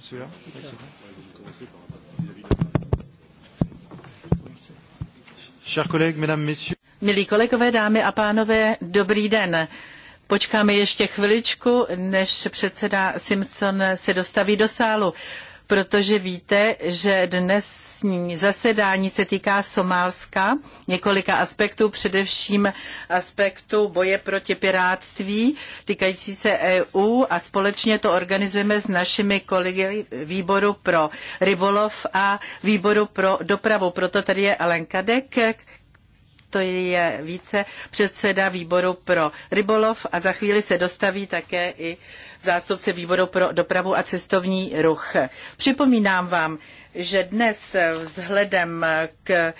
celui-là Chers collègues, mesdames, messieurs. Milí kolegové, dámy a pánové, dobrý den. Počkáme ještě chviličku, než předseda Simpson se dostaví do sálu, protože víte, že dnesní zasedání se týká Somálska, několika aspektů, především aspektu boje proti pirátství týkající se EU a společně to organizujeme s našimi kolegy výboru pro rybolov a výboru pro dopravu. Proto tady je Alenka Dek, to je více předseda výboru pro rybolov a za chvíli se dostaví také i zástupce výboru pro dopravu a cestovní ruch. Připomínám vám, že dnes vzhledem k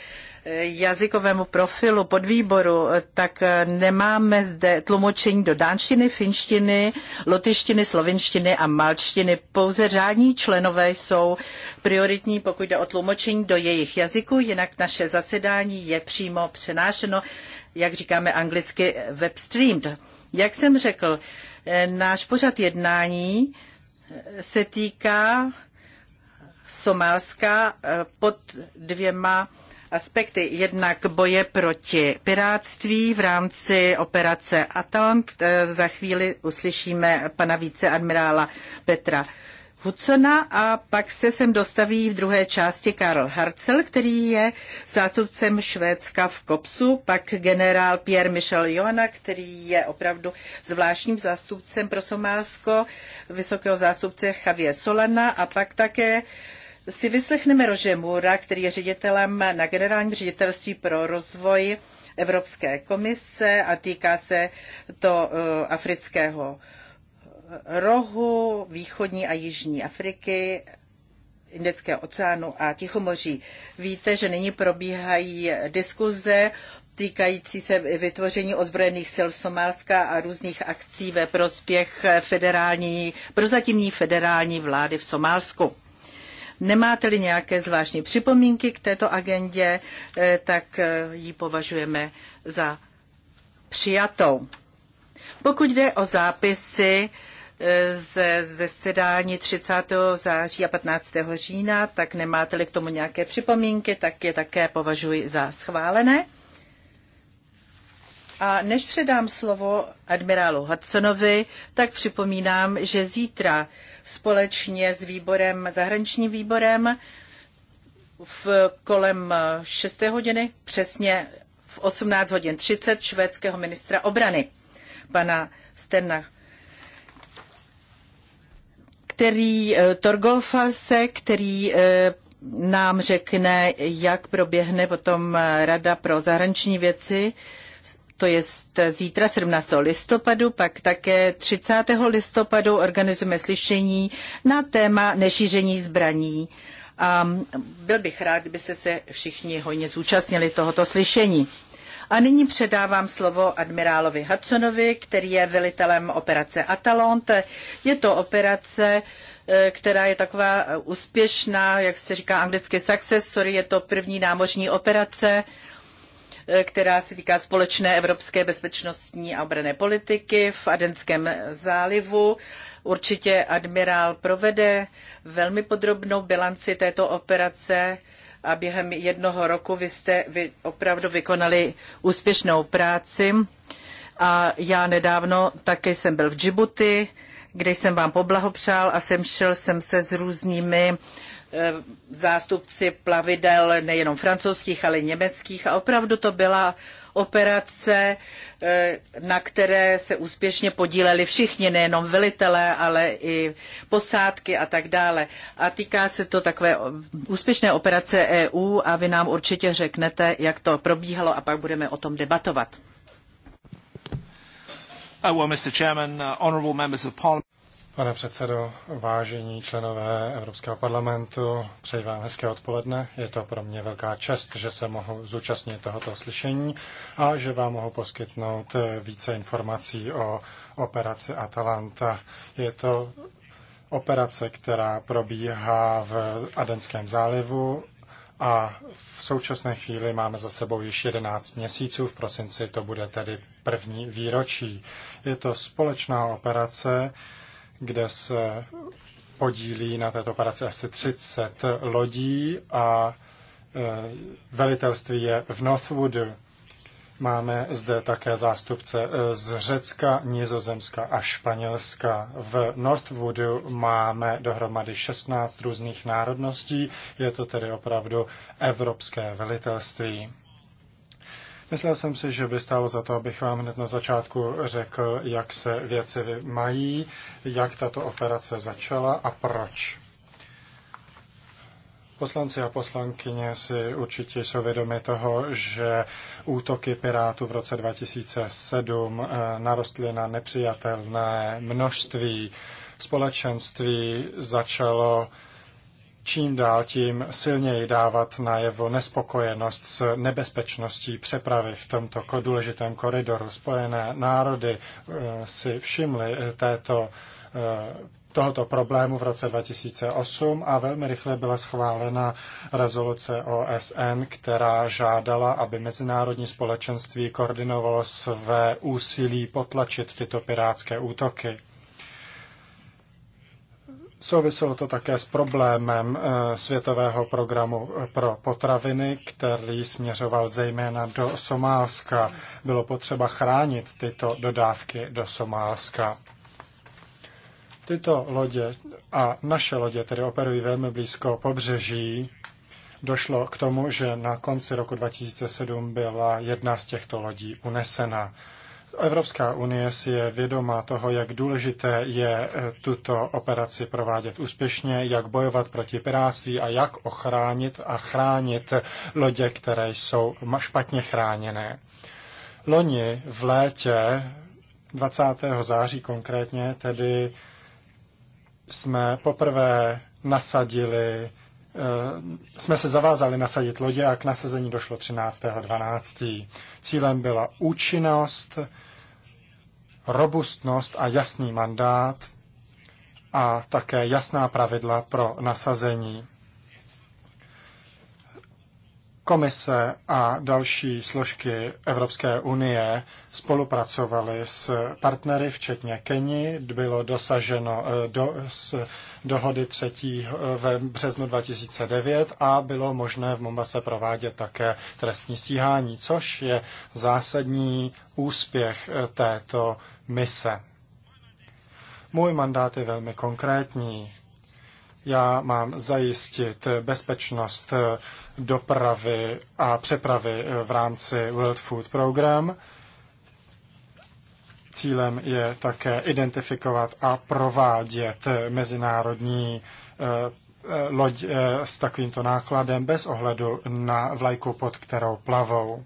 jazykovému profilu podvýboru, tak nemáme zde tlumočení do dánštiny, finštiny, lotyštiny, slovinštiny a malčtiny. Pouze řádní členové jsou prioritní, pokud jde o tlumočení do jejich jazyků, jinak naše zasedání je přímo přenášeno, jak říkáme anglicky, webstreamed. Jak jsem řekl, náš pořad jednání se týká Somálska pod dvěma aspekty. Jednak boje proti piráctví v rámci operace Atalant. Eh, za chvíli uslyšíme pana viceadmirála Petra Hudsona a pak se sem dostaví v druhé části Karl Harcel, který je zástupcem Švédska v Kopsu, pak generál Pierre Michel Johanna, který je opravdu zvláštním zástupcem pro Somálsko, vysokého zástupce Javier Solana a pak také si vyslechneme Rože Můra, který je ředitelem na generálním ředitelství pro rozvoj Evropské komise a týká se to eh, afrického rohu, východní a jižní Afriky, Indického oceánu a Tichomoří. Víte, že nyní probíhají diskuze týkající se vytvoření ozbrojených sil Somálska a různých akcí ve prospěch federální, prozatímní federální vlády v Somálsku. Nemáte-li nějaké zvláštní připomínky k této agendě, eh, tak eh, ji považujeme za přijatou. Pokud jde o zápisy eh, ze zasedání 30. září a 15. října, tak nemáte-li k tomu nějaké připomínky, tak je také považuji za schválené. A než předám slovo admirálu Hudsonovi, tak připomínám, že zítra společně s výborem, zahraničním výborem v kolem 6 hodiny, přesně v 18 hodin 30 švédského ministra obrany, pana Sterna který eh, Torgolfase, který eh, nám řekne, jak proběhne potom eh, Rada pro zahraniční věci to je zítra 17. listopadu, pak také 30. listopadu organizujeme slyšení na téma nešíření zbraní. A byl bych rád, kdyby se, se všichni hojně zúčastnili tohoto slyšení. A nyní předávám slovo admirálovi Hudsonovi, který je velitelem operace Atalante. Je to operace, eh, která je taková úspěšná, jak se říká anglicky success, sorry, je to první námořní operace, Eh, která se týká společné evropské bezpečnostní a obrané politiky v Adenském zálivu. Určitě admirál provede velmi podrobnou bilanci této operace a během jednoho roku vy jste vy opravdu vykonali úspěšnou práci. A já nedávno také jsem byl v Džibuti, kde jsem vám poblahopřál a jsem šel jsem se s různými uh, Eh, zástupci plavidel nejenom francouzských, ale německých a opravdu to byla operace, eh, na které se úspěšně podíleli všichni, nejenom velitelé, ale i posádky a tak dále. A týká se to takové úspěšné operace EU a vy nám určitě řeknete, jak to probíhalo a pak budeme o tom debatovat. Oh, well, Mr. Chairman, uh, honorable members of parliament. Pane předsedo, vážení členové Evropského parlamentu, přeji vám hezké odpoledne. Je to pro mě velká čest, že se mohu zúčastnit tohoto slyšení a že vám mohu poskytnout více informací o operaci Atalanta. Je to operace, která probíhá v Adenském zálivu a v současné chvíli máme za sebou již 11 měsíců, v prosinci to bude tedy první výročí. Je to společná operace, kde se podílí na této operaci asi 30 lodí a e, velitelství je v Northwoodu. Máme zde také zástupce e, z Řecka, Nizozemska a Španělska. V Northwoodu máme dohromady 16 různých národností, je to tedy opravdu evropské velitelství. Myslel jsem si, že by stálo za to, abych vám hned na začátku řekl, jak se věci mají, jak tato operace začala a proč. Poslanci a poslankyně si určitě jsou vědomi toho, že útoky Pirátů v roce 2007 eh, narostly na nepřijatelné množství. Společenství začalo čím dál tím silněji dávat najevo nespokojenost s nebezpečností přepravy v tomto důležitém koridoru. Spojené národy eh, si všimly eh, této eh, tohoto problému v roce 2008 a velmi rychle byla schválena rezoluce OSN, která žádala, aby mezinárodní společenství koordinovalo své úsilí potlačit tyto pirátské útoky. Souviselo to také s problémem eh, světového programu eh, pro potraviny, který směřoval zejména do Somálska. Bylo potřeba chránit tyto dodávky do Somálska. Tyto lodě a naše lodě tedy operují velmi blízko pobřeží. Došlo k tomu, že na konci roku 2007 byla jedna z těchto lodí unesena. Evropská unie si je vědomá toho, jak důležité je eh, tuto operaci provádět úspěšně, jak bojovat proti piráctví a jak ochránit a chránit lodě, které jsou špatně chráněné. Loni v létě 20. září konkrétně tedy jsme poprvé nasadili Eh, jsme se zavázali nasadit lodě a k nasazení došlo 13.12. Cílem byla účinnost, robustnost a jasný mandát a také jasná pravidla pro nasazení Komise a další složky Evropské unie spolupracovaly s partnery, včetně Keni. Bylo dosaženo eh, do, s, dohody 3. Eh, v březnu 2009 a bylo možné v Mombase provádět také trestní stíhání, což je zásadní úspěch eh, této mise. Můj mandát je velmi konkrétní já mám zajistit bezpečnost dopravy a přepravy v rámci World Food Program. Cílem je také identifikovat a provádět mezinárodní eh, eh, loď eh, s takovýmto nákladem bez ohledu na vlajku, pod kterou plavou.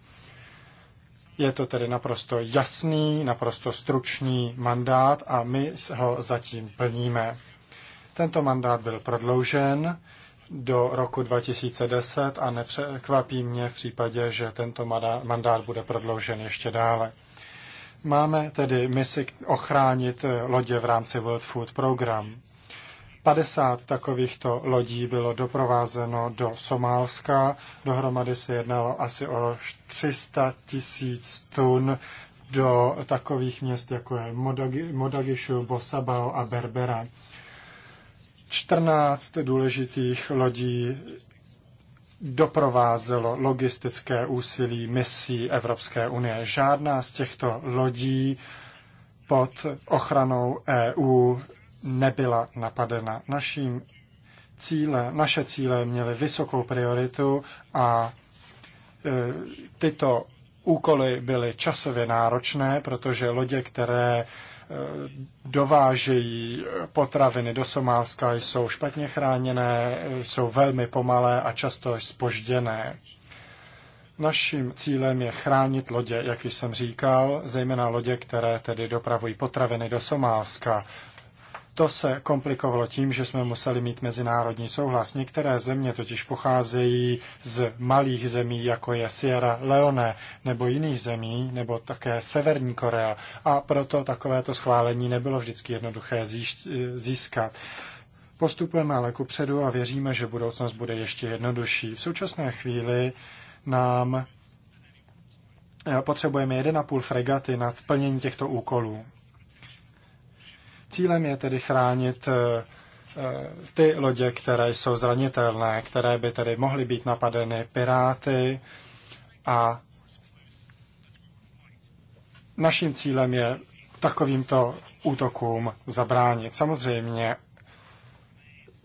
Je to tedy naprosto jasný, naprosto stručný mandát a my ho zatím plníme. Tento mandát byl prodloužen do roku 2010 a nepřekvapí mě v případě, že tento mandát bude prodloužen ještě dále. Máme tedy misi ochránit lodě v rámci World Food Program. 50 takovýchto lodí bylo doprovázeno do Somálska. Dohromady se jednalo asi o 300 tisíc tun do takových měst, jako je Modagishu, Bosabao a Berbera. 14 důležitých lodí doprovázelo logistické úsilí misí Evropské unie. Žádná z těchto lodí pod ochranou EU nebyla napadena. Naším cíle, naše cíle měly vysokou prioritu a e, tyto úkoly byly časově náročné, protože lodě, které dovážejí potraviny do Somálska, jsou špatně chráněné, jsou velmi pomalé a často spožděné. Naším cílem je chránit lodě, jak již jsem říkal, zejména lodě, které tedy dopravují potraviny do Somálska. To se komplikovalo tím, že jsme museli mít mezinárodní souhlas. Některé země totiž pocházejí z malých zemí, jako je Sierra Leone nebo jiných zemí, nebo také Severní Korea. A proto takovéto schválení nebylo vždycky jednoduché eh, získat. Postupujeme ale předu a věříme, že budoucnost bude ještě jednodušší. V současné chvíli nám eh, potřebujeme 1,5 fregaty na plnění těchto úkolů. Cílem je tedy chránit eh, eh, ty lodě, které jsou zranitelné, které by tedy mohly být napadeny piráty a naším cílem je takovýmto útokům zabránit. Samozřejmě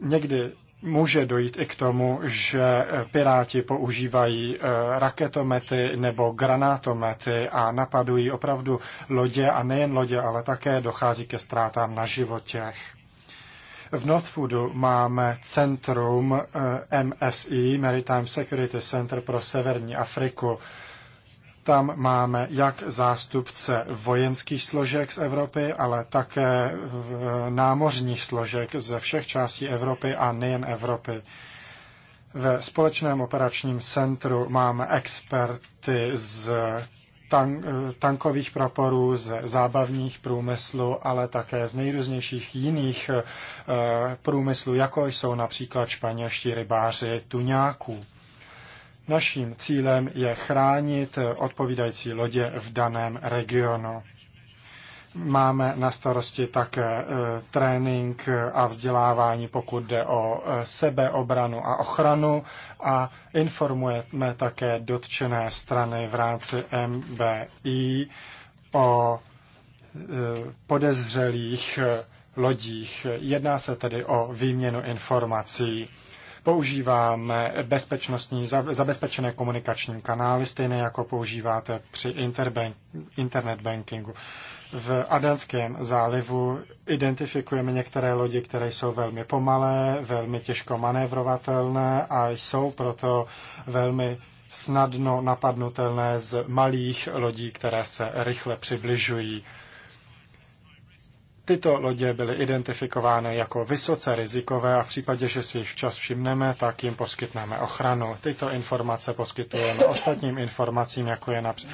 někdy může dojít i k tomu, že piráti používají eh, raketomety nebo granátomety a napadují opravdu lodě a nejen lodě, ale také dochází ke ztrátám na životěch. V Northwoodu máme centrum eh, MSI, Maritime Security Center pro severní Afriku. Tam máme jak zástupce vojenských složek z Evropy, ale také námořních složek ze všech částí Evropy a nejen Evropy. Ve společném operačním centru máme experty z tank, tankových praporů, z zábavních průmyslů, ale také z nejrůznějších jiných eh, průmyslů, jako jsou například španělští rybáři tuňáků. Naším cílem je chránit odpovídající lodě v daném regionu. Máme na starosti také e, trénink a vzdělávání, pokud jde o e, sebeobranu a ochranu a informujeme také dotčené strany v rámci MBI o e, podezřelých lodích. Jedná se tedy o výměnu informací. Používáme bezpečnostní, zabezpečené komunikační kanály, stejně jako používáte při interbank, internet bankingu. V Adelském zálivu identifikujeme některé lodi, které jsou velmi pomalé, velmi těžko manévrovatelné a jsou proto velmi snadno napadnutelné z malých lodí, které se rychle přibližují Tyto lodě byly identifikovány jako vysoce rizikové a v případě, že si jich včas všimneme, tak jim poskytneme ochranu. Tyto informace poskytujeme ostatním informacím, jako je např-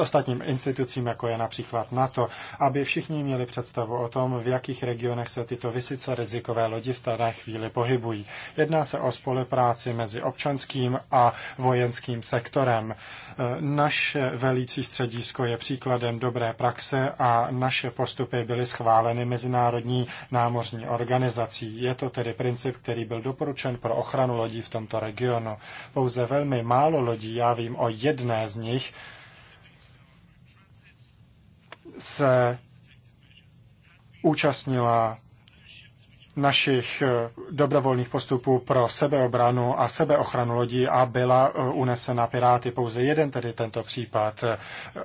ostatním institucím, jako je například NATO, aby všichni měli představu o tom, v jakých regionech se tyto vysoce rizikové lodi v dané chvíli pohybují. Jedná se o spolupráci mezi občanským a vojenským sektorem. Naše velící středisko je příkladem dobré praxe a naše postupy byly schváleny Mezinárodní námořní organizací. Je to tedy princip, který byl doporučen pro ochranu lodí v tomto regionu. Pouze velmi málo lodí, já vím o jedné z nich, se účastnila našich eh, dobrovolných postupů pro sebeobranu a sebeochranu lodí a byla eh, unesena piráty. Pouze jeden tedy tento případ. Eh,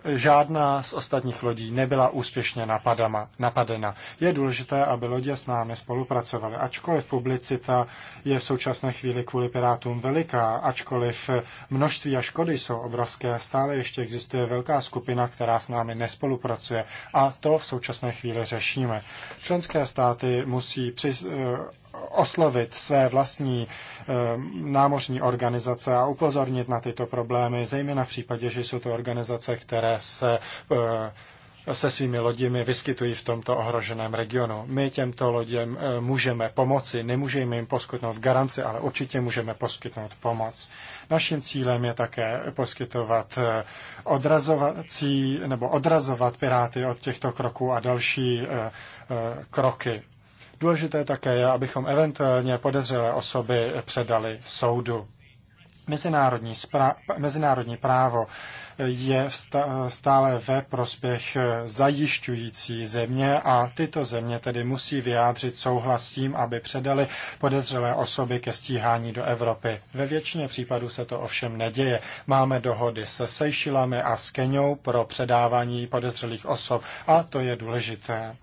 žádná z ostatních lodí nebyla úspěšně napadama, napadena. Je důležité, aby lodě s námi spolupracovaly. Ačkoliv publicita je v současné chvíli kvůli pirátům veliká, ačkoliv množství a škody jsou obrovské, stále ještě existuje velká skupina, která s námi nespolupracuje. A to v současné chvíli řešíme. Členské státy musí při Eh, oslovit své vlastní eh, námořní organizace a upozornit na tyto problémy, zejména v případě, že jsou to organizace, které se eh, se svými loděmi vyskytují v tomto ohroženém regionu. My těmto loděm můžeme pomoci, nemůžeme jim poskytnout garanci, ale určitě můžeme poskytnout pomoc. Naším cílem je také poskytovat odrazovací nebo odrazovat piráty od těchto kroků a další kroky. Důležité také je, abychom eventuálně podezřelé osoby předali soudu. Mezinárodní, mezinárodní právo je stále ve prospěch zajišťující země a tyto země tedy musí vyjádřit souhlas s tím, aby předali podezřelé osoby ke stíhání do Evropy. Ve většině případů se to ovšem neděje. Máme dohody se Sejšilami a s Kenou pro předávání podezřelých osob a to je důležité.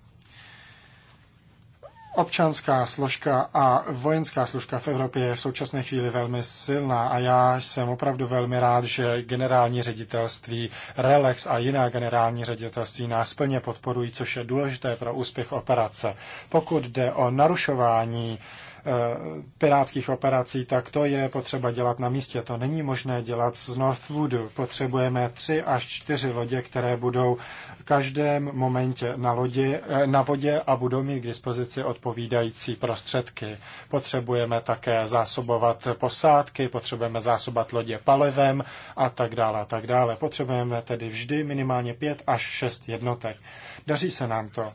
Občanská složka a vojenská složka v Evropě je v současné chvíli velmi silná a já jsem opravdu velmi rád, že generální ředitelství Relex a jiná generální ředitelství nás plně podporují, což je důležité pro úspěch operace. Pokud jde o narušování Eh, pirátských operací, tak to je potřeba dělat na místě. To není možné dělat z Northwoodu. Potřebujeme tři až čtyři lodě, které budou v každém momentě na, lodi, eh, na vodě a budou mít k dispozici odpovídající prostředky. Potřebujeme také zásobovat posádky, potřebujeme zásobat lodě palivem a tak dále a tak dále. Potřebujeme tedy vždy minimálně pět až šest jednotek. Daří se nám to.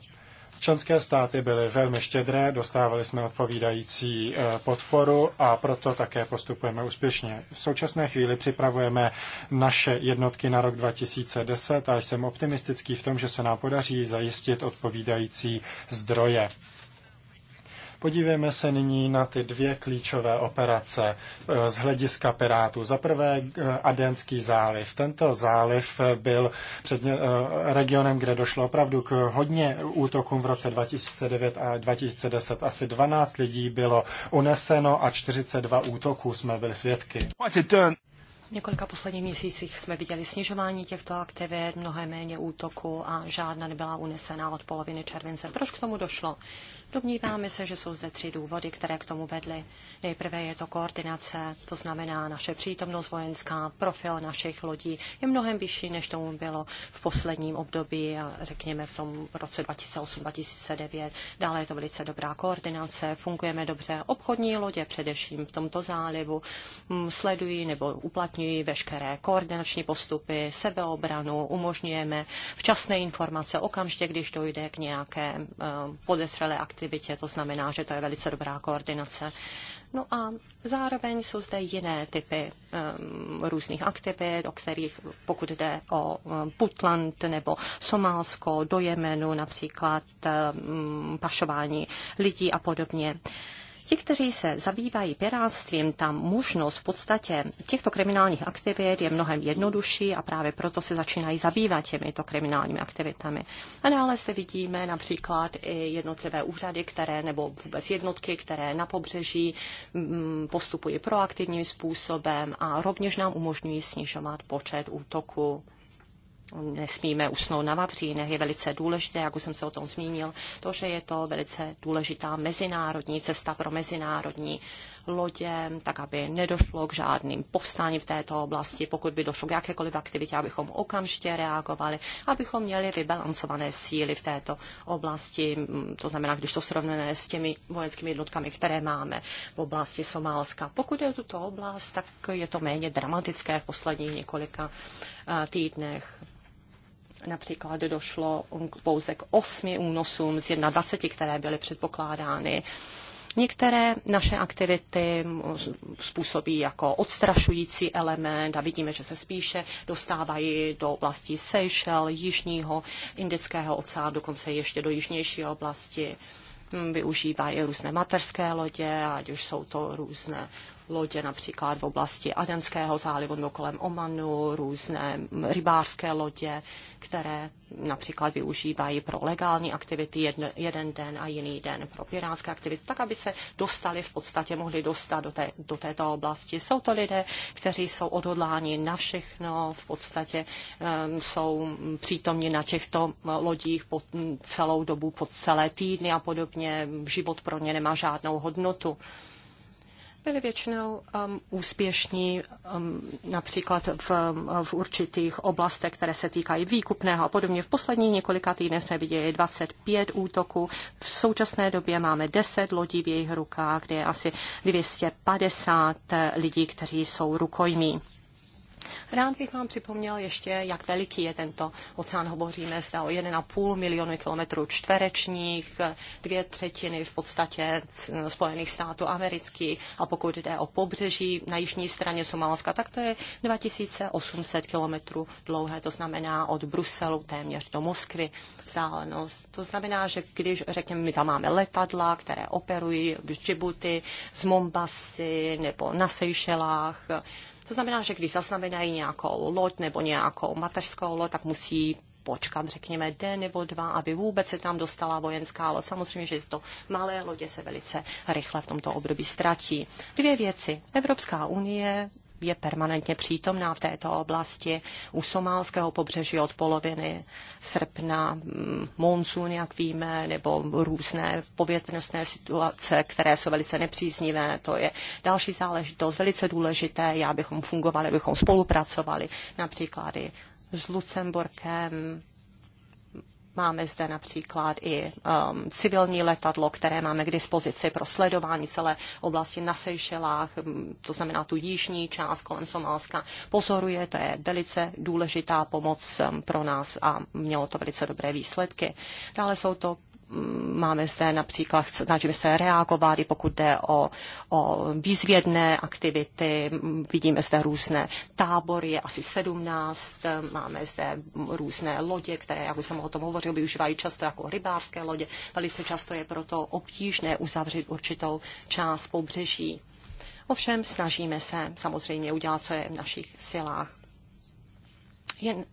Členské státy byly velmi štědré, dostávali jsme odpovídající eh, podporu a proto také postupujeme úspěšně. V současné chvíli připravujeme naše jednotky na rok 2010 a jsem optimistický v tom, že se nám podaří zajistit odpovídající zdroje. Podívejme se nyní na ty dvě klíčové operace eh, z hlediska Pirátů. Za prvé eh, Adenský záliv. Tento záliv byl před eh, regionem, kde došlo opravdu k hodně útokům v roce 2009 a 2010. Asi 12 lidí bylo uneseno a 42 útoků jsme byli svědky. V několika posledních měsících jsme viděli snižování těchto aktivit, mnohem méně útoků a žádná nebyla unesená od poloviny července. Proč k tomu došlo? Domníváme se, že jsou zde tři důvody, které k tomu vedly. Nejprve je to koordinace, to znamená naše přítomnost vojenská, profil našich lodí je mnohem vyšší, než tomu bylo v posledním období, a řekněme v tom roce 2008-2009. Dále je to velice dobrá koordinace, fungujeme dobře. Obchodní lodě především v tomto zálivu mm, sledují nebo uplatňují veškeré koordinační postupy, sebeobranu, umožňujeme včasné informace okamžitě, když dojde k nějaké eh, podezřelé aktivitě, to znamená, že to je velice dobrá koordinace. No a zároveň jsou zde jiné typy um, různých aktivit, o kterých, pokud jde o Putland nebo Somálsko, do Jemenu například um, pašování lidí a podobně. Uh, Ti, kteří se zabývají pirátstvím, ta možnost v podstatě těchto kriminálních aktivit je mnohem jednodušší a právě proto se začínají zabývat těmito kriminálními aktivitami. A dále se vidíme například i jednotlivé úřady, které nebo vůbec jednotky, které na pobřeží mm, postupují proaktivním způsobem a rovněž nám umožňují snižovat počet útoků nesmíme usnout na vavřínech. Je velice důležité, jak už jsem se o tom zmínil, to, že je to velice důležitá mezinárodní cesta pro mezinárodní lodě, tak aby nedošlo k žádným povstáním v této oblasti. Pokud by došlo k jakékoliv aktivitě, abychom okamžitě reagovali, abychom měli vybalancované síly v této oblasti. To znamená, když to srovnáme s těmi vojenskými jednotkami, které máme v oblasti Somálska. Pokud je tuto oblast, tak je to méně dramatické v posledních několika eh, týdnech. Například došlo pouze k osmi únosům z 21, které byly předpokládány. Některé naše aktivity způsobí jako odstrašující element a vidíme, že se spíše dostávají do oblasti Seychelles, jižního indického oceánu, dokonce ještě do jižnější oblasti využívají různé materské lodě, ať už jsou to různé lodě například v oblasti Adenského zálivu nebo kolem Omanu, různé rybářské lodě, které například využívají pro legální aktivity jedno, jeden den a jiný den pro pirátské aktivity, tak aby se dostali v podstatě, mohli dostat do, té, do této oblasti. Jsou to lidé, kteří jsou odhodláni na všechno, v podstatě um, jsou přítomni na těchto eh, lodích po celou dobu, po celé týdny a podobně. Život pro ně nemá žádnou hodnotu byli většinou um, úspěšní um, například v, um, v určitých oblastech, které se týkají výkupného a podobně. V poslední několika týdnech jsme viděli 25 útoků. V současné době máme 10 lodí v jejich rukách, kde je asi 250 eh, lidí, kteří jsou rukojmí. Rád bych vám připomněl ještě, jak veliký je tento oceán. Hovoříme zde o 1,5 milionu kilometrů čtverečních, dvě třetiny v podstatě Spojených států amerických a pokud jde o pobřeží na jižní straně Somálska, tak to je 2800 kilometrů dlouhé, to znamená od Bruselu téměř do Moskvy vzdálenost. To znamená, že když, řekněme, my tam máme letadla, které operují v Džibuti, z Mombasy nebo na Seychelách, to znamená, že když zaznamenají nějakou loď nebo nějakou mateřskou loď, tak musí počkat, řekněme, den nebo dva, aby vůbec se tam dostala vojenská loď. Samozřejmě, že to malé lodě se velice rychle v tomto období ztratí. Dvě věci. Evropská unie je permanentně přítomná v této oblasti. U somálského pobřeží od poloviny srpna mm, monsun, jak víme, nebo různé povětrnostné situace, které jsou velice nepříznivé. To je další záležitost, velice důležité, Já bychom fungovali, bychom spolupracovali, například i s Lucemburkem, Máme zde například i um, civilní letadlo, které máme k dispozici pro sledování celé oblasti na Seychelách, hm, to znamená tu jižní část kolem Somálska. Pozoruje, to je velice důležitá pomoc um, pro nás a mělo to velice dobré výsledky. Dále jsou to máme zde například, snažíme se reagovat, i pokud jde o, o výzvědné aktivity, vidíme zde různé tábory, je asi 17, máme zde různé lodě, které, jak už jsem o tom hovořil, využívají často jako rybářské lodě, velice často je proto obtížné uzavřít určitou část pobřeží. Ovšem snažíme se samozřejmě udělat, co je v našich silách. Jen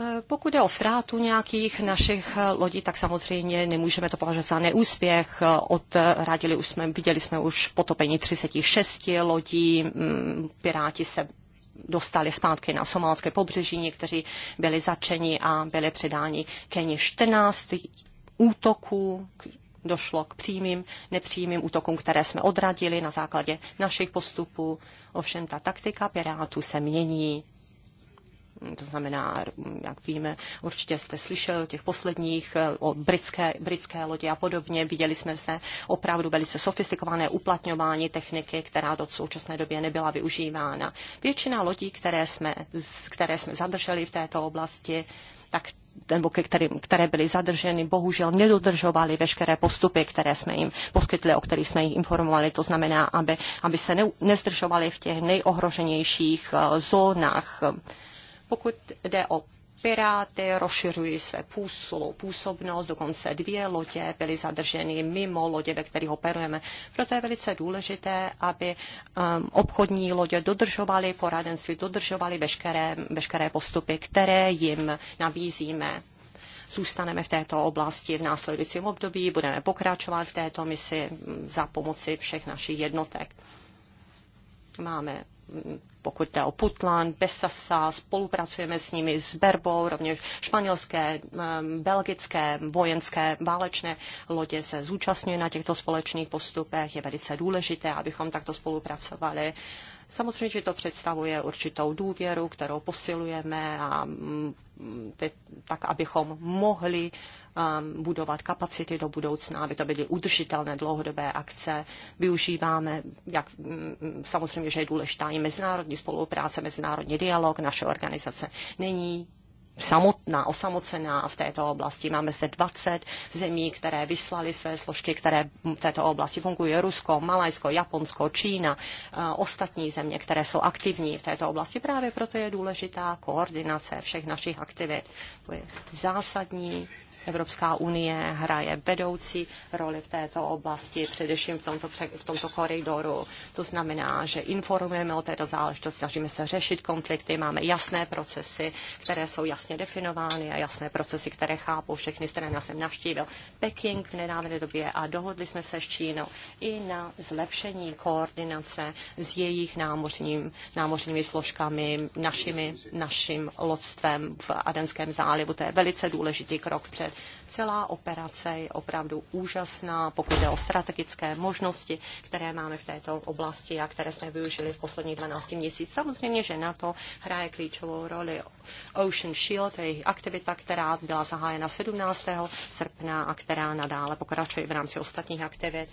Eh, pokud je o ztrátu nějakých našich eh, lodí, tak samozřejmě nemůžeme to považovat za neúspěch. Eh, odradili už jsme, viděli jsme už potopení 36 lodí, mm, piráti se dostali zpátky na somálské pobřeží, někteří byli začeni a byli předáni Keni 14 útoků, došlo k přímým, nepřímým útokům, které jsme odradili na základě našich postupů. Ovšem ta taktika pirátů se mění to znamená, jak víme, určitě jste slyšel těch posledních eh, o britské, britské lodi a podobně. Viděli jsme se opravdu velice sofistikované uplatňování techniky, která do současné době nebyla využívána. Většina lodí, které jsme, které jsme zadrželi v této oblasti, tak nebo ke kterým, které byly zadrženy, bohužel nedodržovaly veškeré postupy, které jsme jim poskytli, o kterých jsme jim informovali. To znamená, aby, aby se ne, nezdržovali v těch nejohroženějších eh, zónách eh, pokud jde o Piráty rozšiřují své působnost působnost, dokonce dvě lodě byly zadrženy mimo lodě, ve kterých operujeme. Proto je velice důležité, aby um, obchodní lodě dodržovaly poradenství, dodržovaly veškeré, veškeré postupy, které jim nabízíme. Zůstaneme v této oblasti v následujícím období, budeme pokračovat v této misi za pomoci všech našich jednotek. Máme pokud jde o Putlan, Besasa, spolupracujeme s nimi, s Berbou, rovněž španělské, eh, belgické, vojenské, válečné lodě se zúčastňují na těchto společných postupech. Je velice důležité, abychom takto spolupracovali Samozřejmě, že to představuje určitou důvěru, kterou posilujeme a mm, te, tak, abychom mohli um, budovat kapacity do budoucna, aby to byly udržitelné dlouhodobé akce. Využíváme, jak um, samozřejmě, že je důležitá i mezinárodní spolupráce, mezinárodní dialog. Naše organizace není samotná, osamocená v této oblasti. Máme zde 20 zemí, které vyslali své složky, které v této oblasti fungují. Rusko, Malajsko, Japonsko, Čína, eh, ostatní země, které jsou aktivní v této oblasti. Právě proto je důležitá koordinace všech našich aktivit. To je zásadní Evropská unie hraje vedoucí roli v této oblasti, především v tomto, v tomto koridoru. To znamená, že informujeme o této záležitosti, snažíme se řešit konflikty, máme jasné procesy, které jsou jasně definovány a jasné procesy, které chápou všechny strany. Já jsem navštívil Peking v nedávné době a dohodli jsme se s Čínou i na zlepšení koordinace s jejich námořním, námořními složkami, našimi, naším lodstvem v Adenském zálivu. To je velice důležitý krok před. Celá operace je opravdu úžasná, pokud jde o strategické možnosti, které máme v této oblasti a které jsme využili v posledních 12 měsících. Samozřejmě, že na to hraje klíčovou roli Ocean Shield, je jejich aktivita, která byla zahájena 17. srpna a která nadále pokračuje v rámci ostatních aktivit.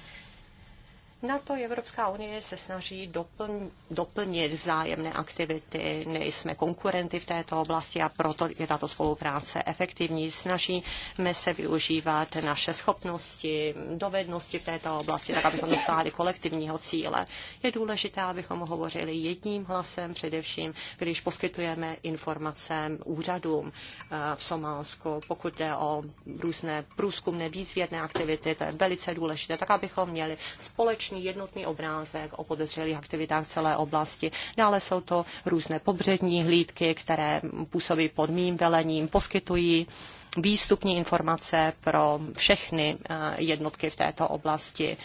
Na to Evropská unie se snaží doplň, doplnit vzájemné aktivity. Nejsme konkurenty v této oblasti a proto je tato spolupráce efektivní. Snažíme se využívat naše schopnosti, dovednosti v této oblasti, tak abychom dosáhli kolektivního cíle. Je důležité, abychom hovořili jedním hlasem, především když poskytujeme informace úřadům eh, v Somálsku, pokud jde o různé průzkumné výzvědné aktivity, to je velice důležité, tak abychom měli společný skutečně jednotný obrázek o podezřelých aktivitách celé oblasti. Dále jsou to různé pobřední hlídky, které působí pod mým velením, poskytují výstupní informace pro všechny eh, jednotky v této oblasti.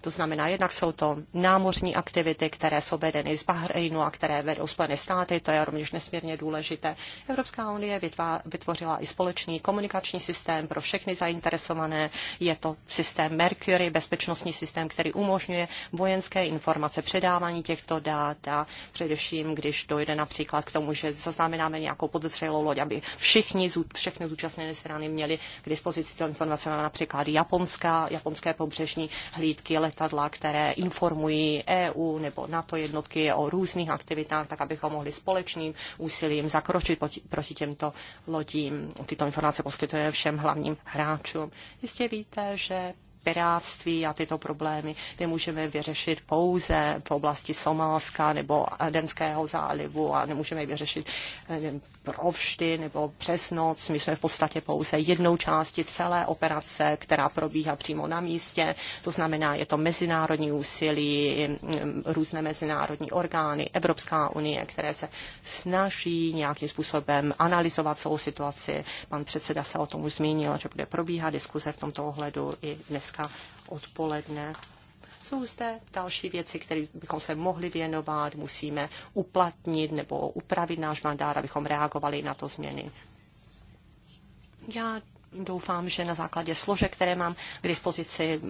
To znamená, jednak jsou to námořní aktivity, které jsou vedeny z Bahreinu, a které vedou Spojené státy, to je rovněž nesmírně důležité. Evropská unie vytvořila i společný komunikační systém pro všechny zainteresované. Je to systém Mercury, bezpečnostní systém, který umožňuje vojenské informace, předávání těchto dát a především, když dojde například k tomu, že zaznamenáme nějakou podezřelou loď, aby všichni, všechny zúčastněné strany měly k dispozici tyto informace, například japonská, japonské pobřežní hlídky, letadla, které informují EU nebo NATO jednotky o různých aktivitách, tak abychom mohli společným úsilím zakročit proti těmto lodím. Tyto informace poskytujeme všem hlavním hráčům. Jistě víte, že pirátství a tyto problémy nemůžeme vyřešit pouze v oblasti Somálska nebo Adenského zálivu a nemůžeme vyřešit eh, nevím, provždy nebo přes noc. My jsme v podstatě pouze jednou části celé operace, která probíhá přímo na místě. To znamená, je to mezinárodní úsilí, hm, různé mezinárodní orgány, Evropská unie, které se snaží nějakým způsobem analyzovat celou situaci. Pan předseda se o tom už zmínil, že bude probíhat diskuze v tomto ohledu i dnes dneska odpoledne. Jsou zde další věci, které bychom se mohli věnovat, musíme uplatnit nebo upravit náš mandát, abychom reagovali na to změny. Já doufám, že na základě složek, které mám k dispozici,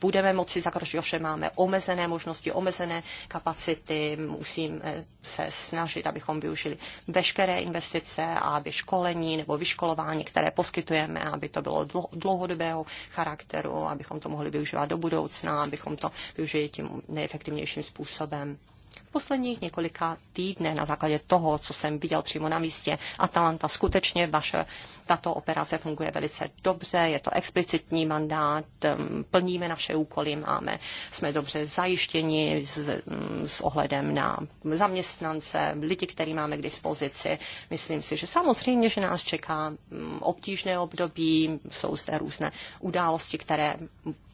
budeme moci zakročit. Ovšem máme omezené možnosti, omezené kapacity, Musím eh, se snažit, abychom využili veškeré investice a aby školení nebo vyškolování, které poskytujeme, aby to bylo dlouhodobého charakteru, abychom to mohli využívat do budoucna, abychom to využili tím nejefektivnějším způsobem. V posledních několika týdnech na základě toho, co jsem viděl přímo na místě, Atalanta skutečně vaše tato operace funguje velice dobře, je to explicitní mandát, um, plníme naše úkoly, máme, jsme dobře zajištěni s, mm, s ohledem na zaměstnance, lidi, který máme k dispozici. Myslím si, že samozřejmě, že nás čeká mm, obtížné období, jsou zde různé události, které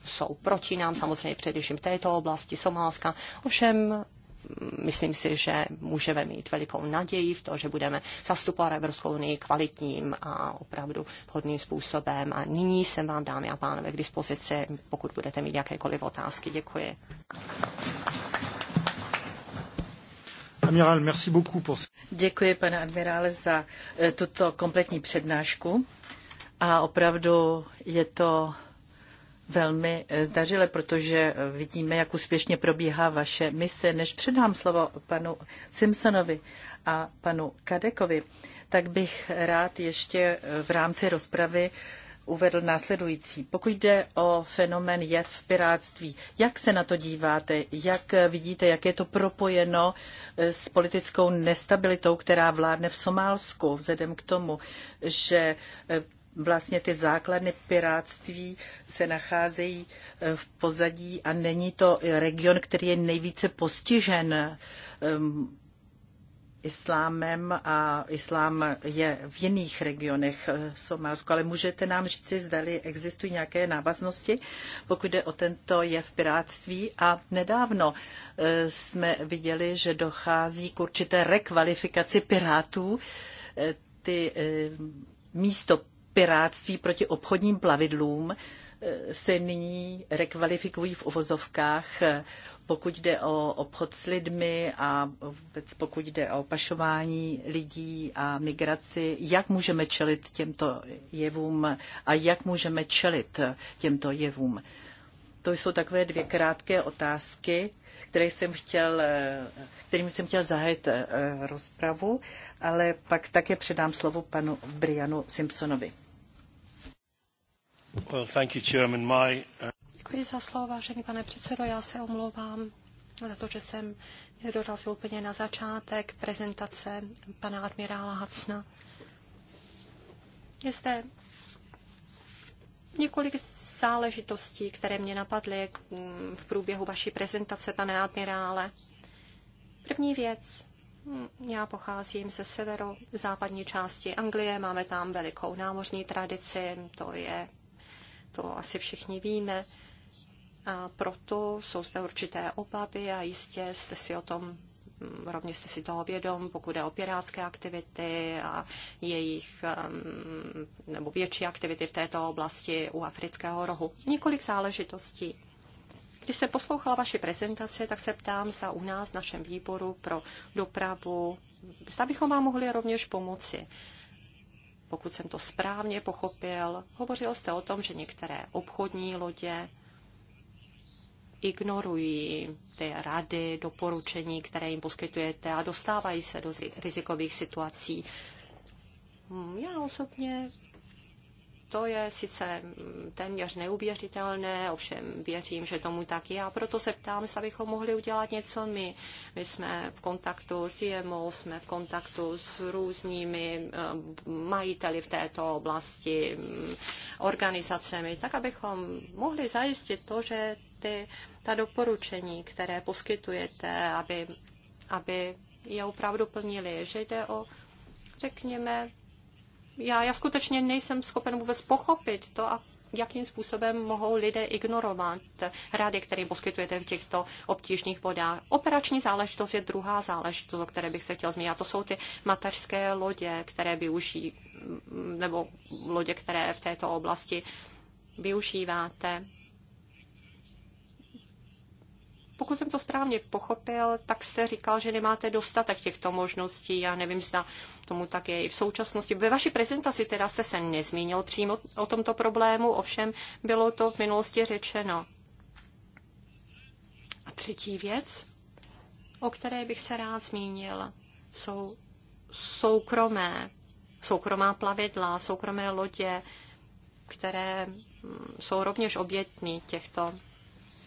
jsou proti nám, samozřejmě především v této oblasti Somálska. Ovšem myslím si, že můžeme mít velikou naději v to, že budeme zastupovat Evropskou unii kvalitním a opravdu vhodným způsobem. A nyní jsem vám, dámy a pánové, k dispozici, pokud budete mít jakékoliv otázky. Děkuji. Admirál, merci beaucoup pour... Děkuji, pane admirále, za eh, tuto kompletní přednášku. A opravdu je to velmi eh, zdařile, protože eh, vidíme, jak úspěšně probíhá vaše mise. Než předám slovo panu Simpsonovi a panu Kadekovi, tak bych rád ještě eh, v rámci rozpravy uvedl následující. Pokud jde o fenomén jev piráctví, jak se na to díváte? Jak vidíte, jak je to propojeno s politickou nestabilitou, která vládne v Somálsku, vzhledem k tomu, že vlastně ty základny piráctví se nacházejí eh, v pozadí a není to region, který je nejvíce postižen um, islámem a islám je v jiných regionech eh, Somálsku. Ale můžete nám říci, zdali existují nějaké návaznosti, pokud jde o tento jev piráctví. A nedávno eh, jsme viděli, že dochází k určité rekvalifikaci pirátů. Ty místo piráctví proti obchodním plavidlům eh, se nyní rekvalifikují v uvozovkách, eh, pokud jde o obchod s lidmi a vůbec pokud jde o pašování lidí a migraci, jak můžeme čelit těmto jevům a jak můžeme čelit těmto jevům. To jsou takové dvě krátké otázky, které jsem chtěl, eh, kterým jsem chtěl zahájit rozpravu, ale pak také předám slovo panu Brianu Simpsonovi. Uh, Děkuji za slovo, vážený pane předsedo. Já se omlouvám za to, že jsem nedorazil úplně na začátek prezentace pana admirála Hacna. Je zde několik záležitostí, které mě napadly mm, v průběhu vaší prezentace, pane admirále. První věc. Mm, já pocházím ze severozápadní části Anglie, máme tam velikou námořní tradici, to je to asi všichni víme. A proto jsou zde určité obavy a jistě jste si o tom mm, rovně jste si toho vědom, pokud je o pirátské aktivity a jejich mm, nebo větší aktivity v této oblasti u afrického rohu. Několik záležitostí. Když jsem poslouchala vaši prezentaci, tak se ptám, zda u nás v našem výboru pro dopravu, zda bychom vám mohli rovněž pomoci pokud jsem to správně pochopil, hovořil jste o tom, že některé obchodní lodě ignorují ty rady, doporučení, které jim poskytujete a dostávají se do rizikových situací. Já osobně to je sice téměř neuvěřitelné, ovšem věřím, že tomu tak je a proto se ptám, zda bychom mohli udělat něco my. My jsme v kontaktu s IMO, jsme v kontaktu s různými eh, majiteli v této oblasti, mm, organizacemi, tak abychom mohli zajistit to, že ty, ta doporučení, které poskytujete, aby, aby je opravdu plnili, že jde o, řekněme, já, já skutečně nejsem schopen vůbec pochopit to a jakým způsobem mohou lidé ignorovat rady, které poskytujete v těchto obtížných vodách. Operační záležitost je druhá záležitost, o které bych se chtěl zmínit. A to jsou ty mateřské lodě, které využijí, nebo lodě, které v této oblasti využíváte pokud jsem to správně pochopil, tak jste říkal, že nemáte dostatek těchto možností. Já nevím, zda tomu tak je i v současnosti. Ve vaší prezentaci teda jste se nezmínil přímo o tomto problému, ovšem bylo to v minulosti řečeno. A třetí věc, o které bych se rád zmínil, jsou soukromé, soukromá plavidla, soukromé lodě, které mm, jsou rovněž obětní těchto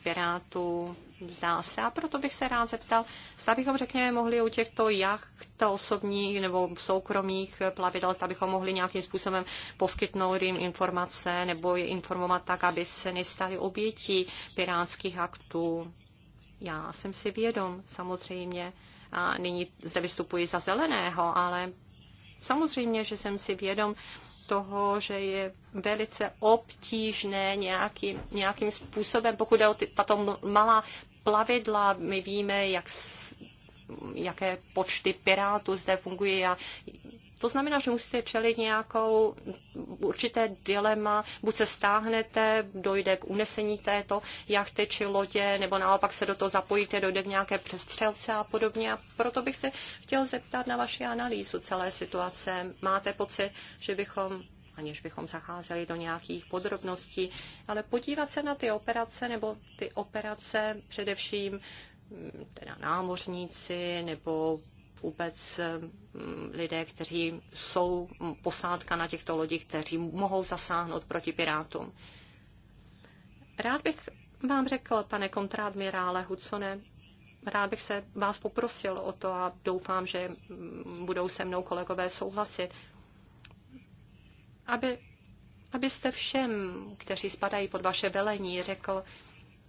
pirátů, Zdá se, a proto bych se rád zeptal, zda bychom, řekněme, mohli u těchto jacht osobních nebo soukromých plavidel, zda bychom mohli nějakým způsobem poskytnout jim informace nebo je informovat tak, aby se nestali obětí pirátských aktů. Já jsem si vědom, samozřejmě, a nyní zde vystupuji za zeleného, ale samozřejmě, že jsem si vědom, toho, že je velice obtížné nějaký, nějakým způsobem, pokud je o ty, tato malá plavidla, my víme, jak jaké počty pirátů zde fungují a to znamená, že musíte přelit nějakou určité dilema, buď se stáhnete, dojde k unesení této jachty či lodě, nebo naopak se do toho zapojíte, dojde k nějaké přestřelce a podobně. A proto bych se chtěl zeptat na vaši analýzu celé situace. Máte pocit, že bychom aniž bychom zacházeli do nějakých podrobností, ale podívat se na ty operace nebo ty operace především mm, teda námořníci nebo vůbec eh, lidé, kteří jsou posádka na těchto lodích, kteří mohou zasáhnout proti pirátům. Rád bych vám řekl, pane kontradmirále Hudsone, rád bych se vás poprosil o to a doufám, že mm, budou se mnou kolegové souhlasit, aby, abyste všem, kteří spadají pod vaše velení, řekl,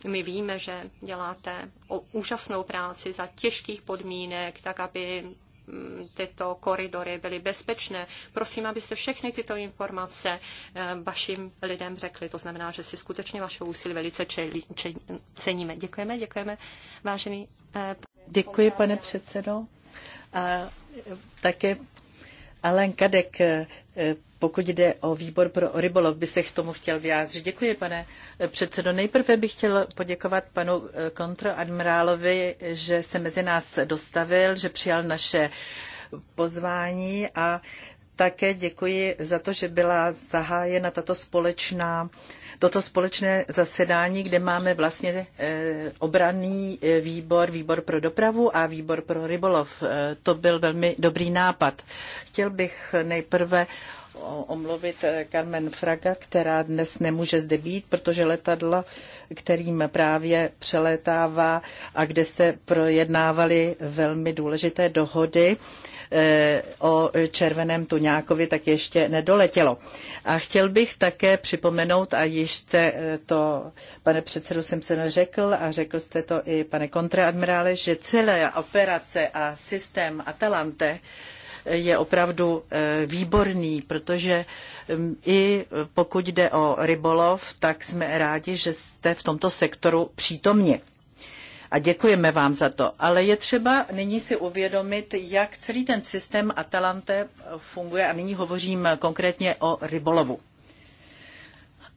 my víme, že děláte úžasnou práci za těžkých podmínek, tak aby mm, tyto koridory byly bezpečné. Prosím, abyste všechny tyto informace eh, vašim lidem řekli. To znamená, že si skutečně vaše úsilí velice čelí, če, ceníme. Děkujeme, děkujeme, vážený. Eh, Děkuji, pane předsedo. A také Alen Kadek, eh, pokud jde o výbor pro rybolov, by se k tomu chtěl vyjádřit. Děkuji, pane eh, předsedo. Nejprve bych chtěl poděkovat panu eh, kontroadmirálovi, že se mezi nás dostavil, že přijal naše pozvání a také děkuji za to, že byla zahájena tato společná uh, toto společné zasedání, kde máme vlastně eh, obranný eh, výbor, výbor pro dopravu a výbor pro rybolov. Eh, to byl velmi dobrý nápad. Chtěl bych nejprve omluvit eh, Carmen Fraga, která dnes nemůže zde být, protože letadlo, kterým právě přelétává a kde se projednávaly velmi důležité dohody eh, o červeném tuňákovi, tak ještě nedoletělo. A chtěl bych také připomenout, a již jste eh, to, pane předsedu se řekl, a řekl jste to i pane kontraadmirále, že celé operace a systém Atalante, je opravdu eh, výborný, protože mm, i pokud jde o rybolov, tak jsme rádi, že jste v tomto sektoru přítomni. A děkujeme vám za to. Ale je třeba nyní si uvědomit, jak celý ten systém Atalante funguje a nyní hovořím konkrétně o rybolovu.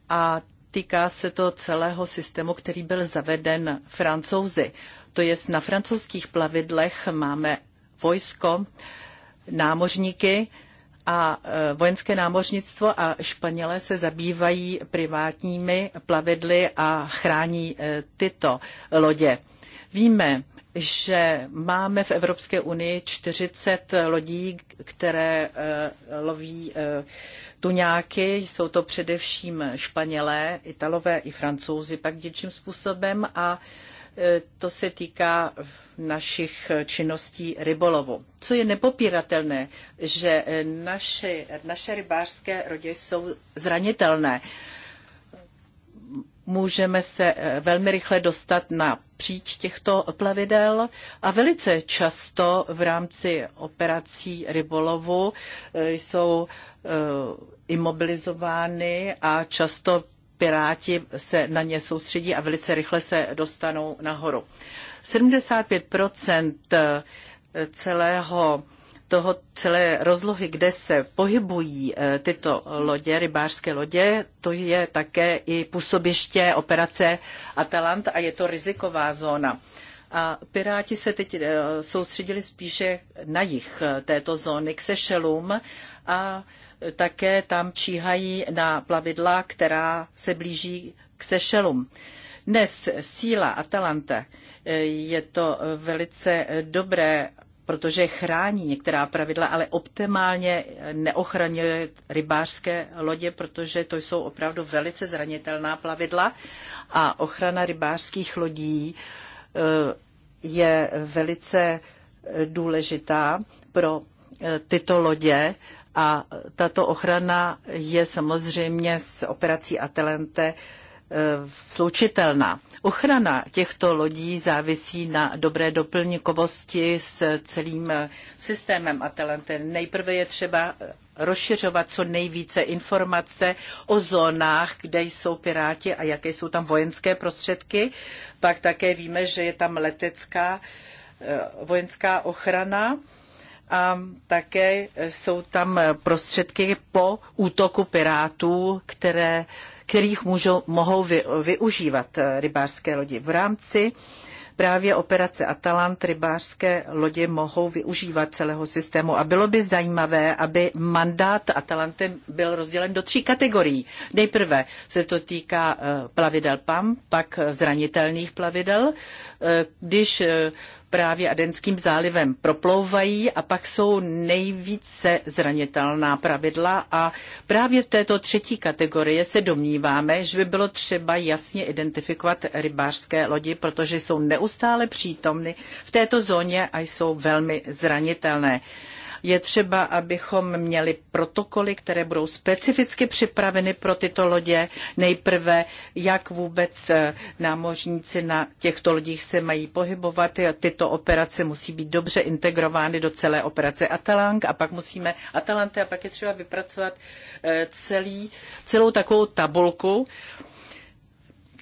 A týká se to celého systému, který byl zaveden francouzi. To je na francouzských plavidlech máme vojsko, námořníky a e, vojenské námořnictvo a Španělé se zabývají privátními plavidly a chrání e, tyto lodě. Víme, že máme v Evropské unii 40 lodí, které e, loví tuňáky. Jsou to především Španělé, Italové i Francouzi pak dětším způsobem a E, to se týká našich činností rybolovu. Co je nepopíratelné, že e, naše, naše rybářské rodě jsou zranitelné. Můžeme se e, velmi rychle dostat na příč těchto plavidel a velice často v rámci operací rybolovu jsou imobilizovány a často Piráti se na ně soustředí a velice rychle se dostanou nahoru. 75 eh, celého toho celé rozlohy, kde se pohybují eh, tyto lodě, rybářské lodě, to je také i působiště operace Atalant a je to riziková zóna. A Piráti se teď eh, soustředili spíše na jich této zóny k Sešelům a také tam číhají na plavidla, která se blíží k Sešelům. Dnes síla Atalanta eh, je to velice dobré, protože chrání některá pravidla, ale optimálně neochraňuje rybářské lodě, protože to jsou opravdu velice zranitelná plavidla a ochrana rybářských lodí eh, je velice eh, důležitá pro tyto lodě a tato ochrana je samozřejmě s operací Atalante eh, slučitelná. Ochrana těchto lodí závisí na dobré doplňkovosti s celým eh, systémem Atalante. Nejprve je třeba eh, rozšiřovat co nejvíce informace o zónách, kde jsou piráti a jaké jsou tam vojenské prostředky. Pak také víme, že je tam letecká vojenská ochrana a také jsou tam prostředky po útoku pirátů, které, kterých můžou, mohou vy, využívat rybářské lodi. V rámci právě operace Atalant rybářské lodě mohou využívat celého systému a bylo by zajímavé, aby mandát Atalanty byl rozdělen do tří kategorií. Nejprve se to týká eh, plavidel PAM, pak zranitelných plavidel. Eh, když eh, právě Adenským zálivem proplouvají a pak jsou nejvíce zranitelná pravidla a právě v této třetí kategorie se domníváme, že by bylo třeba jasně identifikovat rybářské lodi, protože jsou neustále přítomny v této zóně a jsou velmi zranitelné. Je třeba, abychom měli protokoly, které budou specificky připraveny pro tyto lodě. Nejprve, jak vůbec eh, námořníci na těchto lodích se mají pohybovat. Tyto operace musí být dobře integrovány do celé operace Atalant a pak musíme Atalante a pak je třeba vypracovat eh, celý, celou takovou tabulku,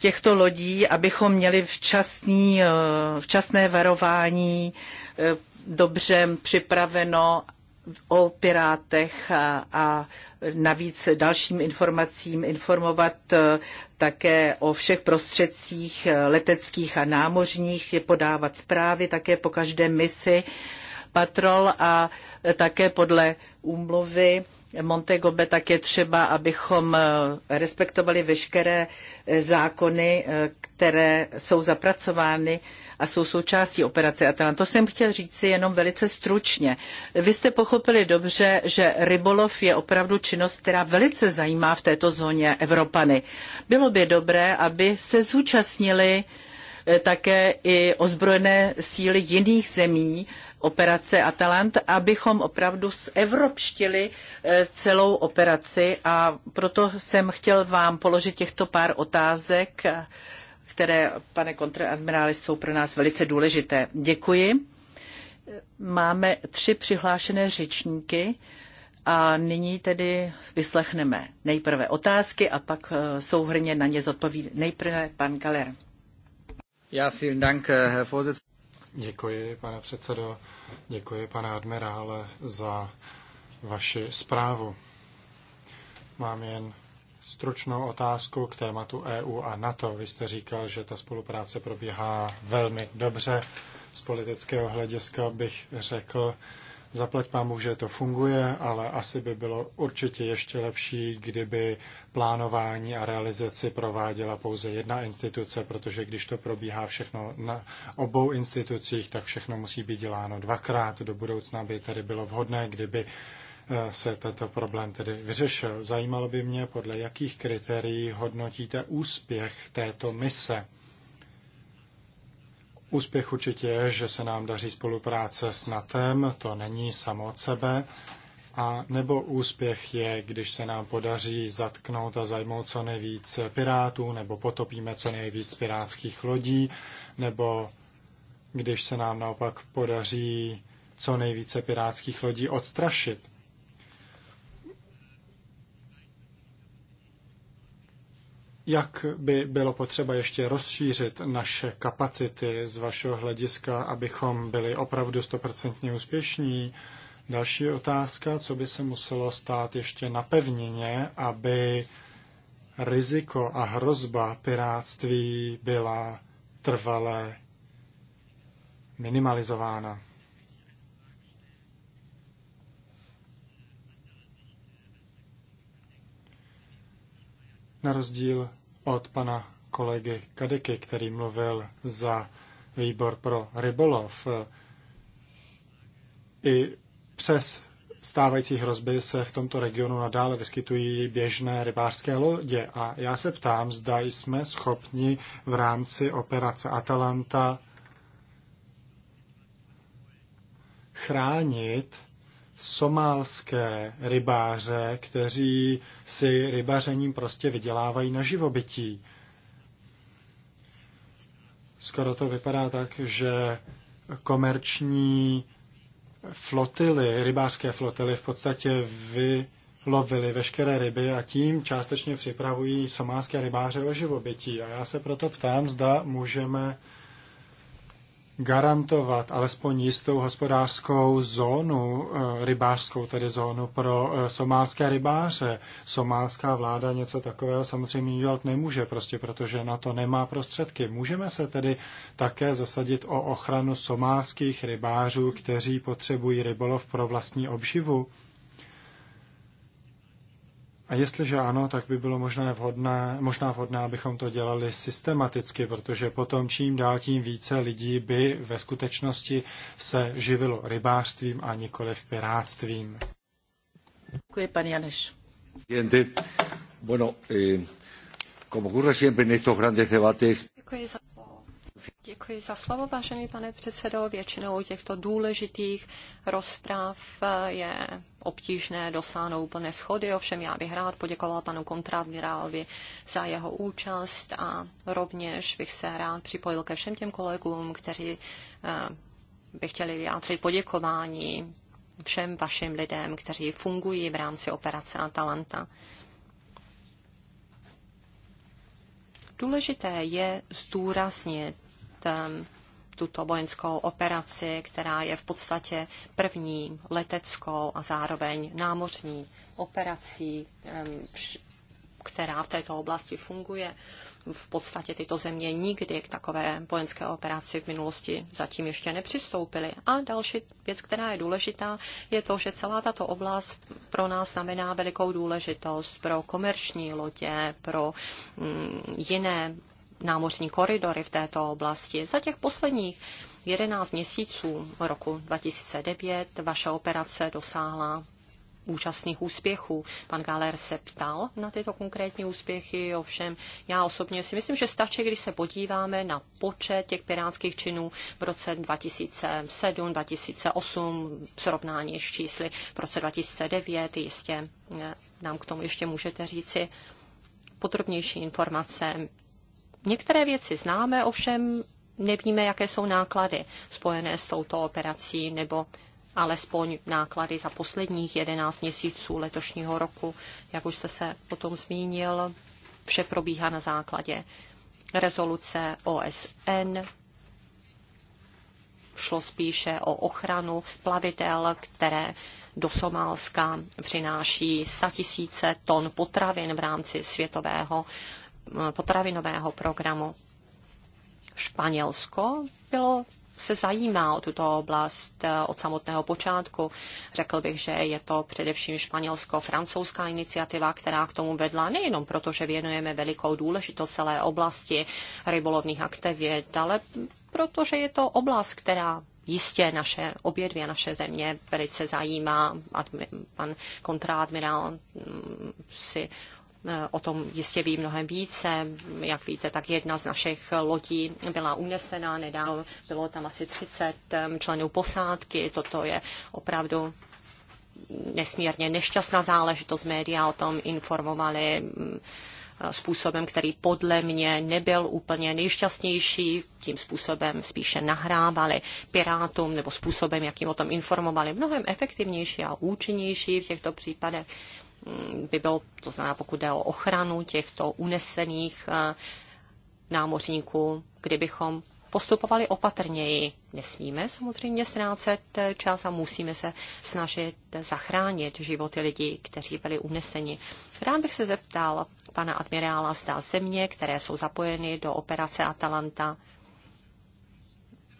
těchto lodí, abychom měli včasný, eh, včasné varování dobře připraveno o pirátech a, a navíc dalším informacím informovat e, také o všech prostředcích leteckých a námořních, je podávat zprávy také po každé misi patrol a také podle úmluvy Montegobe tak je třeba, abychom e, respektovali veškeré zákony, e, které jsou zapracovány a jsou součástí operace Atalant. To jsem chtěl říct si jenom velice stručně. Vy jste pochopili dobře, že rybolov je opravdu činnost, která velice zajímá v této zóně Evropany. Bylo by dobré, aby se zúčastnili eh, také i ozbrojené síly jiných zemí, operace Atalant, abychom opravdu zevropštili eh, celou operaci a proto jsem chtěl vám položit těchto pár otázek které, pane kontradmiráli, jsou pro nás velice důležité. Děkuji. Máme tři přihlášené řečníky a nyní tedy vyslechneme nejprve otázky a pak eh, souhrně na ně zodpoví nejprve pan Galer. Já Dank, eh, Děkuji, pane předsedo. Děkuji, pane admirále, za vaši zprávu. Mám jen stručnou otázku k tématu EU a NATO. Vy jste říkal, že ta spolupráce probíhá velmi dobře. Z politického hlediska bych řekl, zaplať pámu, že to funguje, ale asi by bylo určitě ještě lepší, kdyby plánování a realizaci prováděla pouze jedna instituce, protože když to probíhá všechno na obou institucích, tak všechno musí být děláno dvakrát. Do budoucna by tady bylo vhodné, kdyby Eh, se tento problém tedy vyřešil. Zajímalo by mě, podle jakých kritérií hodnotíte úspěch této mise. Úspěch určitě je, že se nám daří spolupráce s NATEM, to není samo od sebe, a nebo úspěch je, když se nám podaří zatknout a zajmout co nejvíc pirátů, nebo potopíme co nejvíc pirátských lodí, nebo když se nám naopak podaří co nejvíce pirátských lodí odstrašit. jak by bylo potřeba ještě rozšířit naše kapacity z vašeho hlediska, abychom byli opravdu stoprocentně úspěšní. Další otázka, co by se muselo stát ještě pevnině, aby riziko a hrozba piráctví byla trvale minimalizována. Na rozdíl od pana kolegy Kadeky, který mluvil za výbor pro rybolov. I přes stávající hrozby se v tomto regionu nadále vyskytují běžné rybářské lodě a já se ptám, zda jsme schopni v rámci operace Atalanta chránit somálské rybáře, kteří si rybařením prostě vydělávají na živobytí. Skoro to vypadá tak, že komerční flotily, rybářské flotily v podstatě vylovily veškeré ryby a tím částečně připravují somálské rybáře o živobytí. A já se proto ptám, zda můžeme garantovat alespoň jistou hospodářskou zónu, eh, rybářskou tedy zónu pro eh, somálské rybáře. Somálská vláda něco takového samozřejmě dělat nemůže, prostě protože na to nemá prostředky. Můžeme se tedy také zasadit o ochranu somálských rybářů, kteří potřebují rybolov pro vlastní obživu? A jestliže ano, tak by bylo možná vhodné, možná vhodné, abychom to dělali systematicky, protože potom čím dál tím více lidí by ve skutečnosti se živilo rybářstvím a nikoli v piráctvím. Děkuji, pan Janeš. Bueno, eh, como ocurre siempre en estos grandes debates, Děkuji za slovo. Děkuji za slovo, vážený pane předsedo. Většinou těchto důležitých rozpráv eh, je obtížné dosáhnout úplné schody, ovšem já bych rád poděkoval panu kontradmirálovi za jeho účast a rovněž bych se rád připojil ke všem těm kolegům, kteří eh, by chtěli vyjádřit poděkování všem vašim lidem, kteří fungují v rámci operace Atalanta. Důležité je zdůraznit ehm, tuto vojenskou operaci, která je v podstatě první leteckou a zároveň námořní operací, která v této oblasti funguje. V podstatě tyto země nikdy k takové vojenské operaci v minulosti zatím ještě nepřistoupily. A další věc, která je důležitá, je to, že celá tato oblast pro nás znamená velikou důležitost pro komerční lodě, pro mm, jiné námořní koridory v této oblasti. Za těch posledních 11 měsíců roku 2009 vaše operace dosáhla účastných úspěchů. Pan Galer se ptal na tyto konkrétní úspěchy, ovšem já osobně si myslím, že stačí, když se podíváme na počet těch pirátských činů v roce 2007, 2008, srovnání s čísly v roce 2009, jistě eh, nám k tomu ještě můžete říci podrobnější informace. Některé věci známe, ovšem nevíme, jaké jsou náklady spojené s touto operací nebo alespoň náklady za posledních 11 měsíců letošního roku. Jak už jste se o tom zmínil, vše probíhá na základě rezoluce OSN. Šlo spíše o ochranu plavidel, které do Somálska přináší 100 000 ton potravin v rámci světového potravinového programu. Španělsko bylo se zajímá o tuto oblast eh, od samotného počátku. Řekl bych, že je to především španělsko-francouzská iniciativa, která k tomu vedla nejenom proto, že věnujeme velikou důležitost celé oblasti rybolovných aktivit, ale protože je to oblast, která jistě naše obě dvě naše země velice zajímá. Pan kontraadmirál mm, si Eh, o tom jistě ví mnohem více. Jak víte, tak jedna z našich lodí byla unesená nedávno. Bylo tam asi 30 členů posádky. Toto je opravdu nesmírně nešťastná záležitost. Média o tom informovali mm, eh, způsobem, který podle mě nebyl úplně nejšťastnější, tím způsobem spíše nahrávali pirátům nebo způsobem, jakým o tom informovali, mnohem efektivnější a účinnější v těchto případech by bylo to znamená pokud jde o ochranu těchto unesených eh, námořníků, kdybychom postupovali opatrněji. Nesmíme samozřejmě ztrácet eh, čas a musíme se snažit zachránit životy lidí, kteří byli uneseni. Rád bych se zeptal pana admirála, zda země, které jsou zapojeny do operace Atalanta,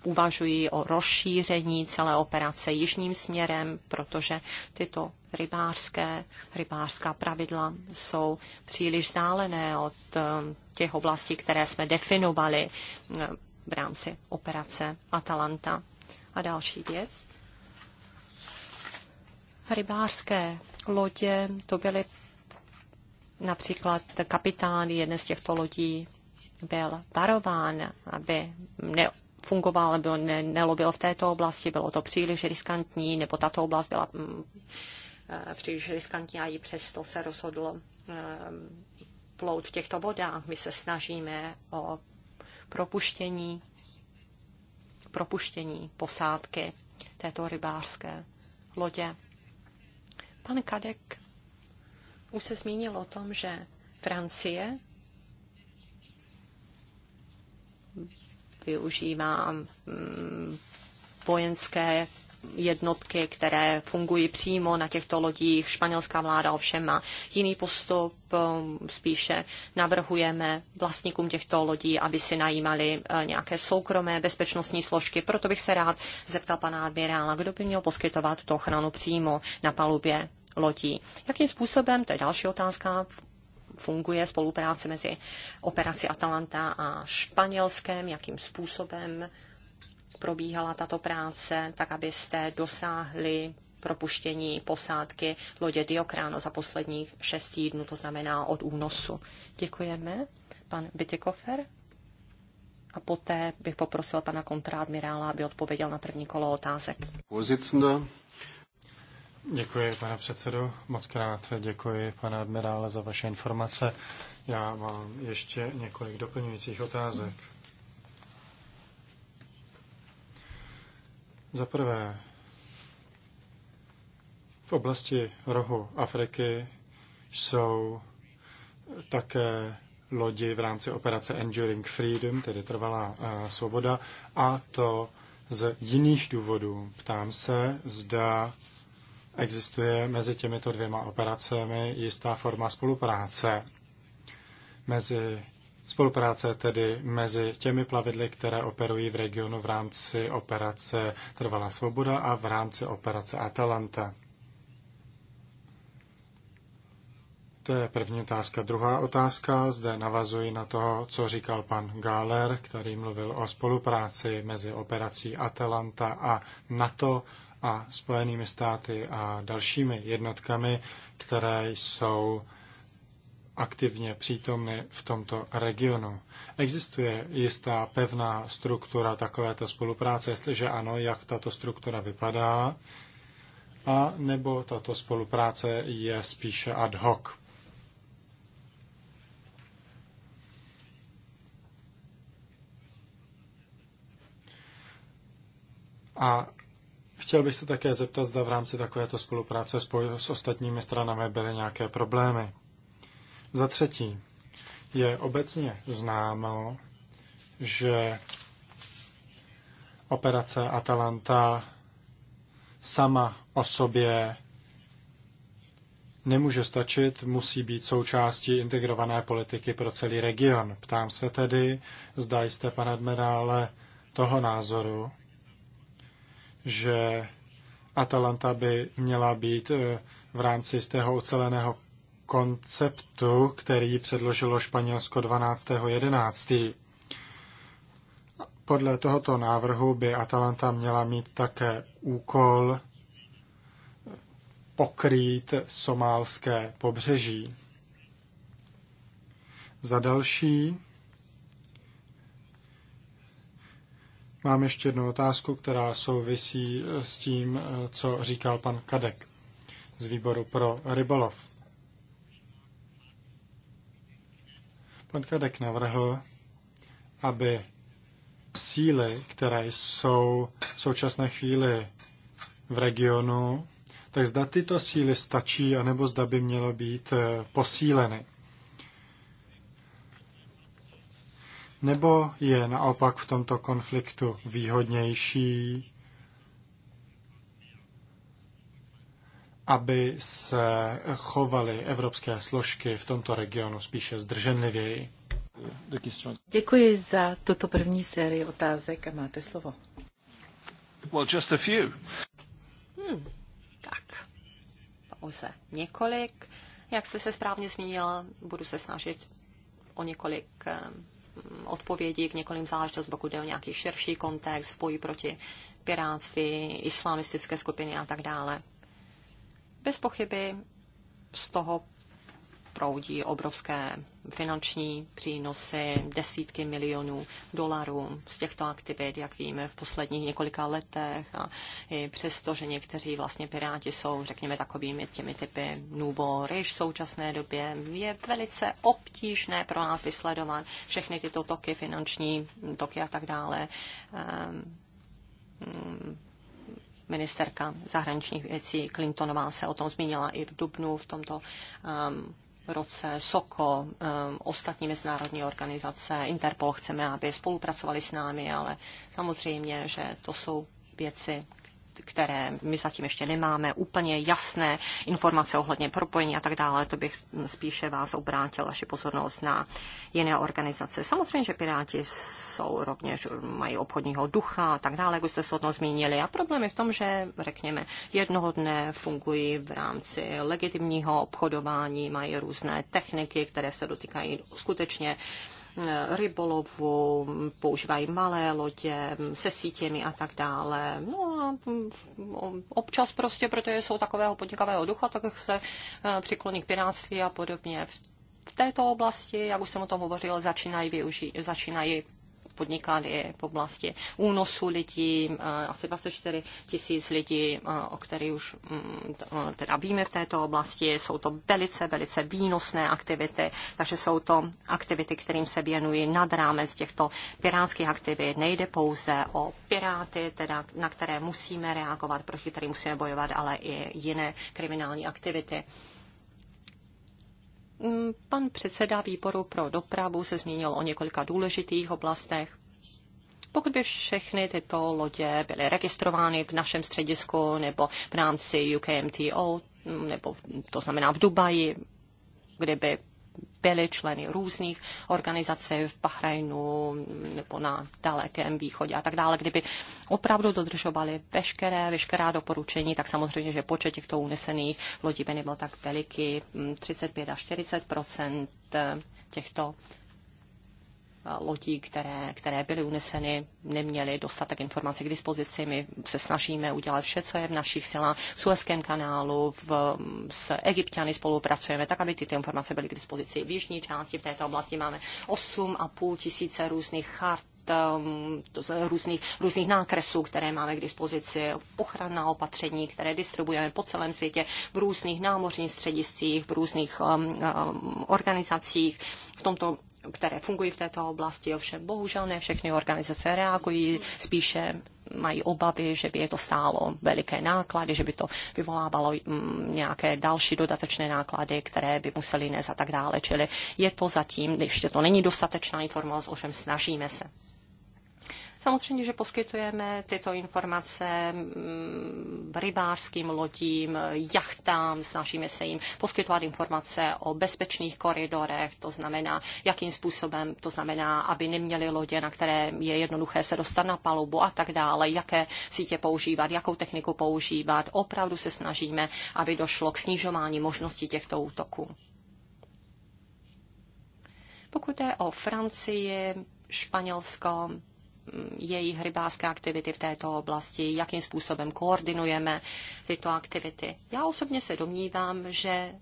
uvažují o rozšíření celé operace jižním směrem, protože tyto rybářské, rybářská pravidla jsou příliš vzdálené od eh, těch oblastí, které jsme definovali eh, v rámci operace Atalanta. A další věc. Rybářské lodě, to byly například kapitán jedné z těchto lodí byl varován, aby ne, fungoval nebo ne, nelobil v této oblasti, bylo to příliš riskantní, nebo tato oblast byla mm, Eh, příliš riskantní a i přesto se rozhodlo eh, plout v těchto vodách. My se snažíme o propuštění, propuštění posádky této rybářské lodě. Pan Kadek už se zmínil o tom, že Francie využívá mm, vojenské jednotky, které fungují přímo na těchto lodích. Španělská vláda ovšem má jiný postup, um, spíše navrhujeme vlastníkům těchto lodí, aby si najímali uh, nějaké soukromé bezpečnostní složky. Proto bych se rád zeptal pana admirála, kdo by měl poskytovat tuto ochranu přímo na palubě lodí. Jakým způsobem, to je další otázka, funguje spolupráce mezi operací Atalanta a Španělském, jakým způsobem probíhala tato práce, tak abyste dosáhli propuštění posádky lodě Diokráno za posledních šest týdnů, to znamená od únosu. Děkujeme. Pan Bytykofer? A poté bych poprosil pana kontradmirála, aby odpověděl na první kolo otázek. Pozicna. Děkuji, pane předsedo. Moc krát děkuji, pane admirále, za vaše informace. Já mám ještě několik doplňujících otázek. Za prvé, v oblasti rohu Afriky jsou také lodi v rámci operace Enduring Freedom, tedy trvalá eh, svoboda, a to z jiných důvodů. Ptám se, zda existuje mezi těmito dvěma operacemi jistá forma spolupráce mezi Spolupráce tedy mezi těmi plavidly, které operují v regionu v rámci operace Trvalá svoboda a v rámci operace Atalanta. To je první otázka. Druhá otázka, zde navazuji na to, co říkal pan Gáler, který mluvil o spolupráci mezi operací Atalanta a NATO a Spojenými státy a dalšími jednotkami, které jsou aktivně přítomny v tomto regionu. Existuje jistá pevná struktura takovéto spolupráce, jestliže ano, jak tato struktura vypadá, a nebo tato spolupráce je spíše ad hoc. A chtěl bych se také zeptat, zda v rámci takovéto spolupráce s ostatními stranami byly nějaké problémy. Za třetí, je obecně známo, že operace Atalanta sama o sobě nemůže stačit, musí být součástí integrované politiky pro celý region. Ptám se tedy, zda jste, pane admirále, toho názoru, že Atalanta by měla být eh, v rámci z tého uceleného konceptu, který předložilo Španělsko 12.11. Podle tohoto návrhu by Atalanta měla mít také úkol pokrýt somálské pobřeží. Za další mám ještě jednu otázku, která souvisí s tím, co říkal pan Kadek z výboru pro rybolov. Pan Kadek navrhl, aby síly, které jsou v současné chvíli v regionu, tak zda tyto síly stačí, anebo zda by mělo být eh, posíleny. Nebo je naopak v tomto konfliktu výhodnější aby se chovaly evropské složky v tomto regionu spíše zdrženlivěji. Děkuji za tuto první sérii otázek a máte slovo. Well, just a few. Hmm, tak, pouze několik. Jak jste se správně zmínil, budu se snažit o několik odpovědí k několik záležitost, pokud jde o nějaký širší kontext spojí boji proti pirátství, islamistické skupiny a tak dále. Bez pochyby z toho proudí obrovské finanční přínosy, desítky milionů dolarů z těchto aktivit, jak víme, v posledních několika letech. A i přesto, že někteří vlastně piráti jsou, řekněme, takovými těmi typy nubo v současné době, je velice obtížné pro nás vysledovat všechny tyto toky, finanční toky a tak dále. um, ministerka zahraničních věcí Clintonová se o tom zmínila i v Dubnu v tomto um, roce SOKO, um, ostatní mezinárodní organizace, Interpol chceme, aby spolupracovali s námi, ale samozřejmě, že to jsou věci, které my zatím ještě nemáme, úplně jasné informace ohledně propojení a tak dále, to bych spíše vás obrátil vaši pozornost na jiné organizace. Samozřejmě, že Piráti jsou rovněž, mají obchodního ducha a tak dále, jak už jste se o tom zmínili. A problém je v tom, že, řekněme, jednoho dne fungují v rámci legitimního obchodování, mají různé techniky, které se dotýkají skutečně uh, rybolovu, používají malé lodě se sítěmi a tak dále. No a občas prostě, protože jsou takového podnikavého ducha, tak se eh, přikloní k pirátství a podobně. V této oblasti, jak už jsem o tom hovořil, začínají, využi- začínají podnikat v oblasti únosu lidí, eh, asi 24 tisíc lidí, eh, o kterých už mm, eh, teda víme v této oblasti. Jsou to velice, velice výnosné aktivity, takže jsou to aktivity, kterým se věnují nad rámec těchto pirátských aktivit. Nejde pouze o piráty, teda, na které musíme reagovat, proti kterým musíme bojovat, ale i jiné kriminální aktivity. Mm, pan předseda výboru pro dopravu se zmínil o několika důležitých oblastech. Pokud by všechny tyto lodě byly registrovány v našem středisku nebo v rámci UKMTO, mm, nebo to znamená v Dubaji, kdyby byli členy různých organizací v Bahrajnu nebo na dalekém východě a tak dále. Kdyby opravdu dodržovali veškeré, veškerá doporučení, tak samozřejmě, že počet těchto unesených lodí by nebyl tak veliký, 35 mm, až 40 eh, těchto lodí, které, které byly uneseny, neměly dostatek informací k dispozici. My se snažíme udělat vše, co je v našich silách v Suezském kanálu, v, s Egyptiany spolupracujeme, tak aby tyto informace byly k dispozici. V jižní části v této oblasti máme 8,5 tisíce různých chart um, z různých, různých nákresů, které máme k dispozici, ochranná opatření, které distribuujeme po celém světě v různých námořních střediscích, v různých um, um, organizacích. V tomto které fungují v této oblasti, ovšem bohužel ne všechny organizace reagují, spíše mají obavy, že by je to stálo veliké náklady, že by to vyvolávalo mm, nějaké další dodatečné náklady, které by museli nést a tak dále. Čili je to zatím, ještě to není dostatečná informace, ovšem snažíme se. Samozřejmě, že poskytujeme tyto informace mm, rybářským lodím, jachtám, snažíme se jim poskytovat informace o bezpečných koridorech, to znamená, jakým způsobem, to znamená, aby neměli lodě, na které je jednoduché se dostat na palubu a tak dále, jaké sítě používat, jakou techniku používat. Opravdu se snažíme, aby došlo k snižování možností těchto útoků. Pokud je o Francii, Španělsko, jejich rybářské aktivity v této oblasti, jakým způsobem koordinujeme tyto aktivity. Já osobně se domnívám, že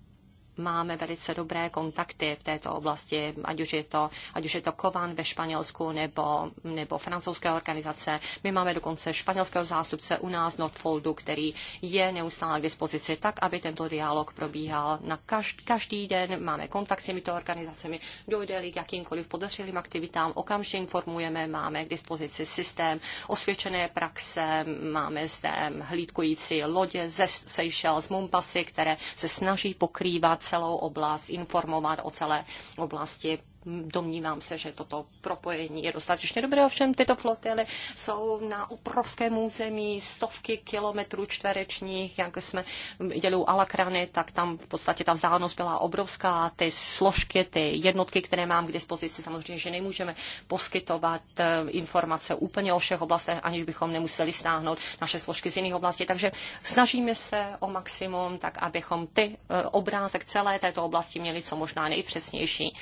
máme velice dobré kontakty v této oblasti, ať už je to, ať už je to Kovan ve Španělsku nebo, nebo francouzské organizace. My máme dokonce španělského zástupce u nás notfoldu, který je neustále k dispozici tak, aby tento dialog probíhal na každý, každý den. Máme kontakt s těmito organizacemi, dojde k jakýmkoliv podezřelým aktivitám, okamžitě informujeme, máme k dispozici systém osvědčené praxe, máme zde hlídkující lodě ze Seychelles, z Mumbasy, které se snaží pokrývat celou oblast, informovat o celé oblasti Domnívám se, že toto propojení je dostatečně dobré, ovšem tyto flotily jsou na uprovském území stovky kilometrů čtverečních, jak jsme viděli u Alakrany, tak tam v podstatě ta vzdálenost byla obrovská, ty složky, ty jednotky, které mám k dispozici, samozřejmě, že nemůžeme poskytovat eh, informace úplně o všech oblastech, aniž bychom nemuseli stáhnout naše složky z jiných oblastí, takže snažíme se o maximum, tak abychom ty eh, obrázek celé této oblasti měli co možná nejpřesnější.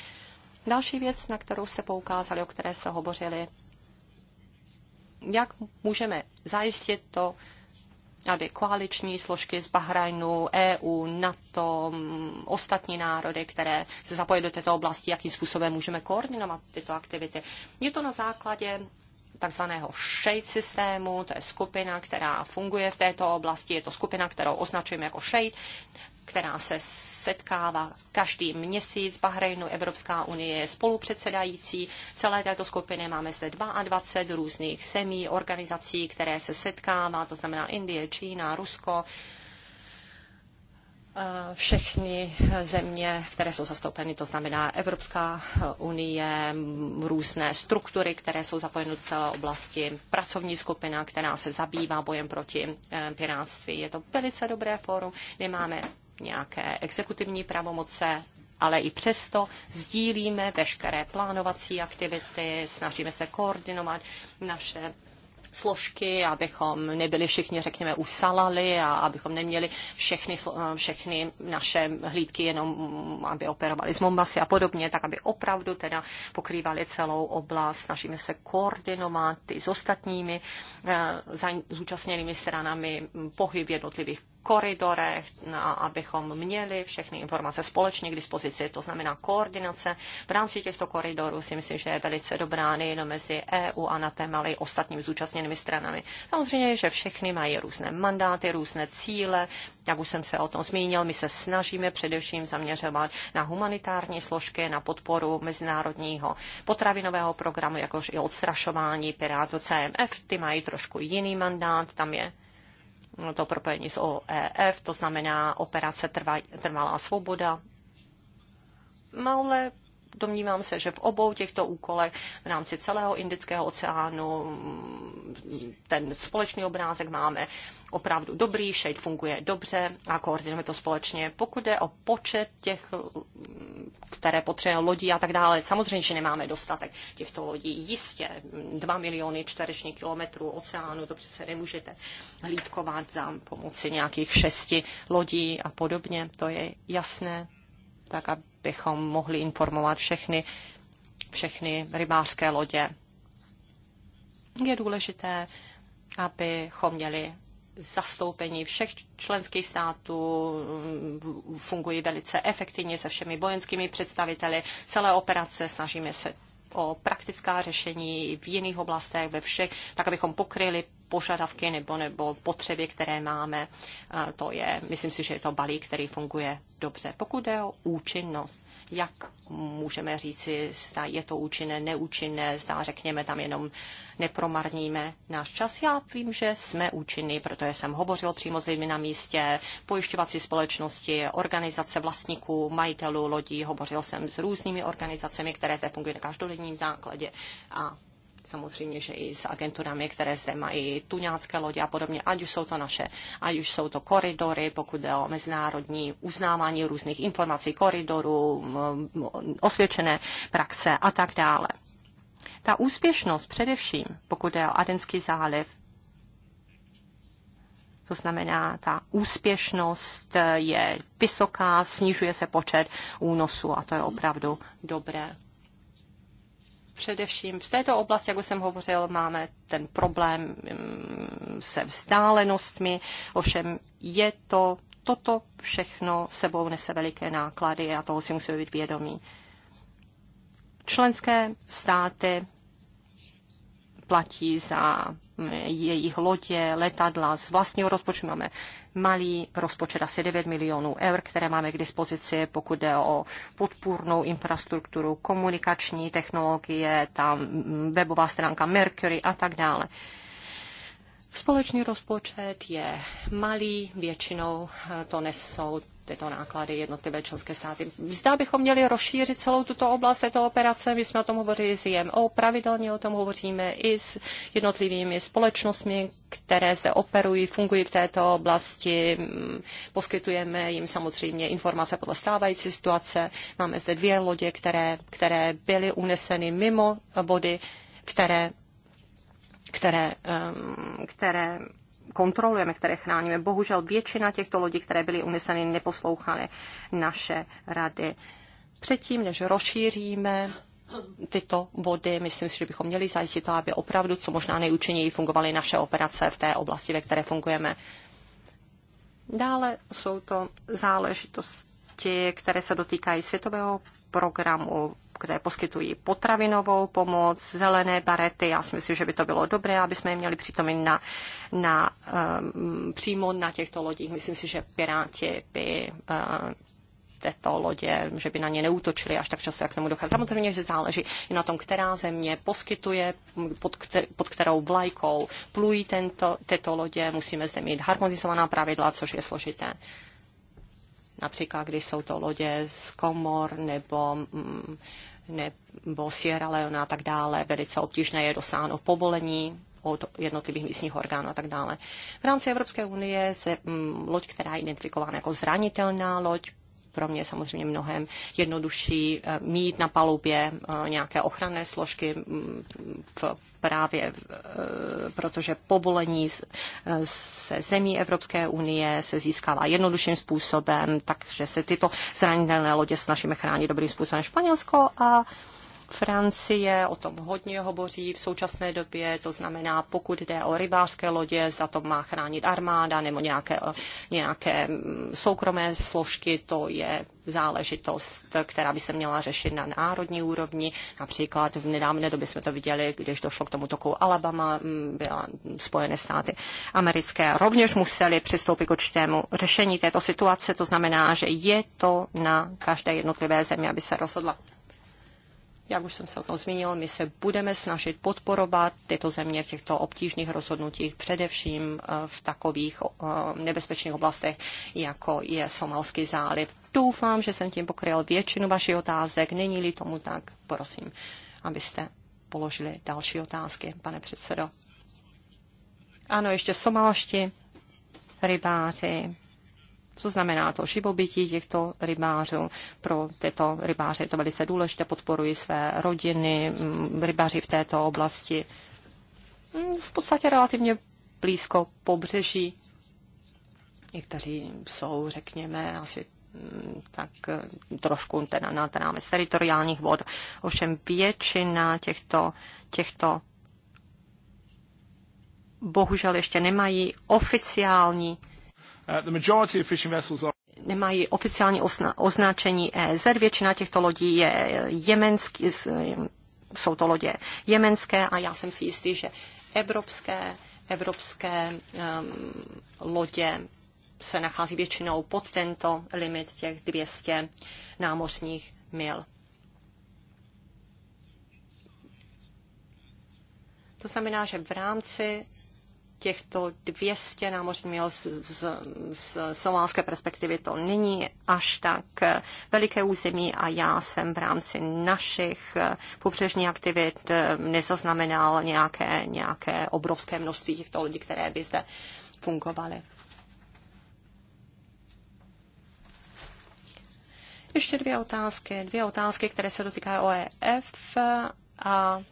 Další věc, na kterou jste poukázali, o které jste hovořili, jak můžeme zajistit to, aby koaliční složky z Bahrajnu, EU, NATO, ostatní národy, které se zapojí do této oblasti, jakým způsobem můžeme koordinovat tyto aktivity. Je to na základě takzvaného shade systému, to je skupina, která funguje v této oblasti, je to skupina, kterou označujeme jako shade která se setkává každý měsíc. Bahrejnu. Evropská unie je spolupředsedající. Celé této skupiny máme zde 22 různých semí, organizací, které se setkává, to znamená Indie, Čína, Rusko, všechny země, které jsou zastoupeny, to znamená Evropská unie, různé struktury, které jsou zapojeny do celé oblasti, pracovní skupina, která se zabývá bojem proti eh, piráctví. Je to velice dobré fórum, kde máme nějaké exekutivní pravomoce, ale i přesto sdílíme veškeré plánovací aktivity, snažíme se koordinovat naše složky, abychom nebyli všichni, řekněme, usalali a abychom neměli všechny, eh, všechny naše hlídky jenom, mm, aby operovali z Mombasy a podobně, tak aby opravdu teda pokrývali celou oblast. Snažíme se koordinovat i s ostatními eh, zúčastněnými stranami pohyb jednotlivých koridorech, abychom měli všechny informace společně k dispozici, to znamená koordinace. V rámci těchto koridorů si myslím, že je velice dobrá nejen mezi EU a na ale i ostatními zúčastněnými stranami. Samozřejmě, že všechny mají různé mandáty, různé cíle, jak už jsem se o tom zmínil, my se snažíme především zaměřovat na humanitární složky, na podporu mezinárodního potravinového programu, jakož i odstrašování pirátů CMF. Ty mají trošku jiný mandát, tam je to propojení s OEF, to znamená operace trvalá svoboda. Ale domnívám se, že v obou těchto úkolech v rámci celého Indického oceánu ten společný obrázek máme opravdu dobrý, Shade funguje dobře a koordinujeme to společně. Pokud jde o počet těch, které potřebuje lodí a tak dále, samozřejmě, že nemáme dostatek těchto lodí. Jistě 2 miliony čtvereční kilometrů oceánu, to přece nemůžete hlídkovat za pomoci nějakých šesti lodí a podobně, to je jasné. Tak a bychom mohli informovat všechny, všechny rybářské lodě. Je důležité, abychom měli zastoupení všech členských států, fungují velice efektivně se všemi vojenskými představiteli celé operace, snažíme se o praktická řešení v jiných oblastech, ve všech, tak abychom pokryli požadavky nebo, nebo potřeby, které máme. To je, myslím si, že je to balík, který funguje dobře. Pokud je o účinnost, jak můžeme říci, zda je to účinné, neúčinné, zda řekněme tam jenom nepromarníme náš čas. Já vím, že jsme účinní, protože jsem hovořil přímo s lidmi na místě, pojišťovací společnosti, organizace vlastníků, majitelů lodí, hovořil jsem s různými organizacemi, které zde fungují na každodenním základě a samozřejmě, že i s agenturami, které zde mají tuňácké lodě a podobně, ať už jsou to naše, ať už jsou to koridory, pokud jde o mezinárodní uznávání různých informací, koridorů, mm, osvědčené praxe a tak dále. Ta úspěšnost především, pokud jde o Adenský záliv, to znamená, ta úspěšnost je vysoká, snižuje se počet únosů a to je opravdu dobré. Především v této oblasti, jak už jsem hovořil, máme ten problém mm, se vzdálenostmi, ovšem je to, toto všechno sebou nese veliké náklady a toho si musíme být vědomí. Členské státy platí za jejich lodě, letadla. Z vlastního rozpočtu máme malý rozpočet asi 9 milionů eur, které máme k dispozici, pokud jde o podpůrnou infrastrukturu, komunikační technologie, tam webová stránka Mercury a tak dále. Společný rozpočet je malý, většinou to nesou tyto náklady jednotlivé členské státy. Zda bychom měli rozšířit celou tuto oblast této operace. My jsme o tom hovořili s IMO, pravidelně o tom hovoříme i s jednotlivými společnostmi, které zde operují, fungují v této oblasti. Poskytujeme jim samozřejmě informace podle stávající situace. Máme zde dvě lodě, které, které byly uneseny mimo body, které které, um, které kontrolujeme, které chráníme. Bohužel většina těchto lodí, které byly uneseny, neposlouchaly naše rady. Předtím, než rozšíříme tyto vody, myslím si, že bychom měli zajistit to, aby opravdu co možná nejúčinněji fungovaly naše operace v té oblasti, ve které fungujeme. Dále jsou to záležitosti, které se dotýkají světového programu, kde poskytují potravinovou pomoc, zelené barety. Já si myslím, že by to bylo dobré, aby jsme je měli přitom na, na, um, přímo na těchto lodích. Myslím si, že Piráti by uh, této lodě, že by na ně neútočili až tak často, jak tomu dochází. Samozřejmě, že záleží i na tom, která země poskytuje, pod, kter, pod kterou vlajkou plují tento, tyto lodě. Musíme zde mít harmonizovaná pravidla, což je složité například když jsou to lodě z Komor nebo mm, nebo Sierra Leone a tak dále. Velice obtížné je dosáhnout povolení od jednotlivých místních orgánů a tak dále. V rámci Evropské unie se mm, loď, která je identifikována jako zranitelná loď, pro mě samozřejmě mnohem jednodušší eh, mít na palubě eh, nějaké ochranné složky mm, právě eh, protože povolení se zemí Evropské unie se získává jednodušším způsobem, takže se tyto zranitelné lodě snažíme chránit dobrým způsobem Španělsko a Francie o tom hodně hovoří v současné době, to znamená, pokud jde o rybářské lodě, zda to má chránit armáda nebo nějaké, nějaké mm, soukromé složky, to je záležitost, která by se měla řešit na národní úrovni. Například v nedávné době jsme to viděli, když došlo k tomu toku Alabama, mm, byla Spojené státy americké, rovněž museli přistoupit k určitému řešení této situace. To znamená, že je to na každé jednotlivé země, aby se rozhodla jak už jsem se o tom zmínil, my se budeme snažit podporovat tyto země v těchto obtížných rozhodnutích, především eh, v takových eh, nebezpečných oblastech, jako je Somalský záliv. Doufám, že jsem tím pokryl většinu vašich otázek. Není-li tomu tak, prosím, abyste položili další otázky, pane předsedo. Ano, ještě somalští rybáři co znamená to živobytí těchto rybářů? Pro tyto rybáře je to velice důležité, podporují své rodiny, mm, rybáři v této oblasti. Mm, v podstatě relativně blízko pobřeží. Někteří jsou, řekněme, asi mm, tak trošku teda na ten rámec teritoriálních vod. Ovšem většina těchto, těchto bohužel ještě nemají oficiální Uh, nemají oficiální označení EZ. Většina těchto lodí je eh, jemenský, eh, jsou to lodě jemenské a já jsem si jistý, že evropské, evropské um, lodě se nachází většinou pod tento limit těch 200 námořních mil. To znamená, že v rámci těchto 200 námořních mil z, z, z somálské perspektivy to není až tak eh, veliké území a já jsem v rámci našich eh, pobřežních aktivit eh, nezaznamenal nějaké, nějaké obrovské množství těchto lidí, které by zde fungovaly. Ještě dvě otázky. Dvě otázky, které se dotýkají OEF a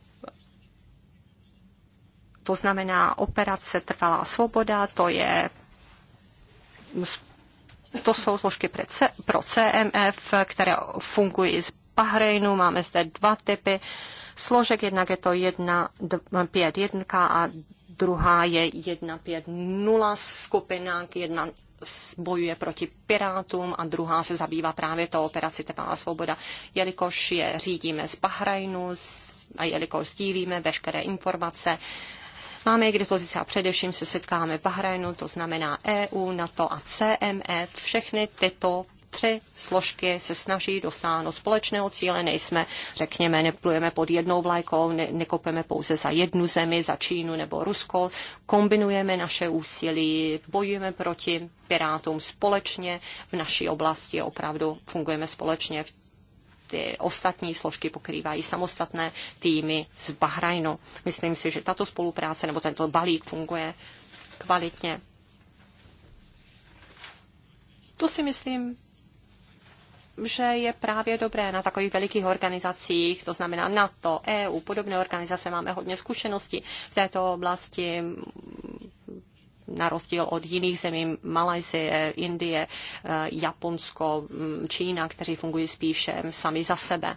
to znamená operace Trvalá svoboda, to je to jsou složky pro CMF, které fungují z Bahrejnu. Máme zde dva typy složek. Jednak je to 151 a druhá je 150 skupina. Jedna bojuje proti pirátům a druhá se zabývá právě to operaci trvalá svoboda, jelikož je řídíme z Bahrajnu a jelikož sdílíme veškeré informace Máme je k dispozici a především se setkáme v Bahrajnu, to znamená EU, NATO a CMF. Všechny tyto tři složky se snaží dosáhnout společného cíle. Nejsme, řekněme, neplujeme pod jednou vlajkou, ne, nekopeme pouze za jednu zemi, za Čínu nebo Rusko. Kombinujeme naše úsilí, bojujeme proti pirátům společně v naší oblasti, opravdu fungujeme společně v ty ostatní složky pokrývají samostatné týmy z Bahrajnu. Myslím si, že tato spolupráce nebo tento balík funguje kvalitně. To si myslím, že je právě dobré na takových velikých organizacích, to znamená NATO, EU, podobné organizace, máme hodně zkušeností v této oblasti na rozdíl od jiných zemí, Malajzie, Indie, eh, Japonsko, mm, Čína, kteří fungují spíše sami za sebe.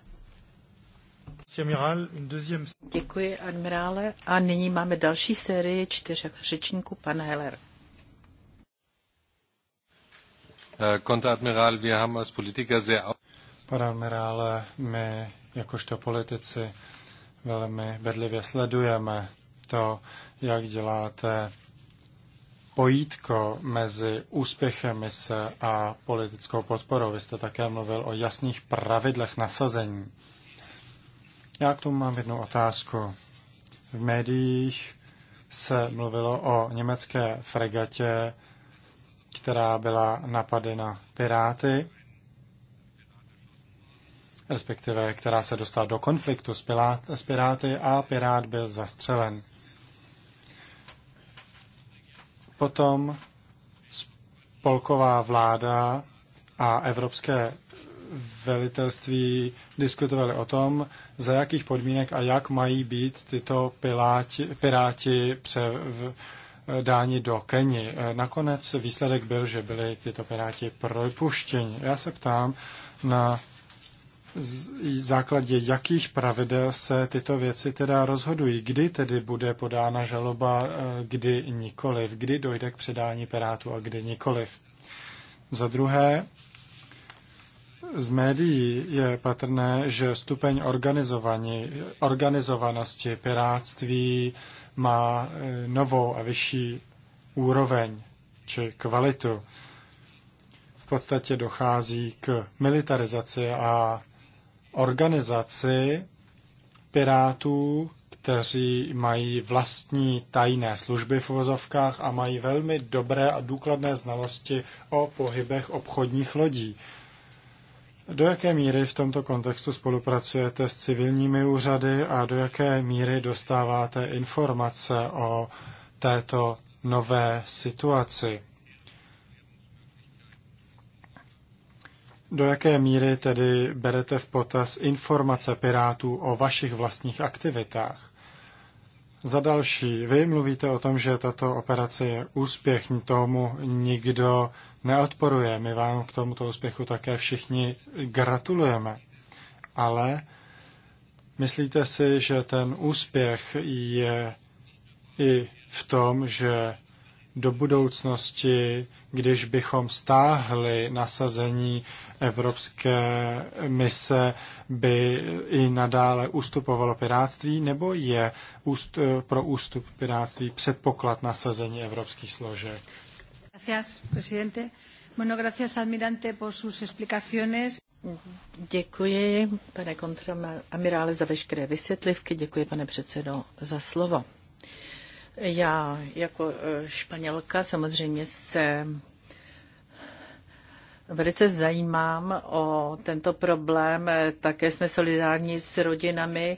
Děkuji, admirále. A nyní máme další sérii čtyř řečníků, pan Heller. Eh, Pane admirále, my jakožto politici velmi bedlivě sledujeme to, jak děláte pojítko mezi úspěchem mise a politickou podporou. Vy jste také mluvil o jasných pravidlech nasazení. Já k tomu mám jednu otázku. V médiích se mluvilo o německé fregatě, která byla napadena piráty, respektive která se dostala do konfliktu s, s piráty a pirát byl zastřelen. Potom spolková vláda a evropské velitelství diskutovali o tom, za jakých podmínek a jak mají být tyto piláti, piráti přev, dáni do Keni. Nakonec výsledek byl, že byli tyto piráti propuštěni. Já se ptám na základě jakých pravidel se tyto věci teda rozhodují, kdy tedy bude podána žaloba, e, kdy nikoliv, kdy dojde k předání Pirátu a kdy nikoliv. Za druhé, z médií je patrné, že stupeň organizovanosti piráctví má e, novou a vyšší úroveň či kvalitu. V podstatě dochází k militarizaci a organizaci pirátů, kteří mají vlastní tajné služby v uvozovkách a mají velmi dobré a důkladné znalosti o pohybech obchodních lodí. Do jaké míry v tomto kontextu spolupracujete s civilními úřady a do jaké míry dostáváte informace o této nové situaci? Do jaké míry tedy berete v potaz informace pirátů o vašich vlastních aktivitách? Za další, vy mluvíte o tom, že tato operace je úspěch, tomu nikdo neodporuje. My vám k tomuto úspěchu také všichni gratulujeme. Ale myslíte si, že ten úspěch je i v tom, že do budoucnosti, když bychom stáhli nasazení evropské mise, by i nadále ústupovalo piráctví, nebo je úst, eh, pro ústup piráctví předpoklad nasazení evropských složek? Gracias, presidente. Bueno, gracias, almirante, por sus explicaciones. Děkuji, pane kontramirále, za veškeré vysvětlivky. Děkuji, pane předsedo, za slovo. Já jako e, španělka samozřejmě se velice zajímám o tento problém. E, také jsme solidární s rodinami e,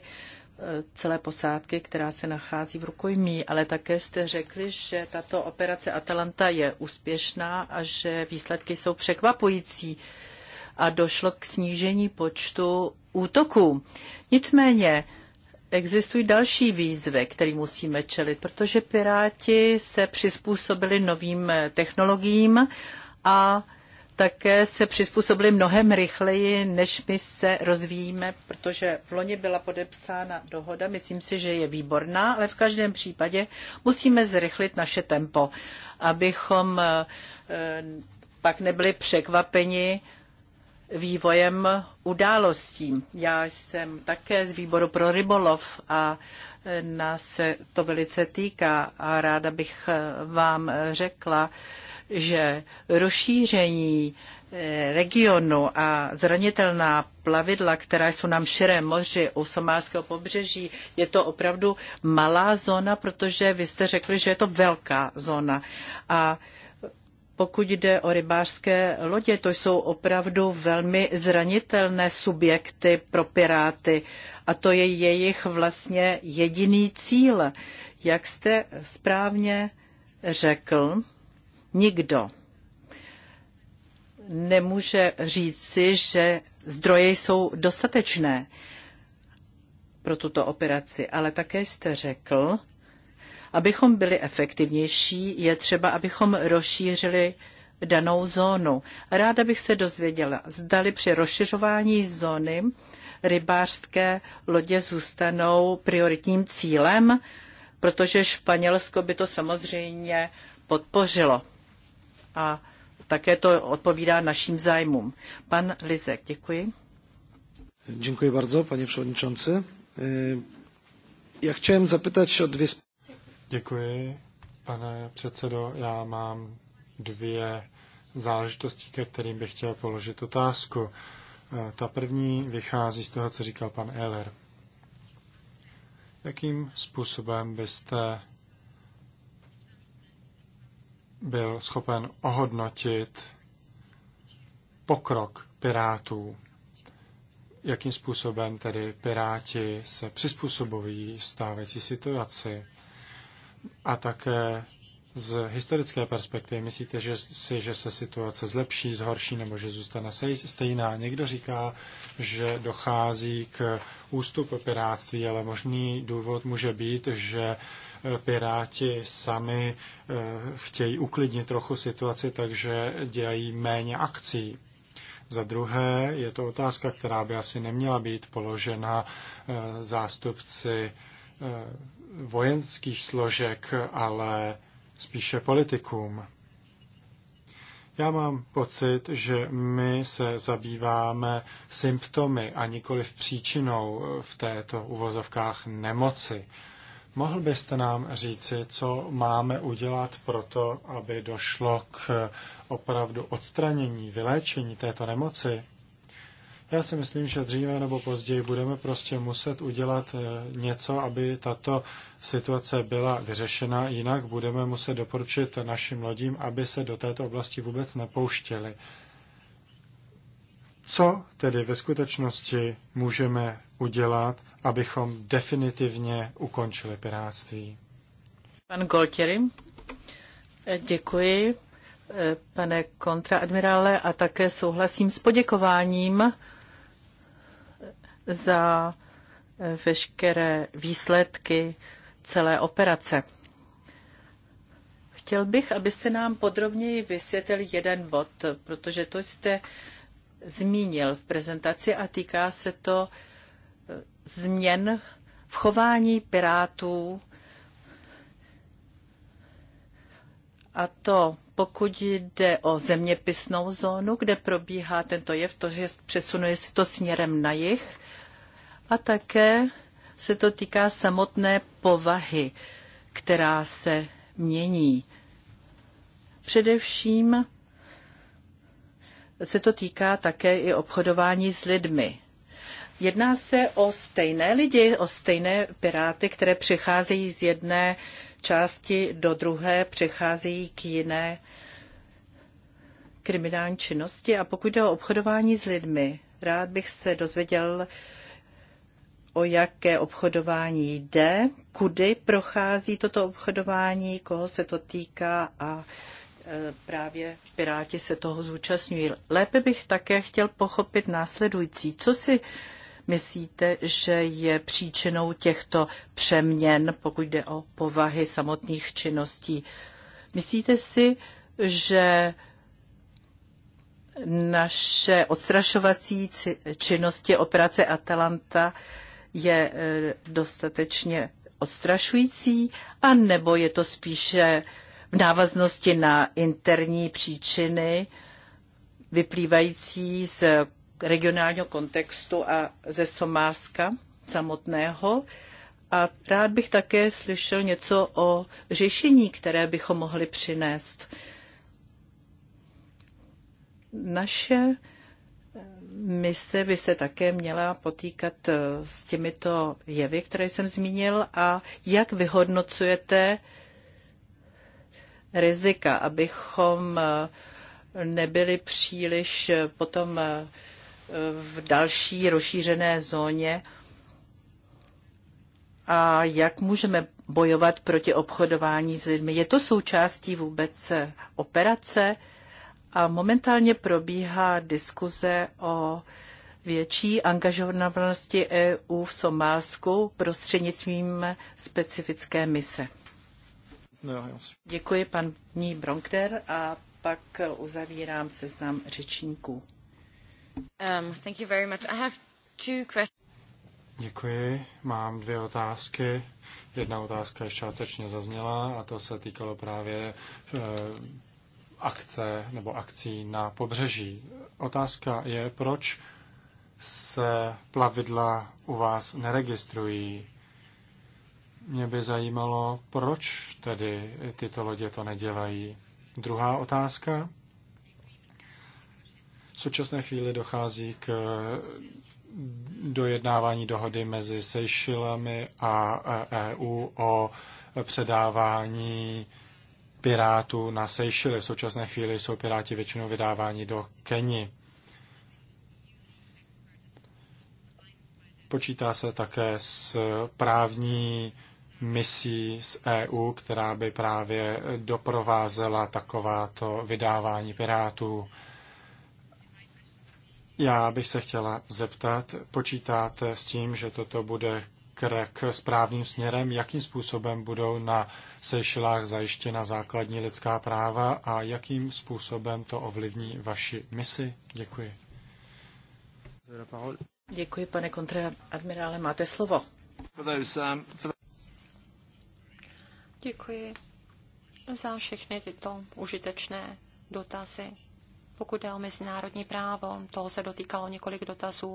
celé posádky, která se nachází v rukojmí, ale také jste řekli, že tato operace Atalanta je úspěšná a že výsledky jsou překvapující a došlo k snížení počtu útoků. Nicméně existují další výzvy, které musíme čelit, protože Piráti se přizpůsobili novým eh, technologiím a také se přizpůsobili mnohem rychleji, než my se rozvíjíme, protože v loni byla podepsána dohoda, myslím si, že je výborná, ale v každém případě musíme zrychlit naše tempo, abychom eh, eh, pak nebyli překvapeni, vývojem událostí. Já jsem také z výboru pro rybolov a nás se to velice týká a ráda bych vám řekla, že rozšíření eh, regionu a zranitelná plavidla, která jsou nám širé moři u somálského pobřeží, je to opravdu malá zóna, protože vy jste řekli, že je to velká zóna. A pokud jde o rybářské lodě, to jsou opravdu velmi zranitelné subjekty pro piráty a to je jejich vlastně jediný cíl. Jak jste správně řekl, nikdo nemůže říci, že zdroje jsou dostatečné pro tuto operaci, ale také jste řekl, Abychom byli efektivnější, je třeba, abychom rozšířili danou zónu. Ráda bych se dozvěděla, zdali při rozšiřování zóny rybářské lodě zůstanou prioritním cílem, protože Španělsko by to samozřejmě podpořilo. A také to odpovídá našim zájmům. Pan Lizek, děkuji. Děkuji bardzo, Já przewodniczący. Ja chciałem zapytać o dvě Děkuji, pane předsedo. Já mám dvě záležitosti, ke kterým bych chtěl položit otázku. Eh, ta první vychází z toho, co říkal pan Eller. Jakým způsobem byste byl schopen ohodnotit pokrok pirátů? Jakým způsobem tedy piráti se přizpůsobují stávající situaci? a také z historické perspektivy. Myslíte že si, že se situace zlepší, zhorší nebo že zůstane stejná? Někdo říká, že dochází k ústupu piráctví, ale možný důvod může být, že eh, piráti sami eh, chtějí uklidnit trochu situaci, takže dělají méně akcí. Za druhé je to otázka, která by asi neměla být položena eh, zástupci vojenských složek, ale spíše politikům. Já mám pocit, že my se zabýváme symptomy a nikoli v příčinou v této uvozovkách nemoci. Mohl byste nám říci, co máme udělat pro to, aby došlo k opravdu odstranění, vyléčení této nemoci? Já si myslím, že dříve nebo později budeme prostě muset udělat eh, něco, aby tato situace byla vyřešena, jinak budeme muset doporučit našim lodím, aby se do této oblasti vůbec nepouštěli. Co tedy ve skutečnosti můžeme udělat, abychom definitivně ukončili piráctví? Pan Goltěry, eh, děkuji, eh, pane kontraadmirále, a také souhlasím s poděkováním za eh, veškeré výsledky celé operace. Chtěl bych, abyste nám podrobněji vysvětlil jeden bod, protože to jste zmínil v prezentaci a týká se to eh, změn v chování pirátů a to pokud jde o zeměpisnou zónu, kde probíhá tento jev, to, že přesunuje si to směrem na jih a také se to týká samotné povahy, která se mění. Především se to týká také i obchodování s lidmi. Jedná se o stejné lidi, o stejné piráty, které přicházejí z jedné části do druhé, přicházejí k jiné kriminální činnosti. A pokud jde o obchodování s lidmi, rád bych se dozvěděl o jaké obchodování jde, kudy prochází toto obchodování, koho se to týká a e, právě Piráti se toho zúčastňují. Lépe bych také chtěl pochopit následující. Co si myslíte, že je příčinou těchto přeměn, pokud jde o povahy samotných činností? Myslíte si, že naše odstrašovací činnosti operace Atalanta je eh, dostatečně odstrašující, a nebo je to spíše v návaznosti na interní příčiny vyplývající z regionálního kontextu a ze Somálska samotného. A rád bych také slyšel něco o řešení, které bychom mohli přinést. Naše mise by se také měla potýkat eh, s těmito jevy, které jsem zmínil, a jak vyhodnocujete rizika, abychom eh, nebyli příliš eh, potom v další rozšířené zóně a jak můžeme bojovat proti obchodování s lidmi. Je to součástí vůbec operace? a momentálně probíhá diskuze o větší angažovanosti EU v Somálsku prostřednictvím specifické mise. No, Děkuji paní Bronkner a pak uzavírám seznam řečníků. Um, thank you very much. I have two Děkuji. Mám dvě otázky. Jedna otázka ještě částečně zazněla a to se týkalo právě eh, akce nebo akcí na pobřeží. Otázka je, proč se plavidla u vás neregistrují. Mě by zajímalo, proč tedy tyto lodě to nedělají. Druhá otázka. V současné chvíli dochází k dojednávání dohody mezi Seychellami a EU e o předávání pirátů na Seychely. V současné chvíli jsou piráti většinou vydáváni do Keni. Počítá se také s právní misí z EU, která by právě doprovázela takováto vydávání pirátů. Já bych se chtěla zeptat, počítáte s tím, že toto bude krek správným směrem, jakým způsobem budou na Seychellách zajištěna základní lidská práva a jakým způsobem to ovlivní vaši misi. Děkuji. Děkuji, pane kontradmirále, máte slovo. Um, Děkuji za všechny tyto užitečné dotazy. Pokud jde o mezinárodní právo, toho se dotýkalo několik dotazů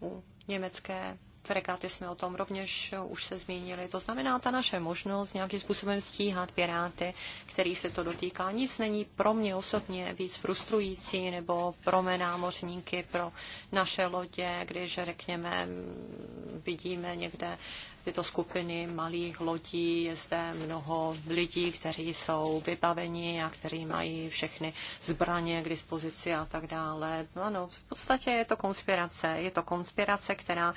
um, u německé fregaty jsme o tom rovněž už se zmínili. To znamená, ta naše možnost nějakým způsobem stíhat piráty, který se to dotýká, nic není pro mě osobně víc frustrující nebo pro mé námořníky, pro naše lodě, když řekněme, vidíme někde tyto skupiny malých lodí, je zde mnoho lidí, kteří jsou vybaveni a kteří mají všechny zbraně k dispozici a tak dále. Ano, v podstatě je to konspirace. Je to konspirace, která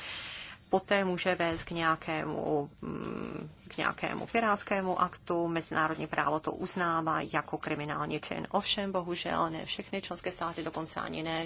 poté může vést k nějakému, mm, k nějakému pirátskému aktu. Mezinárodní právo to uznává jako kriminální čin. Ovšem, bohužel, ne všechny členské státy, dokonce ani ne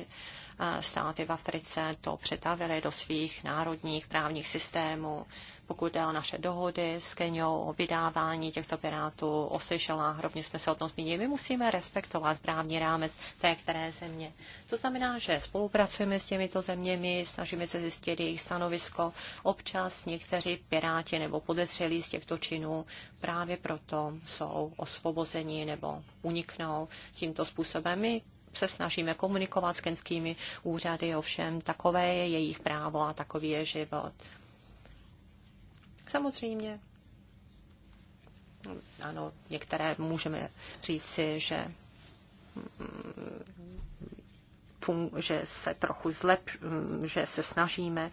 státy v Africe to přetavily do svých národních právních systémů. Pokud jde o naše dohody s Keniou, o vydávání těchto pirátů, o Seychellách, jsme se o tom zmínili, my musíme respektovat právní rámec té které země. To znamená, že spolupracujeme s těmito zeměmi, snažíme se zjistit jejich stanovisko. Občas někteří piráti nebo podezřelí z těchto činů právě proto jsou osvobozeni nebo uniknou tímto způsobem. My se snažíme komunikovat s kenskými úřady, ovšem takové je jejich právo a takový je život. Samozřejmě, ano, některé můžeme říci, že že se trochu zlep, že se snažíme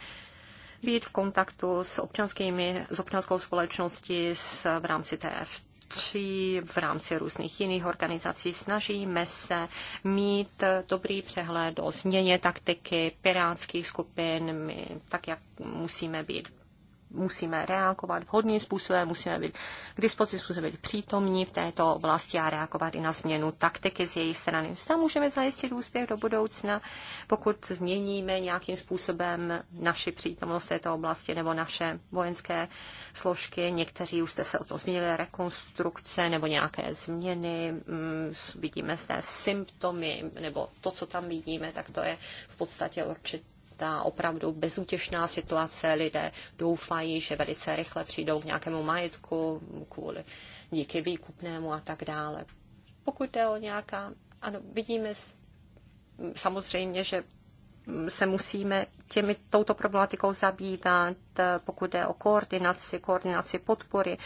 být v kontaktu s občanskými, s občanskou společností s, v rámci TF, či v rámci různých jiných organizací. Snažíme se mít dobrý přehled o změně taktiky pirátských skupin, my, tak jak musíme být musíme reagovat vhodným způsobem, musíme být k dispozici, musíme být přítomní v této oblasti a reagovat i na změnu taktiky z její strany. Zda můžeme zajistit úspěch do budoucna, pokud změníme nějakým způsobem naši přítomnost v této oblasti nebo naše vojenské složky. Někteří už jste se o tom změnili, rekonstrukce nebo nějaké změny. Mm, vidíme zde symptomy nebo to, co tam vidíme, tak to je v podstatě určitě ta opravdu bezútěšná situace. Lidé doufají, že velice rychle přijdou k nějakému majetku kvůli díky výkupnému a tak dále. Pokud jde o nějaká, ano, vidíme samozřejmě, že se musíme těmi, touto problematikou zabývat, pokud jde o koordinaci, koordinaci podpory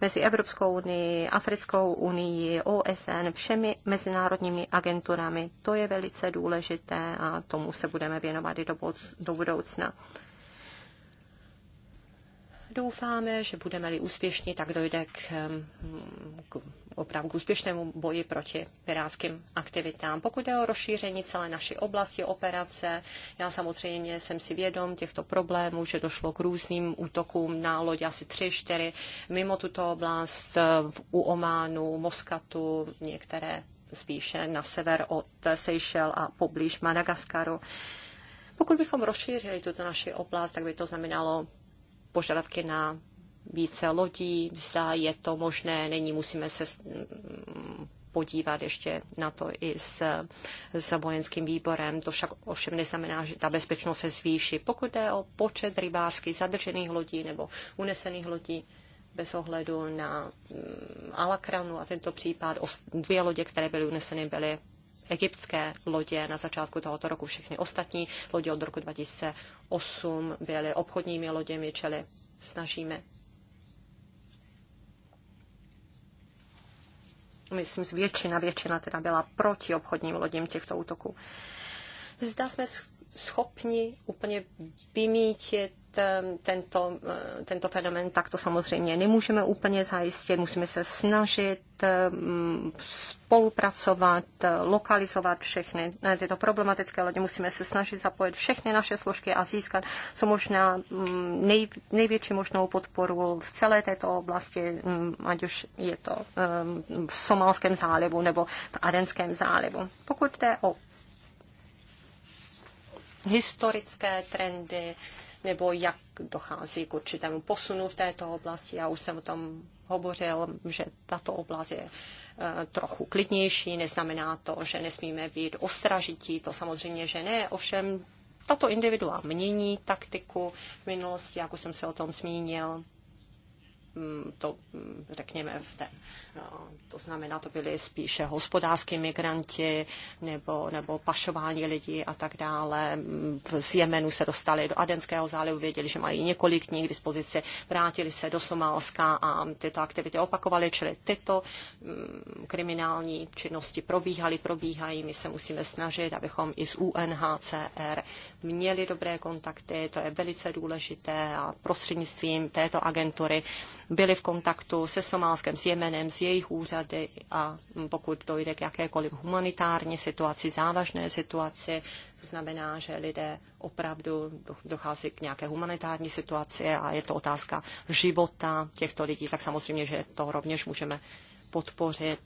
mezi Evropskou unii, Africkou unii, OSN, všemi mezinárodními agenturami. To je velice důležité a tomu se budeme věnovat i do, do budoucna doufáme, že budeme-li úspěšní, tak dojde k, k opravdu k úspěšnému boji proti pirátským aktivitám. Pokud je o rozšíření celé naší oblasti operace, já samozřejmě jsem si vědom těchto problémů, že došlo k různým útokům na loď asi 3-4 mimo tuto oblast u Ománu, Moskatu, některé spíše na sever od Seychelles a poblíž Madagaskaru. Pokud bychom rozšířili tuto naši oblast, tak by to znamenalo požadavky na více lodí, zda je to možné, není, musíme se podívat ještě na to i s, s vojenským výborem. To však ovšem neznamená, že ta bezpečnost se zvýší. Pokud jde o počet rybářských zadržených lodí nebo unesených lodí, bez ohledu na mm, Alakranu a tento případ, dvě lodě, které byly uneseny, byly egyptské lodě na začátku tohoto roku. Všechny ostatní lodě od roku 2008 byly obchodními loděmi, čili snažíme myslím, že většina, většina teda byla proti obchodním lodím těchto útoků. Zda jsme schopni úplně vymítit Ehm, tento, eh, tento fenomen, tak to samozřejmě nemůžeme úplně zajistit. Musíme se snažit ehm, spolupracovat, lokalizovat všechny eh, tyto problematické lodě. Musíme se snažit zapojit všechny naše složky a získat co možná mm, nej, největší možnou podporu v celé této oblasti, mm, ať už je to ehm, v Somálském zálivu nebo v Adenském zálivu. Pokud jde o historické trendy, nebo jak dochází k určitému posunu v této oblasti. Já už jsem o tom hovořil, že tato oblast je eh, trochu klidnější, neznamená to, že nesmíme být ostražití, to samozřejmě, že ne, ovšem tato individua mění taktiku v minulosti, jak už jsem se o tom zmínil, Mm, to mm, řekněme v té, no, to znamená, to byli spíše hospodářské migranti nebo, nebo pašování lidí a tak dále. Mm, z Jemenu se dostali do Adenského zálivu, věděli, že mají několik dní k dispozici, vrátili se do Somálska a tyto aktivity opakovaly, čili tyto kriminální činnosti probíhaly, probíhají. My se musíme snažit, abychom i z UNHCR měli dobré kontakty, to je velice důležité a prostřednictvím této agentury byli v kontaktu se Somálskem, s Jemenem, s jejich úřady a pokud dojde k jakékoliv humanitární situaci, závažné situaci, to znamená, že lidé opravdu dochází k nějaké humanitární situaci a je to otázka života těchto lidí, tak samozřejmě, že to rovněž můžeme podpořit.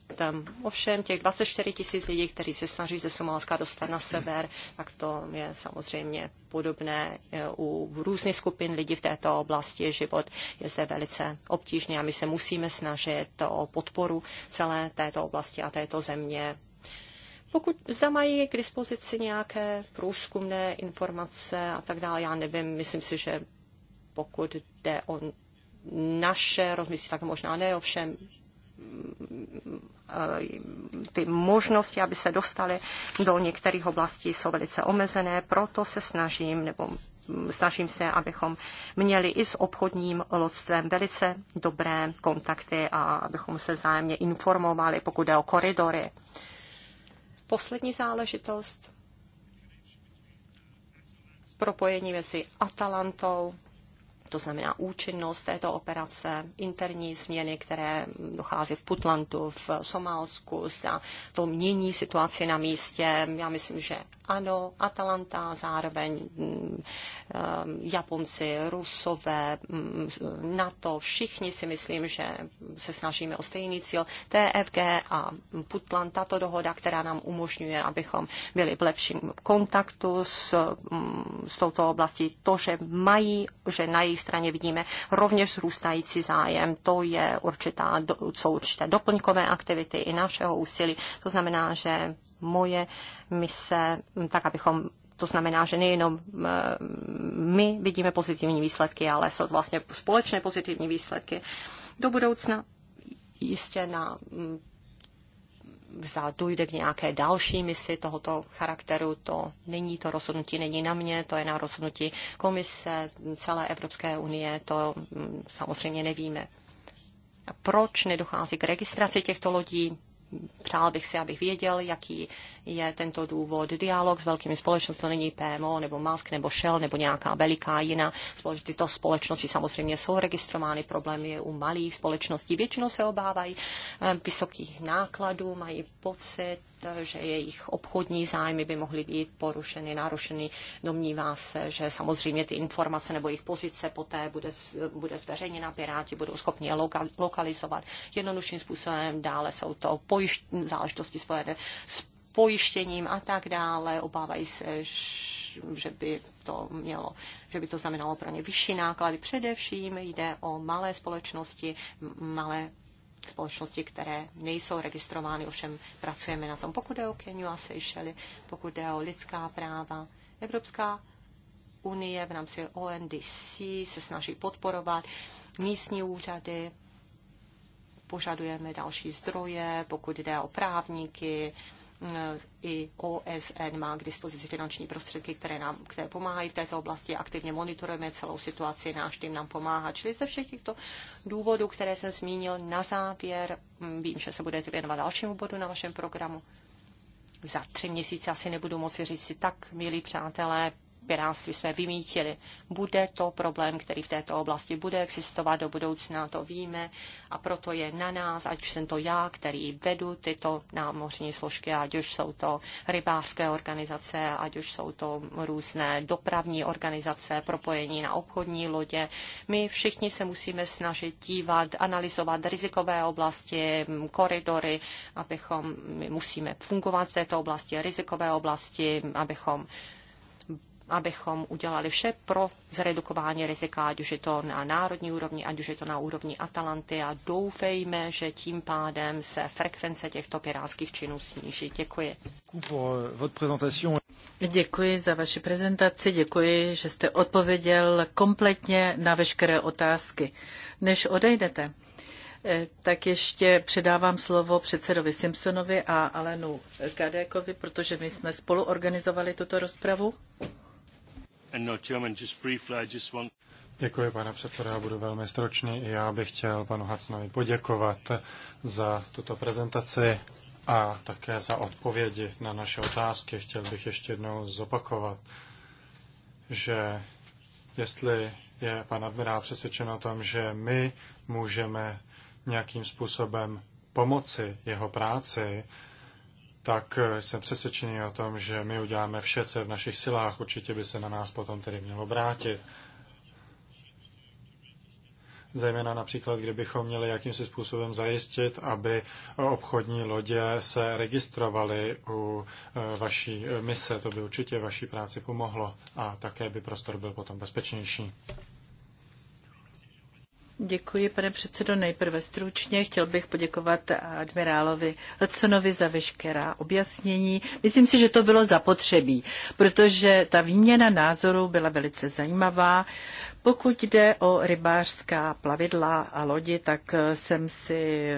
Ovšem těch 24 tisíc lidí, kteří se snaží ze Somálska dostat na sever, tak to je samozřejmě podobné e, u různých skupin lidí v této oblasti. Život je zde velice obtížný a my se musíme snažit o podporu celé této oblasti a této země. Pokud zda mají k dispozici nějaké průzkumné informace a tak dále, já nevím, myslím si, že pokud jde o naše rozmyslí, tak možná ne, ovšem Eh, ty možnosti, aby se dostali do některých oblastí, jsou velice omezené, proto se snažím, nebo snažím se, abychom měli i s obchodním lodstvem velice dobré kontakty a abychom se vzájemně informovali, pokud jde o koridory. Poslední záležitost. Propojení mezi Atalantou to znamená účinnost této operace, interní změny, které dochází v Putlandu, v Somálsku, zda to mění situaci na místě. Já myslím, že ano, Atalanta, zároveň mm, eh, Japonci, Rusové, mm, NATO, všichni si myslím, že se snažíme o stejný cíl. TFG a Putland, tato dohoda, která nám umožňuje, abychom byli v lepším kontaktu s, mm, s touto oblastí, to, že mají, že na jejich straně vidíme rovněž zrůstající zájem. To je určitá, jsou určité doplňkové aktivity i našeho úsilí. To znamená, že moje mise, tak abychom to znamená, že nejenom eh, my vidíme pozitivní výsledky, ale jsou vlastně společné pozitivní výsledky. Do budoucna jistě na mm, zda dojde k nějaké další misi tohoto charakteru, to není to rozhodnutí, není na mě, to je na rozhodnutí komise celé Evropské unie, to mm, samozřejmě nevíme. A proč nedochází k registraci těchto lodí? přál bych si, abych věděl, jaký je tento důvod. Dialog s velkými společnostmi, to není PMO, nebo Musk, nebo Shell, nebo nějaká veliká jiná. Společnost. Tyto společnosti samozřejmě jsou registrovány, problém je u malých společností. Většinou se obávají eh, vysokých nákladů, mají pocit, že jejich obchodní zájmy by mohly být porušeny, narušeny. Domnívá se, že samozřejmě ty informace nebo jejich pozice poté bude, bude zveřejněna, Piráti budou schopni je lokalizovat jednodušším způsobem. Dále jsou to pojišť, záležitosti spojené s pojištěním a tak dále. Obávají se, že by to mělo, že by to znamenalo pro ně vyšší náklady. Především jde o malé společnosti, malé společnosti, které nejsou registrovány, ovšem pracujeme na tom. Pokud jde o Keniu a Seychely, pokud jde o lidská práva, Evropská unie v rámci ONDC se snaží podporovat místní úřady, požadujeme další zdroje, pokud jde o právníky, i OSN má k dispozici finanční prostředky, které nám které pomáhají v této oblasti. Aktivně monitorujeme celou situaci, náš tým nám pomáhá. Čili ze všech těchto důvodů, které jsem zmínil na závěr, mm, vím, že se budete věnovat dalšímu bodu na vašem programu. Za tři měsíce asi nebudu moci říct si tak, milí přátelé, piráctví jsme vymítili. Bude to problém, který v této oblasti bude existovat do budoucna, to víme a proto je na nás, ať už jsem to já, který vedu tyto námořní složky, ať už jsou to rybářské organizace, ať už jsou to různé dopravní organizace, propojení na obchodní lodě. My všichni se musíme snažit dívat, analyzovat rizikové oblasti, koridory, abychom, my musíme fungovat v této oblasti, rizikové oblasti, abychom abychom udělali vše pro zredukování rizika, ať už je to na národní úrovni, ať už je to na úrovni Atalanty a doufejme, že tím pádem se frekvence těchto pirátských činů sníží. Děkuji. Děkuji za vaši prezentaci, děkuji, že jste odpověděl kompletně na veškeré otázky. Než odejdete, eh, tak ještě předávám slovo předsedovi Simpsonovi a Alenu Kadékovi, protože my jsme spolu organizovali tuto rozpravu. No, Děkuji, pane předsedo, já budu velmi stročný. Já bych chtěl panu Hacnovi poděkovat za tuto prezentaci a také za odpovědi na naše otázky. Chtěl bych ještě jednou zopakovat, že jestli je pan admirál přesvědčen o tom, že my můžeme nějakým způsobem pomoci jeho práci, tak eh, jsem přesvědčený o tom, že my uděláme vše, co je v našich silách. Určitě by se na nás potom tedy mělo vrátit. Zejména například, kdybychom měli jakýmsi způsobem zajistit, aby obchodní lodě se registrovaly u eh, vaší eh, mise. To by určitě vaší práci pomohlo a také by prostor byl potom bezpečnější. Děkuji, pane předsedo. Nejprve stručně chtěl bych poděkovat admirálovi Hudsonovi za veškerá objasnění. Myslím si, že to bylo zapotřebí, protože ta výměna názorů byla velice zajímavá. Pokud jde o rybářská plavidla a lodi, tak jsem, si,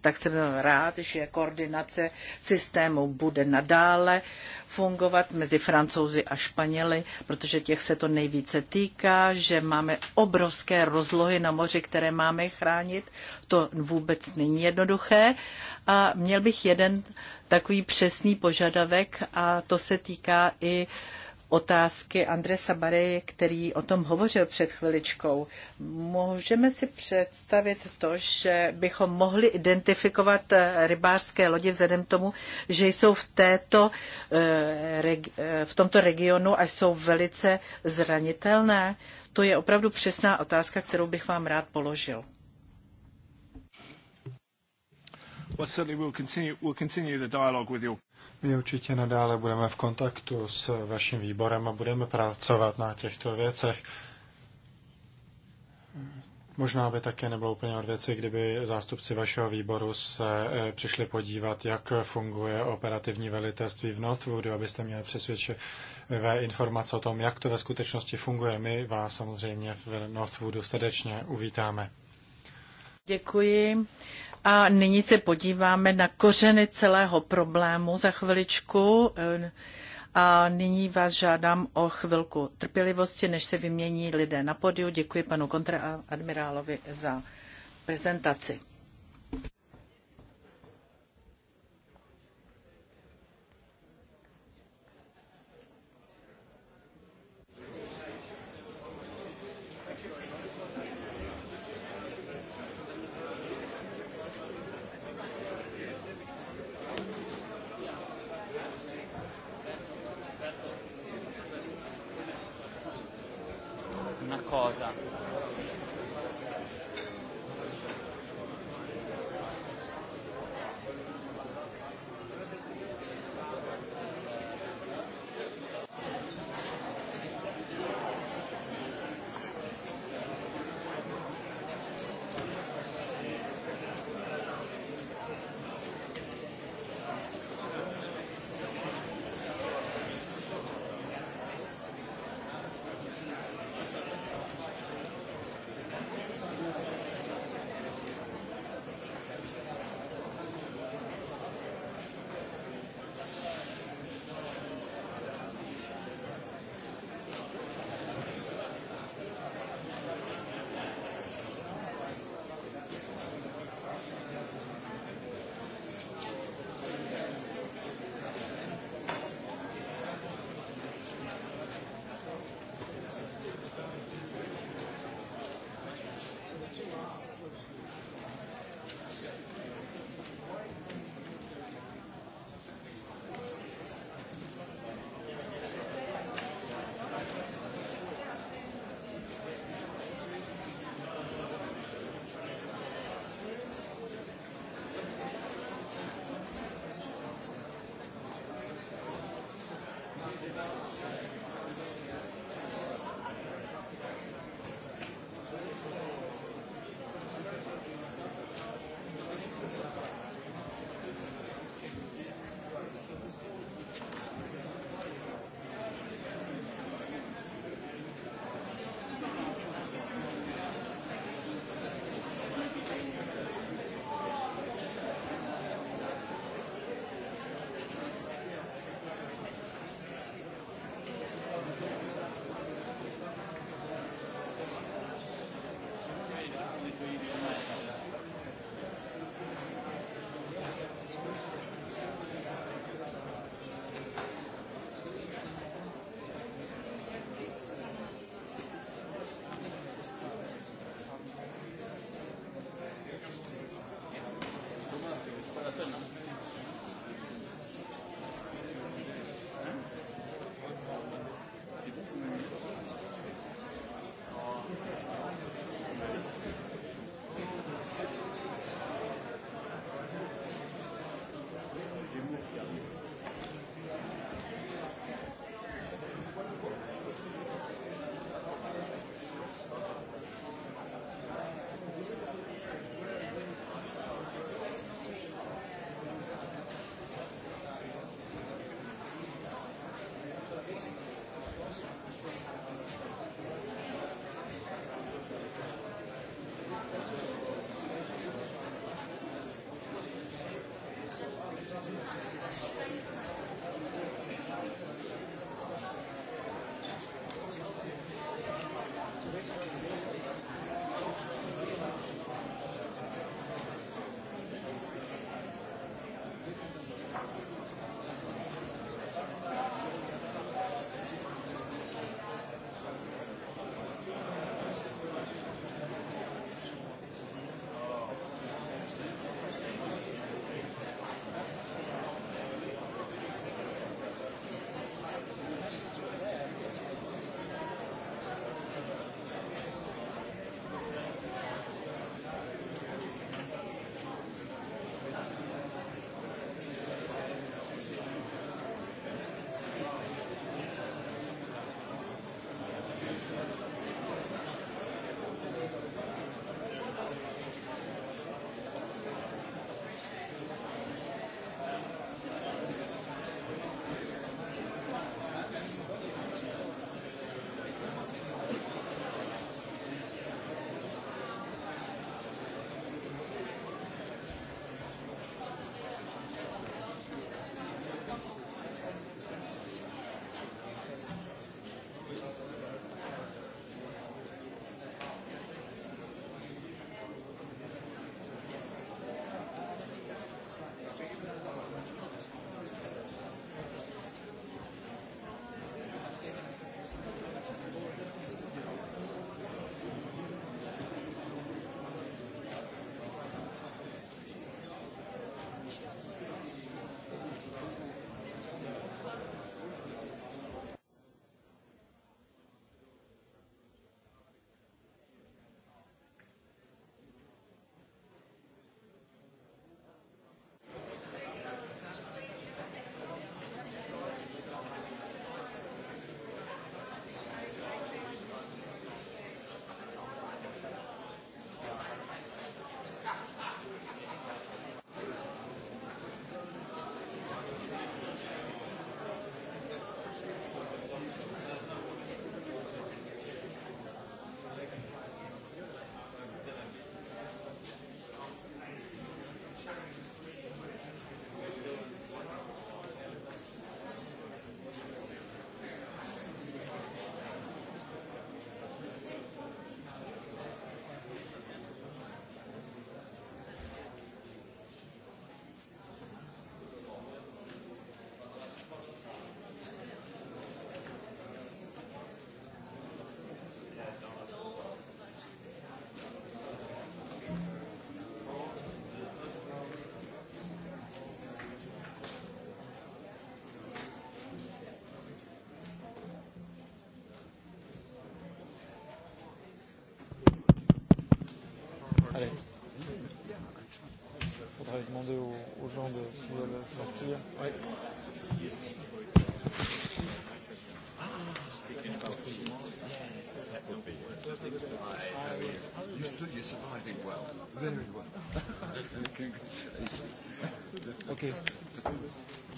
tak jsem rád, že koordinace systému bude nadále fungovat mezi francouzi a Španěli, protože těch se to nejvíce týká, že máme obrovské rozlohy na moři, které máme chránit. To vůbec není jednoduché. A měl bych jeden takový přesný požadavek a to se týká i uh, otázky Andresa Bareje, který o tom hovořil před chviličkou. Můžeme si představit to, že bychom mohli identifikovat eh, rybářské lodě vzhledem tomu, že jsou v, této, eh, eh, v tomto regionu a jsou velice zranitelné? To je opravdu přesná otázka, kterou bych vám rád položil. Well, certainly we'll continue, we'll continue the dialogue with your... My určitě nadále budeme v kontaktu s vaším výborem a budeme pracovat na těchto věcech. Možná by také nebylo úplně od věci, kdyby zástupci vašeho výboru se eh, přišli podívat, jak funguje operativní velitelství v Northwoodu, abyste měli přesvědčivé informace o tom, jak to ve skutečnosti funguje. My vás samozřejmě v Northwoodu srdečně uvítáme. Děkuji. A nyní se podíváme na kořeny celého problému za chviličku. Eh, a nyní vás žádám o chvilku trpělivosti, než se vymění lidé na podiu. Děkuji panu kontraadmirálovi za prezentaci. aux gens de s'ils veulent sortir. Ouais. okay.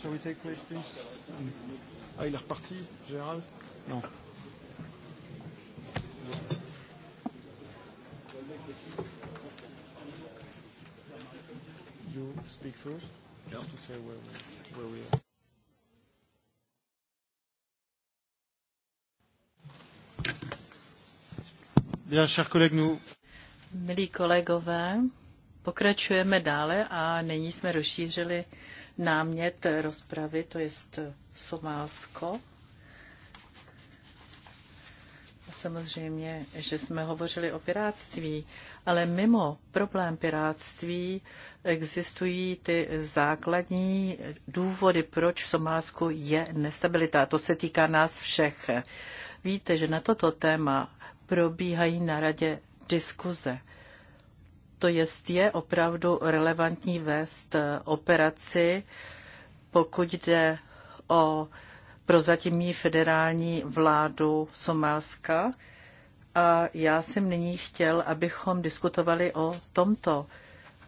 Shall we take place, please? Ah, il est reparti, Gérald Non. speak first, Yeah. just to say where we, where we are. Bien, chers collègues, nous... Milí kolegové, pokračujeme dále a nyní jsme rozšířili námět rozpravy, to je Somálsko. Samozřejmě, že jsme hovořili o piráctví, ale mimo problém piráctví existují ty základní důvody, proč v Somálsku je nestabilita. A to se týká nás všech. Víte, že na toto téma probíhají na radě diskuze. To jest je opravdu relevantní vést operaci, pokud jde o prozatímní federální vládu Somálska. A já jsem nyní chtěl, abychom diskutovali o tomto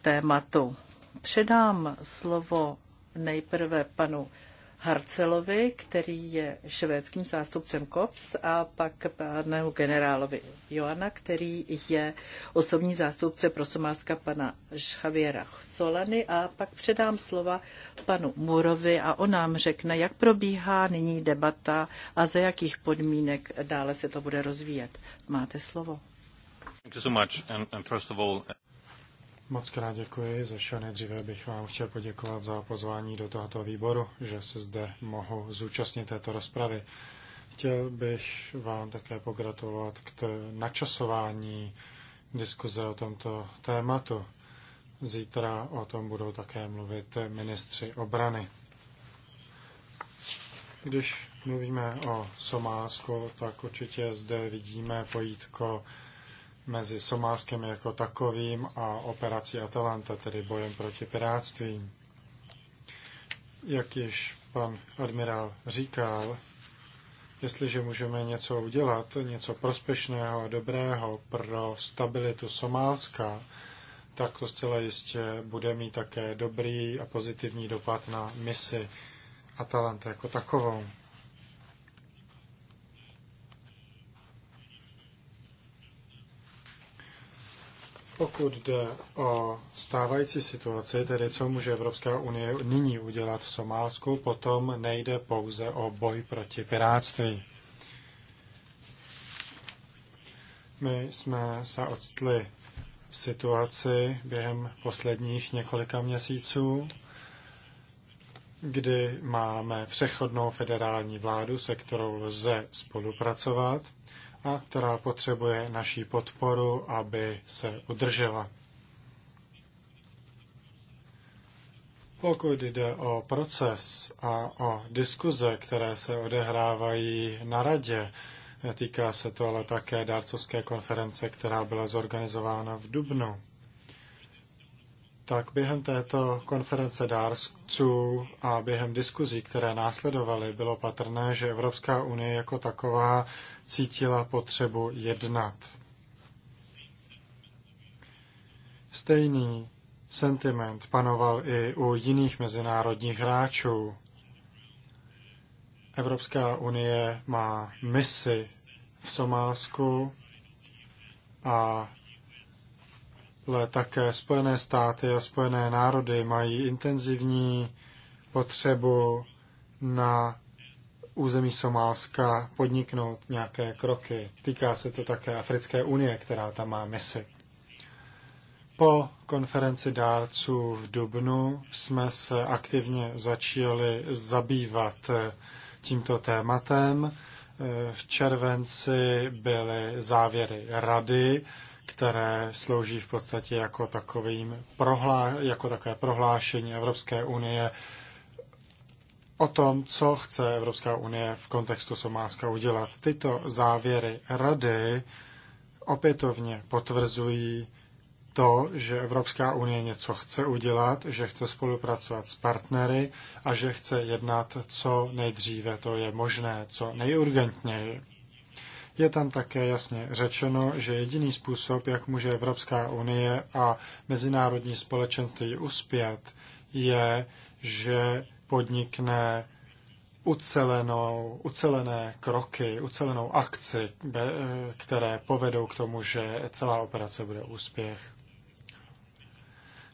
tématu. Předám slovo nejprve panu Harcelovi, který je švédským zástupcem COPS, a pak pánu generálovi Joana, který je osobní zástupce pro Somálska pana Javiera Solany. A pak předám slova panu Murovi a on nám řekne, jak probíhá nyní debata a za jakých podmínek dále se to bude rozvíjet. Máte slovo. Thank you so much. And, and first of all... Moc krát děkuji. Ze všeho nejdříve bych vám chtěl poděkovat za pozvání do tohoto výboru, že se zde mohu zúčastnit této rozpravy. Chtěl bych vám také pogratulovat k načasování diskuze o tomto tématu. Zítra o tom budou také mluvit ministři obrany. Když mluvíme o Somálsku, tak určitě zde vidíme pojítko mezi Somálskem jako takovým a operací Atalanta, tedy bojem proti piráctví. Jak již pan admirál říkal, jestliže můžeme něco udělat, něco prospešného a dobrého pro stabilitu Somálska, tak to zcela jistě bude mít také dobrý a pozitivní dopad na misi Atalanta jako takovou. Pokud jde o stávající situaci, tedy co může Evropská unie nyní udělat v Somálsku, potom nejde pouze o boj proti piráctví. My jsme se odstli v situaci během posledních několika měsíců, kdy máme přechodnou federální vládu, se kterou lze spolupracovat a která potřebuje naší podporu, aby se udržela. Pokud jde o proces a o diskuze, které se odehrávají na radě, týká se to ale také dárcovské konference, která byla zorganizována v Dubnu tak během této konference dárců a během diskuzí, které následovaly, bylo patrné, že Evropská unie jako taková cítila potřebu jednat. Stejný sentiment panoval i u jiných mezinárodních hráčů. Evropská unie má misi v Somálsku a ale také Spojené státy a Spojené národy mají intenzivní potřebu na území Somálska podniknout nějaké kroky. Týká se to také Africké unie, která tam má misi. Po konferenci dárců v Dubnu jsme se aktivně začali zabývat tímto tématem. V červenci byly závěry rady, které slouží v podstatě jako, takovým prohlá, jako takové prohlášení Evropské unie o tom, co chce Evropská unie v kontextu Somálska udělat. Tyto závěry rady opětovně potvrzují to, že Evropská unie něco chce udělat, že chce spolupracovat s partnery a že chce jednat co nejdříve, to je možné, co nejurgentněji. Je tam také jasně řečeno, že jediný způsob, jak může Evropská unie a mezinárodní společenství uspět, je, že podnikne ucelenou, ucelené kroky, ucelenou akci, které povedou k tomu, že celá operace bude úspěch.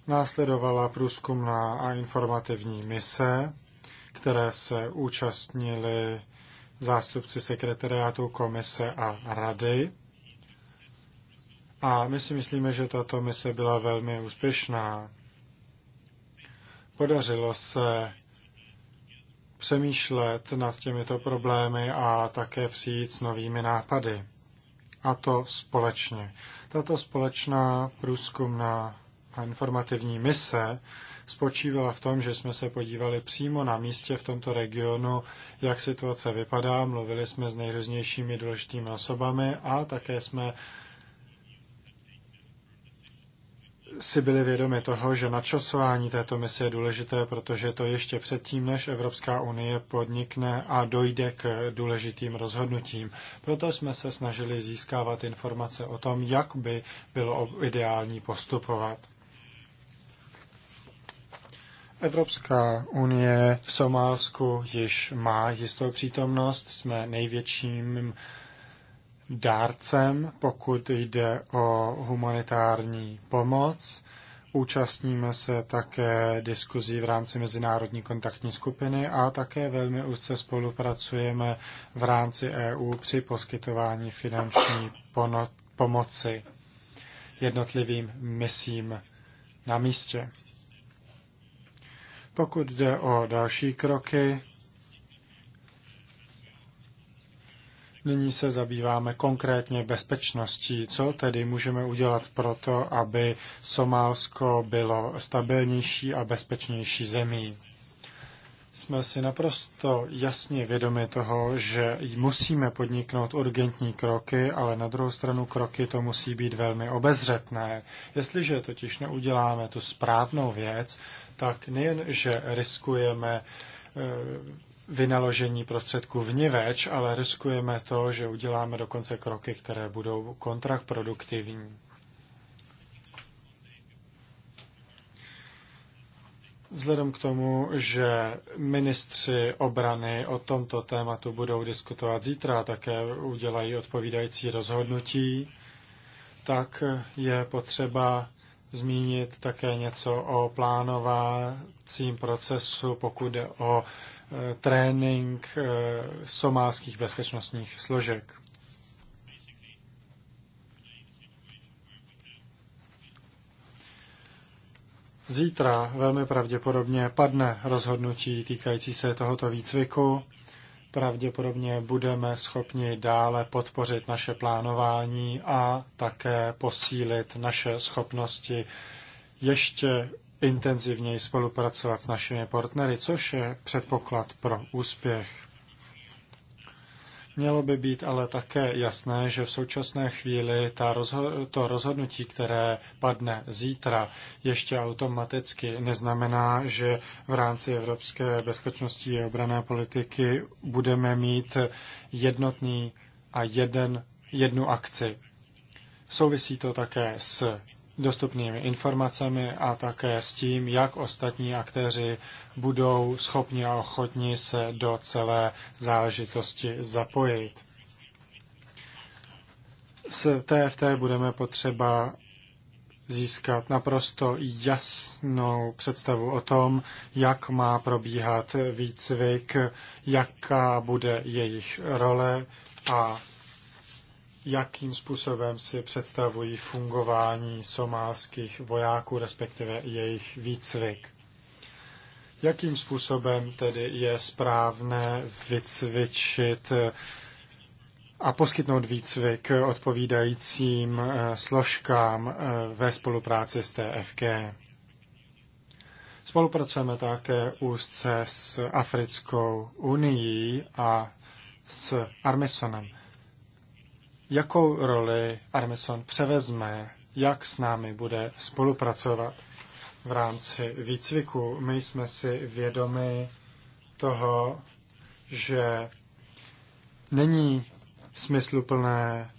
Následovala průzkumná a informativní mise, které se účastnili zástupci sekretariátu komise a rady. A my si myslíme, že tato mise byla velmi úspěšná. Podařilo se přemýšlet nad těmito problémy a také přijít s novými nápady. A to společně. Tato společná průzkumná a informativní mise spočívala v tom, že jsme se podívali přímo na místě v tomto regionu, jak situace vypadá, mluvili jsme s nejrůznějšími důležitými osobami a také jsme si byli vědomi toho, že načasování této mise je důležité, protože to ještě předtím, než Evropská unie podnikne a dojde k důležitým rozhodnutím. Proto jsme se snažili získávat informace o tom, jak by bylo ideální postupovat. Evropská unie v Somálsku již má jistou přítomnost. Jsme největším dárcem, pokud jde o humanitární pomoc. Účastníme se také diskuzí v rámci Mezinárodní kontaktní skupiny a také velmi úzce spolupracujeme v rámci EU při poskytování finanční pomoci jednotlivým misím na místě. Pokud jde o další kroky, nyní se zabýváme konkrétně bezpečností. Co tedy můžeme udělat pro to, aby Somálsko bylo stabilnější a bezpečnější zemí? jsme si naprosto jasně vědomi toho, že musíme podniknout urgentní kroky, ale na druhou stranu kroky to musí být velmi obezřetné. Jestliže totiž neuděláme tu správnou věc, tak nejen, že riskujeme e, vynaložení prostředků vniveč, ale riskujeme to, že uděláme dokonce kroky, které budou kontraproduktivní. Vzhledem k tomu, že ministři obrany o tomto tématu budou diskutovat zítra a také udělají odpovídající rozhodnutí, tak je potřeba zmínit také něco o plánovacím procesu, pokud jde o eh, trénink eh, somálských bezpečnostních složek. Zítra velmi pravděpodobně padne rozhodnutí týkající se tohoto výcviku. Pravděpodobně budeme schopni dále podpořit naše plánování a také posílit naše schopnosti ještě intenzivněji spolupracovat s našimi partnery, což je předpoklad pro úspěch. Mělo by být ale také jasné, že v současné chvíli ta rozho- to rozhodnutí, které padne zítra, ještě automaticky neznamená, že v rámci evropské bezpečnosti a obrané politiky budeme mít jednotný a jeden, jednu akci. Souvisí to také s dostupnými informacemi a také s tím, jak ostatní aktéři budou schopni a ochotni se do celé záležitosti zapojit. S TFT budeme potřeba získat naprosto jasnou představu o tom, jak má probíhat výcvik, jaká bude jejich role a jakým způsobem si představují fungování somálských vojáků, respektive jejich výcvik. Jakým způsobem tedy je správné vycvičit a poskytnout výcvik odpovídajícím eh, složkám eh, ve spolupráci s TFK. Spolupracujeme také úzce s Africkou unii a s Armisonem jakou roli Armeson převezme, jak s námi bude spolupracovat v rámci výcviku. My jsme si vědomi toho, že není smysluplné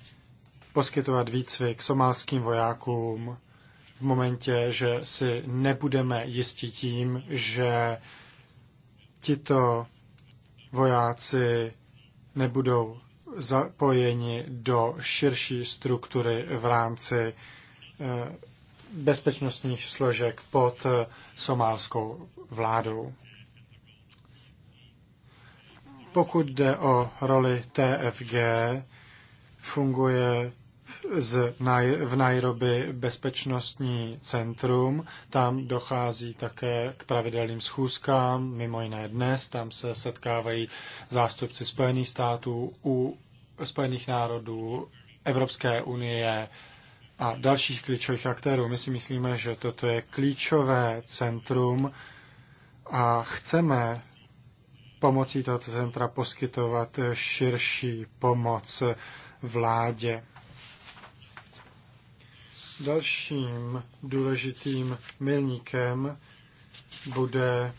poskytovat výcvik somálským vojákům v momentě, že si nebudeme jistí tím, že tito vojáci nebudou zapojeni do širší struktury v rámci eh, bezpečnostních složek pod eh, somálskou vládou. Pokud jde o roli TFG, funguje z, v Nairobi bezpečnostní centrum. Tam dochází také k pravidelným schůzkám, mimo jiné dnes. Tam se setkávají zástupci Spojených států, u Spojených národů, Evropské unie a dalších klíčových aktérů. My si myslíme, že toto je klíčové centrum a chceme pomocí tohoto centra poskytovat širší pomoc vládě. Dalším důležitým milníkem bude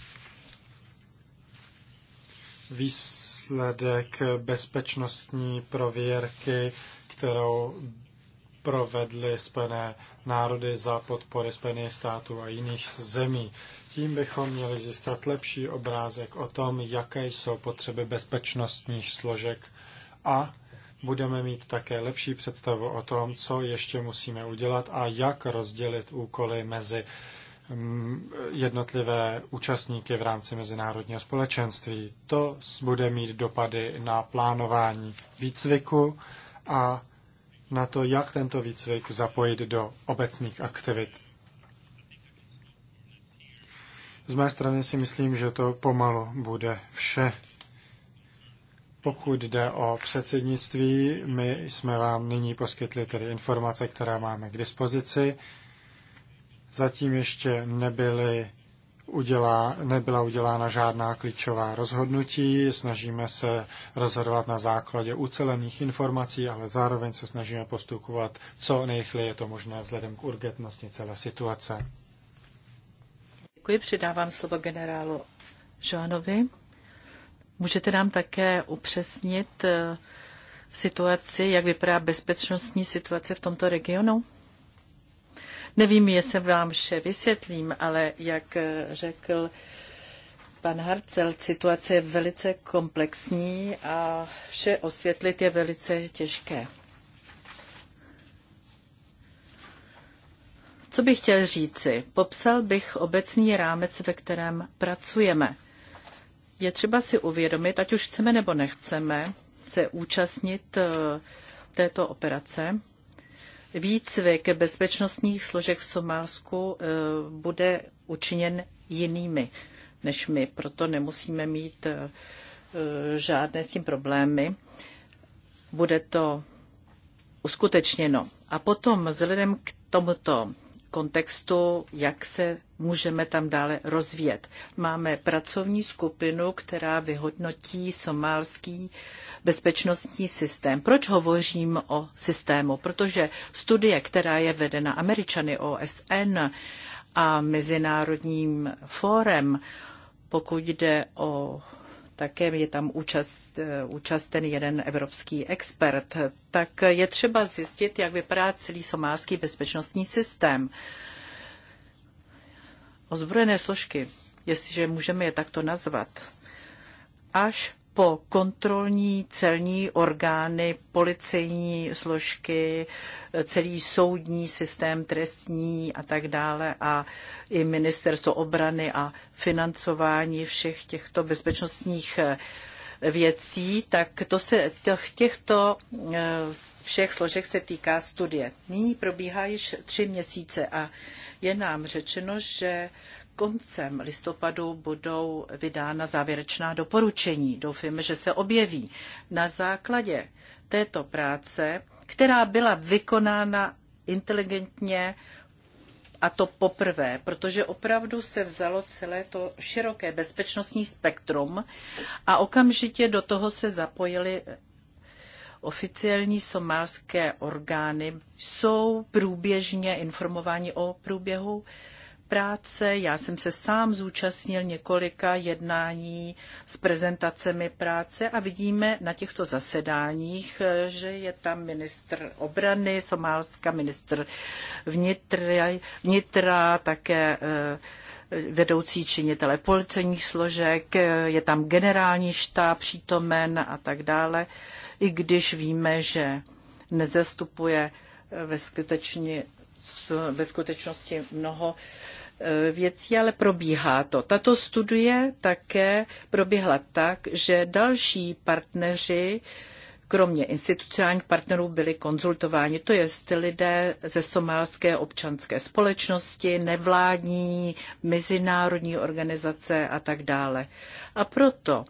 výs výsledek bezpečnostní prověrky, kterou provedly Spojené národy za podpory Spojených států a jiných zemí. Tím bychom měli získat lepší obrázek o tom, jaké jsou potřeby bezpečnostních složek a budeme mít také lepší představu o tom, co ještě musíme udělat a jak rozdělit úkoly mezi jednotlivé účastníky v rámci mezinárodního společenství. To bude mít dopady na plánování výcviku a na to, jak tento výcvik zapojit do obecných aktivit. Z mé strany si myslím, že to pomalu bude vše. Pokud jde o předsednictví, my jsme vám nyní poskytli tedy informace, které máme k dispozici. Zatím ještě nebyly udělá, nebyla udělána žádná klíčová rozhodnutí. Snažíme se rozhodovat na základě ucelených informací, ale zároveň se snažíme postupovat co nejrychleji je to možné vzhledem k urgentnosti celé situace. Děkuji, předávám slovo generálu Žánovi. Můžete nám také upřesnit eh, situaci, jak vypadá bezpečnostní situace v tomto regionu? Nevím, jestli vám vše vysvětlím, ale jak řekl pan Harcel, situace je velice komplexní a vše osvětlit je velice těžké. Co bych chtěl říci? Popsal bych obecný rámec, ve kterém pracujeme. Je třeba si uvědomit, ať už chceme nebo nechceme se účastnit eh, této operace, výcvik bezpečnostních složek v Somálsku eh, bude učiněn jinými než my. Proto nemusíme mít eh, žádné s tím problémy. Bude to uskutečněno. A potom vzhledem k tomuto kontextu, jak se můžeme tam dále rozvíjet. Máme pracovní skupinu, která vyhodnotí somálský uh, bezpečnostní systém. Proč hovořím o systému? Protože studie, která je vedena Američany OSN a Mezinárodním fórem, pokud jde o také je tam účast, ten jeden evropský expert, tak je třeba zjistit, jak vypadá celý somálský bezpečnostní systém. Ozbrojené složky, jestliže můžeme je takto nazvat, až po kontrolní celní orgány, policejní složky, celý soudní systém trestní a tak dále a i ministerstvo obrany a financování všech těchto bezpečnostních eh, věcí, tak to se těchto eh, všech složek se týká studie. Nyní probíhá již tři měsíce a je nám řečeno, že koncem listopadu budou vydána závěrečná doporučení. Doufujeme, že se objeví. Na základě této práce, která byla vykonána inteligentně a to poprvé, protože opravdu se vzalo celé to široké bezpečnostní spektrum a okamžitě do toho se zapojili oficiální somálské orgány jsou průběžně informováni o průběhu práce. Já jsem se sám zúčastnil několika jednání s prezentacemi práce a vidíme na těchto zasedáních, eh, že je tam ministr obrany Somálska, ministr vnitra, vnitra také eh, vedoucí činitele policejních složek, eh, je tam generální štáb přítomen a tak dále, i když víme, že nezastupuje ve skutečně ve skutečnosti mnoho Eh, věcí, ale probíhá to. Tato studie také proběhla tak, že další partneři kromě institucionálních partnerů byli konzultováni, to jest lidé ze somálské občanské společnosti, nevládní, mezinárodní organizace a tak dále. A proto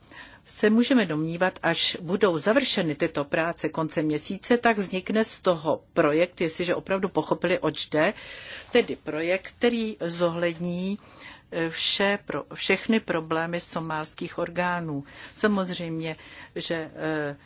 se můžeme domnívat, až budou završeny tyto práce konce měsíce, tak vznikne z toho projekt, jestliže opravdu pochopili, oč jde, tedy projekt, který zohlední eh, vše pro, všechny problémy somálských orgánů. Samozřejmě, že eh,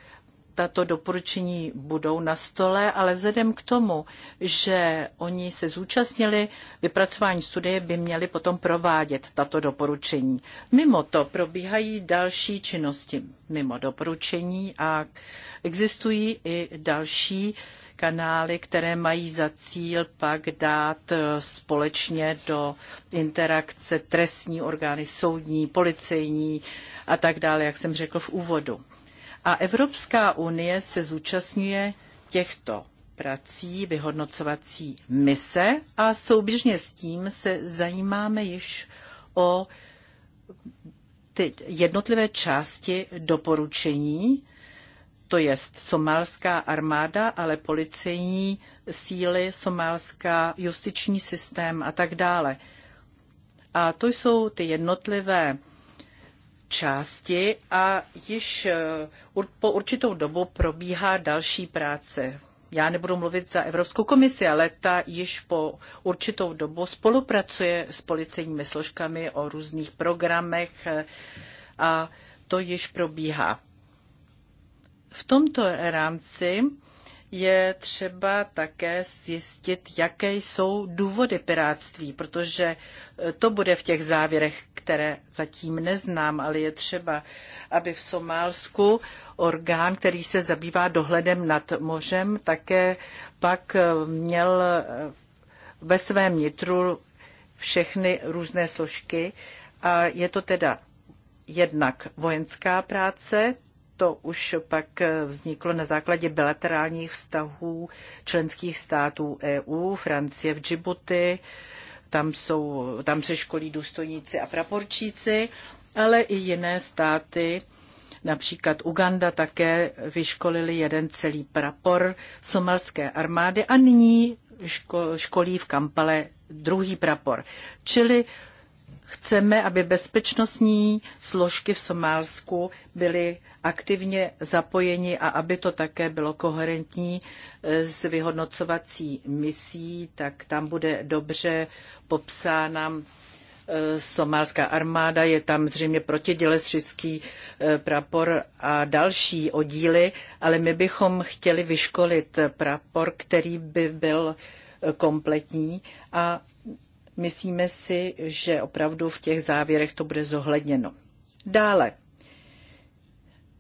tato doporučení budou na stole, ale vzhledem k tomu, že oni se zúčastnili vypracování studie, by měli potom provádět tato doporučení. Mimo to probíhají další činnosti mimo doporučení a existují i další kanály, které mají za cíl pak dát eh, společně do interakce trestní orgány, soudní, policejní a tak dále, jak jsem řekl v úvodu. A Evropská unie se zúčastňuje těchto prací vyhodnocovací mise a souběžně s tím se zajímáme již o ty jednotlivé části doporučení, to je somálská armáda, ale policejní síly, somálská justiční systém a tak dále. A to jsou ty jednotlivé části a již eh, po určitou dobu probíhá další práce. Já nebudu mluvit za Evropskou komisi, ale ta již po určitou dobu spolupracuje s policejními složkami o různých programech eh, a to již probíhá. V tomto rámci je třeba také zjistit, jaké jsou důvody piráctví, protože eh, to bude v těch závěrech, které zatím neznám, ale je třeba, aby v Somálsku orgán, který se zabývá dohledem nad mořem, také pak eh, měl eh, ve svém nitru všechny různé složky. A je to teda jednak vojenská práce, to už pak vzniklo na základě bilaterálních vztahů členských států EU, Francie v Džibuti, tam, jsou, tam se školí důstojníci a praporčíci, ale i jiné státy, například Uganda také vyškolili jeden celý prapor somalské armády a nyní školí v Kampale druhý prapor. Čili Chceme, aby bezpečnostní složky v Somálsku byly aktivně zapojeni a aby to také bylo koherentní e, s vyhodnocovací misí, tak tam bude dobře popsána e, somálská armáda, je tam zřejmě protidělestřický e, prapor a další oddíly, ale my bychom chtěli vyškolit prapor, který by byl kompletní a Myslíme si, že opravdu v těch závěrech to bude zohledněno. Dále,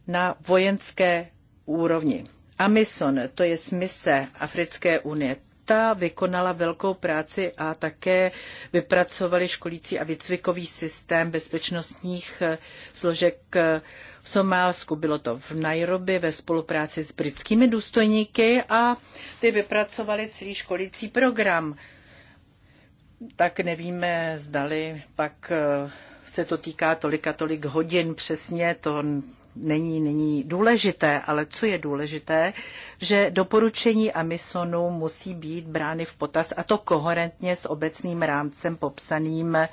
na vojenské úrovni. Amison, to je smise Africké unie, ta vykonala velkou práci a také vypracovali školící a výcvikový systém bezpečnostních eh, složek eh, v Somálsku. Bylo to v Nairobi ve spolupráci s britskými důstojníky a ty vypracovali celý školící program tak nevíme, zdali pak eh, se to týká tolika tolik hodin přesně, to není, není důležité, ale co je důležité, že doporučení Amisonu musí být brány v potaz a to koherentně s obecným rámcem popsaným eh,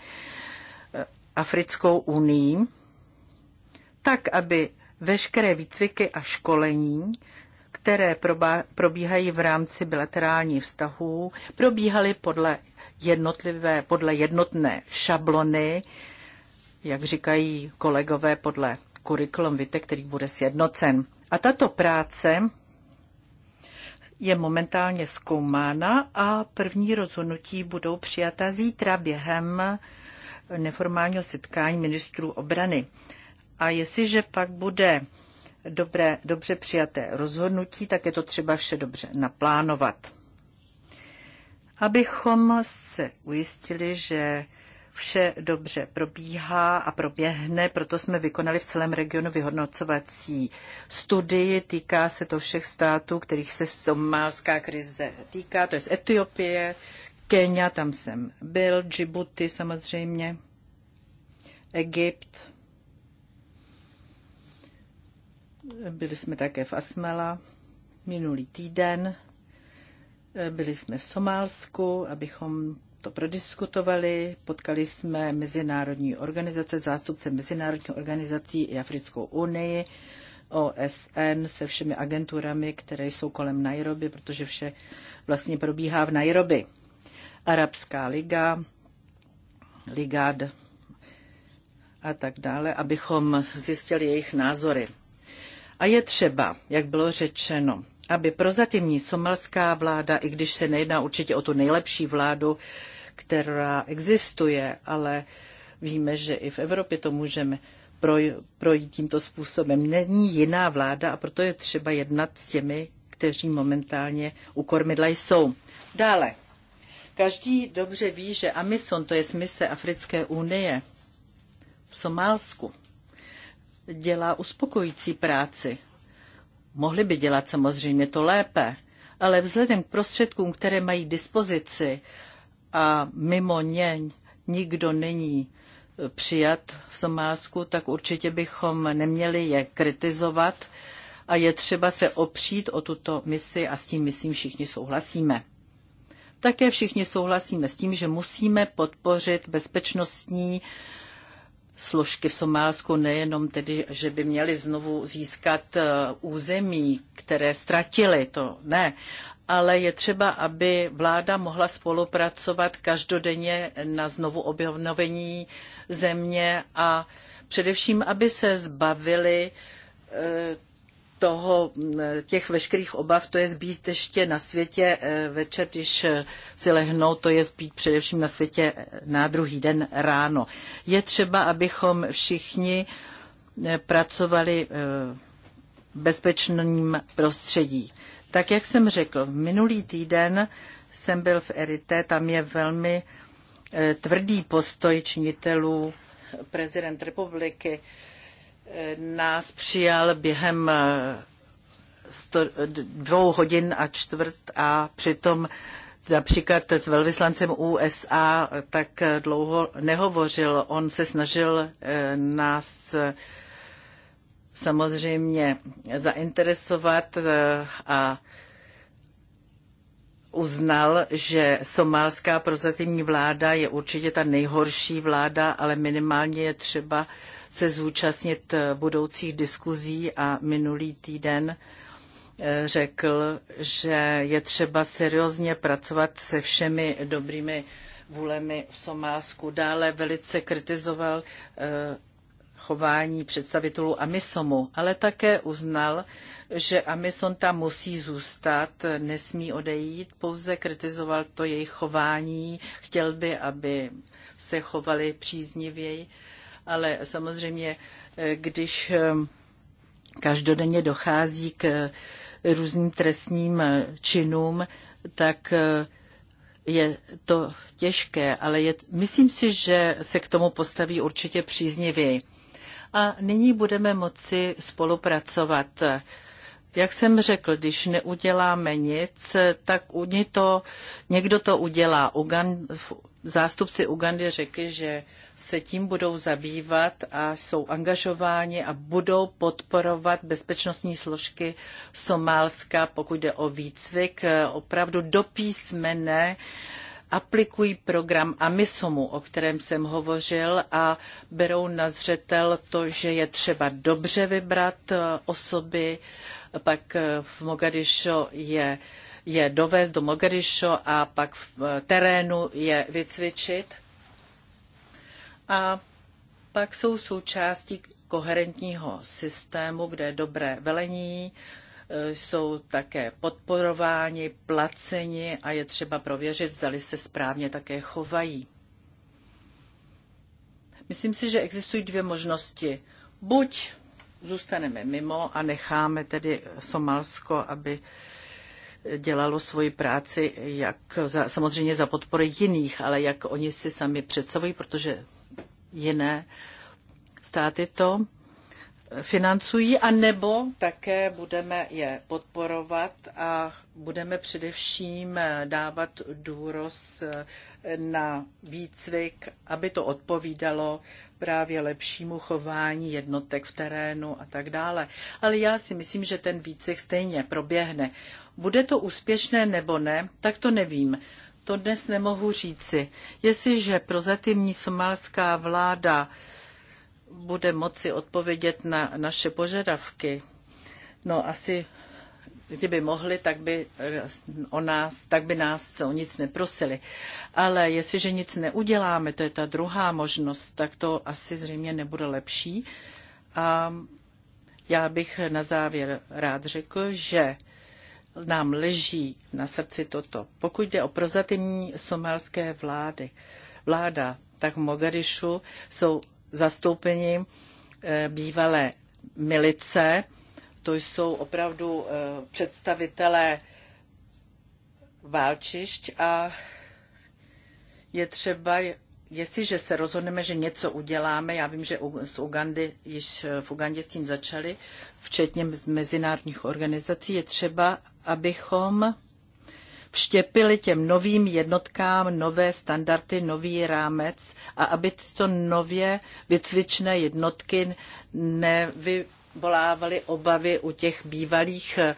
Africkou unii, tak aby veškeré výcviky a školení, které probíhají v rámci bilaterálních vztahů, probíhaly podle jednotlivé, podle jednotné šablony, jak říkají kolegové, podle kurikulum vite, který bude sjednocen. A tato práce je momentálně zkoumána a první rozhodnutí budou přijata zítra během neformálního setkání ministrů obrany. A jestliže pak bude dobré, dobře přijaté rozhodnutí, tak je to třeba vše dobře naplánovat abychom se ujistili, že vše dobře probíhá a proběhne, proto jsme vykonali v celém regionu vyhodnocovací studii. Týká se to všech států, kterých se somálská krize týká, to je z Etiopie, Kenia, tam jsem byl, Djibouti samozřejmě, Egypt. Byli jsme také v Asmela minulý týden byli jsme v Somálsku, abychom to prodiskutovali. Potkali jsme mezinárodní organizace, zástupce mezinárodních organizací i Africkou unii, OSN se všemi agenturami, které jsou kolem Nairobi, protože vše vlastně probíhá v Nairobi. Arabská liga, Ligad a tak dále, abychom zjistili jejich názory. A je třeba, jak bylo řečeno, aby prozatímní somalská vláda, i když se nejedná určitě o tu nejlepší vládu, která existuje, ale víme, že i v Evropě to můžeme projít tímto způsobem. Není jiná vláda a proto je třeba jednat s těmi, kteří momentálně u kormidla jsou. Dále. Každý dobře ví, že Amison, to je smise Africké unie v Somálsku, dělá uspokojící práci. Mohli by dělat samozřejmě to lépe, ale vzhledem k prostředkům, které mají dispozici a mimo ně nikdo není eh, přijat v Somálsku, tak určitě bychom neměli je kritizovat a je třeba se opřít o tuto misi a s tím, myslím, všichni souhlasíme. Také všichni souhlasíme s tím, že musíme podpořit bezpečnostní uh, složky v Somálsku nejenom tedy, že by měli znovu získat eh, území, které ztratili, to ne, ale je třeba, aby vláda mohla spolupracovat každodenně na znovu objevnovení země a především, aby se zbavili eh, toho, eh, těch veškerých obav, to je zbýt ještě na světě eh, večer, když eh, si lehnou, to je zbýt především na světě na druhý den ráno. Je třeba, abychom všichni pracovali v bezpečném prostředí. Tak, jak jsem řekl, minulý týden jsem byl v Erité, tam je velmi tvrdý postoj činitelů prezident republiky nás přijal během eh, sto, dvou hodin a čtvrt a přitom například s velvyslancem USA tak dlouho nehovořil. On se snažil eh, nás eh, samozřejmě zainteresovat a uznal, že somálská prozatímní vláda je určitě ta nejhorší vláda, ale minimálně je třeba se zúčastnit eh, budoucích diskuzí a minulý týden eh, řekl, že je třeba seriózně pracovat se všemi dobrými vůlemi v Somálsku. Dále velice kritizoval eh, chování představitelů Amisomu, ale také uznal, že Amison tam musí zůstat, nesmí odejít, pouze kritizoval to jejich chování, chtěl by, aby se chovali příznivěji, ale samozřejmě, eh, když eh, každodenně dochází k eh, různým trestním činům, tak je to těžké, ale je, myslím si, že se k tomu postaví určitě příznivěji a nyní budeme moci spolupracovat. Jak jsem řekl, když neuděláme nic, tak oni to, někdo to udělá. Ugan, zástupci Ugandy řekli, že se tím budou zabývat a jsou angažováni a budou podporovat bezpečnostní složky Somálska, pokud jde o výcvik, opravdu do písmene aplikují program AMISOMu, o kterém jsem hovořil, a berou na zřetel to, že je třeba dobře vybrat eh, osoby, pak eh, v Mogadišo je, je dovést do Mogadišo a pak v eh, terénu je vycvičit. A pak jsou součástí koherentního systému, kde je dobré velení, jsou také podporováni, placeni a je třeba prověřit, zdali se správně také chovají. Myslím si, že existují dvě možnosti. Buď zůstaneme mimo a necháme tedy Somalsko, aby dělalo svoji práci, jak za, samozřejmě za podpory jiných, ale jak oni si sami představují, protože jiné státy to financují, anebo také budeme je podporovat a budeme především eh, dávat důraz eh, na výcvik, aby to odpovídalo právě lepšímu chování jednotek v terénu a tak dále. Ale já si myslím, že ten výcvik stejně proběhne. Bude to úspěšné nebo ne, tak to nevím. To dnes nemohu říci. Jestliže prozatímní somálská vláda uh, bude moci odpovědět na naše požadavky. No asi, kdyby mohli, tak by, eh, o nás, tak by nás o nic neprosili. Ale jestliže nic neuděláme, to je ta druhá možnost, tak to asi zřejmě nebude lepší. A já bych na závěr rád řekl, že nám leží na srdci toto. Pokud jde o prozatímní somálské vlády, vláda, tak v Mogadišu jsou zastoupení eh, bývalé milice. To jsou opravdu eh, představitelé válčišť a je třeba, jestliže se rozhodneme, že něco uděláme, já vím, že z Ugandy, již eh, v Ugandě s tím začali, včetně z mezinárodních organizací, je třeba, abychom vštěpili těm novým jednotkám nové standardy, nový rámec a aby tyto nově vycvičné jednotky nevyvolávaly obavy u těch bývalých eh,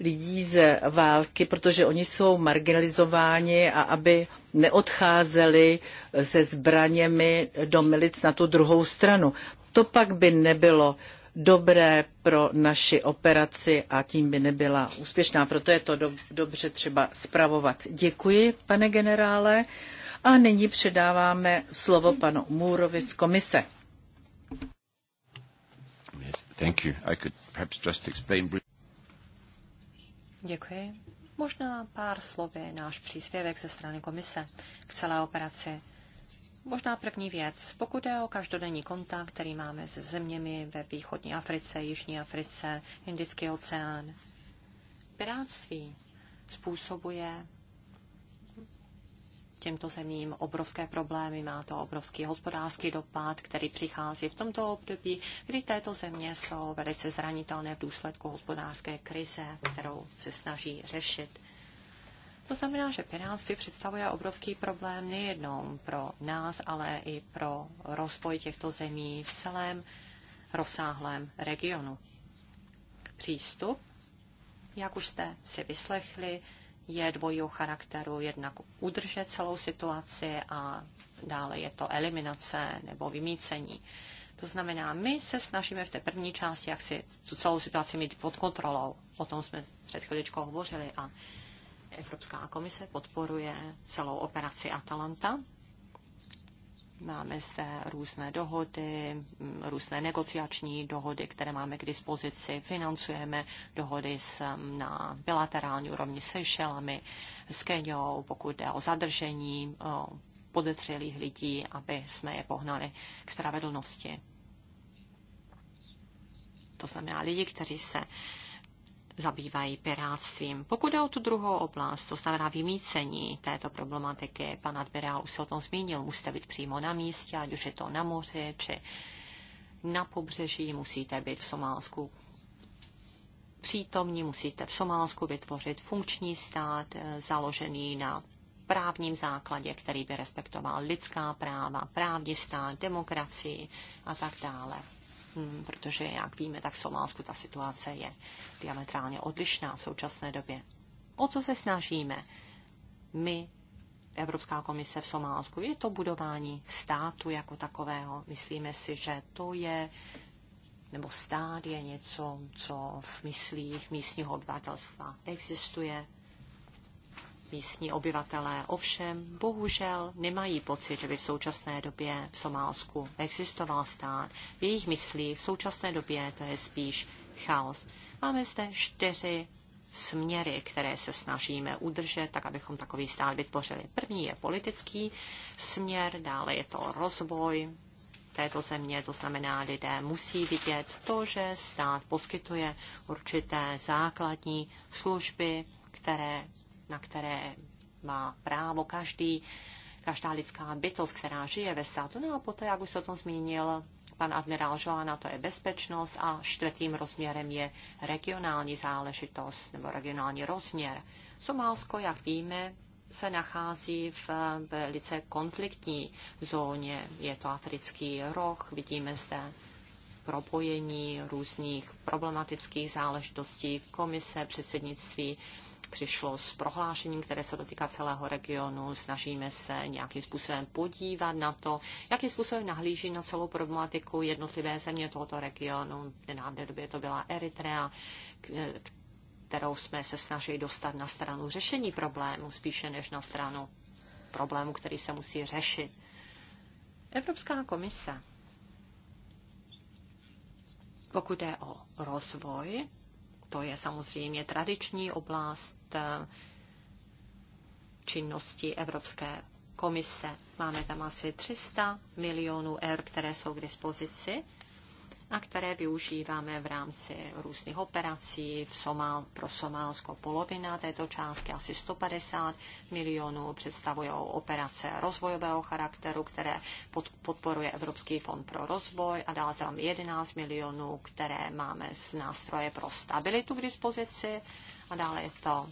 lidí z války, protože oni jsou marginalizováni a aby neodcházeli eh, se zbraněmi do milic na tu druhou stranu. To pak by nebylo dobré pro naši operaci a tím by nebyla úspěšná. Proto je to do, dobře třeba spravovat. Děkuji, pane generále. A nyní předáváme slovo panu Můrovi z komise. Thank you. I could perhaps just explain Děkuji. Možná pár slovy náš příspěvek ze strany komise k celé operaci. Možná první věc, pokud je o každodenní kontakt, který máme se zeměmi ve východní Africe, Jižní Africe, Indický oceán, piráctví způsobuje těmto zemím obrovské problémy, má to obrovský hospodářský dopad, který přichází v tomto období, kdy této země jsou velice zranitelné v důsledku hospodářské krize, kterou se snaží řešit. To znamená, že pirátství představuje obrovský problém nejednou pro nás, ale i pro rozvoj těchto zemí v celém rozsáhlém regionu. Přístup, jak už jste si vyslechli, je dvojího charakteru, jednak udržet celou situaci a dále je to eliminace nebo vymícení. To znamená, my se snažíme v té první části, jak si tu celou situaci mít pod kontrolou. O tom jsme před chviličkou hovořili a Evropská komise podporuje celou operaci Atalanta. Máme zde různé dohody, různé negociační dohody, které máme k dispozici. Financujeme dohody s, na bilaterální úrovni se Šelami, s Keniou, pokud jde o zadržení o podezřelých lidí, aby jsme je pohnali k spravedlnosti. To znamená lidi, kteří se zabývají pirátstvím. Pokud je o tu druhou oblast, to znamená vymícení této problematiky, pan admirál už se o tom zmínil, musíte být přímo na místě, ať už je to na moři, či na pobřeží, musíte být v Somálsku přítomní, musíte v Somálsku vytvořit funkční stát eh, založený na právním základě, který by respektoval lidská práva, právní stát, demokracii a tak dále. Hmm, protože, jak víme, tak v Somálsku ta situace je diametrálně odlišná v současné době. O co se snažíme? My, Evropská komise v Somálsku, je to budování státu jako takového. Myslíme si, že to je nebo stát je něco, co v myslích místního obyvatelstva existuje místní obyvatelé. Ovšem, bohužel nemají pocit, že by v současné době v Somálsku existoval stát. V jejich myslí v současné době to je spíš chaos. Máme zde čtyři směry, které se snažíme udržet, tak abychom takový stát vytvořili. První je politický směr, dále je to rozvoj této země, to znamená, lidé musí vidět to, že stát poskytuje určité základní služby, které na které má právo každý, každá lidská bytost, která žije ve státu. No a poté, jak už se o tom zmínil pan admirál Joana, to je bezpečnost a čtvrtým rozměrem je regionální záležitost nebo regionální rozměr. Somálsko, jak víme, se nachází v velice konfliktní zóně. Je to africký roh, vidíme zde propojení různých problematických záležitostí komise, předsednictví přišlo s prohlášením, které se dotýká celého regionu. Snažíme se nějakým způsobem podívat na to, jakým způsobem nahlíží na celou problematiku jednotlivé země tohoto regionu. V nedávné době to byla Eritrea, kterou jsme se snažili dostat na stranu řešení problému, spíše než na stranu problému, který se musí řešit. Evropská komise, pokud jde o rozvoj, to je samozřejmě tradiční oblast Eh, činnosti Evropské komise. Máme tam asi 300 milionů eur, které jsou k dispozici a které využíváme v rámci různých operací v Somál, pro Somálsko. Polovina této částky, asi 150 milionů, představují operace rozvojového charakteru, které podporuje Evropský fond pro rozvoj a dále tam 11 milionů, které máme z nástroje pro stabilitu k dispozici a dále je to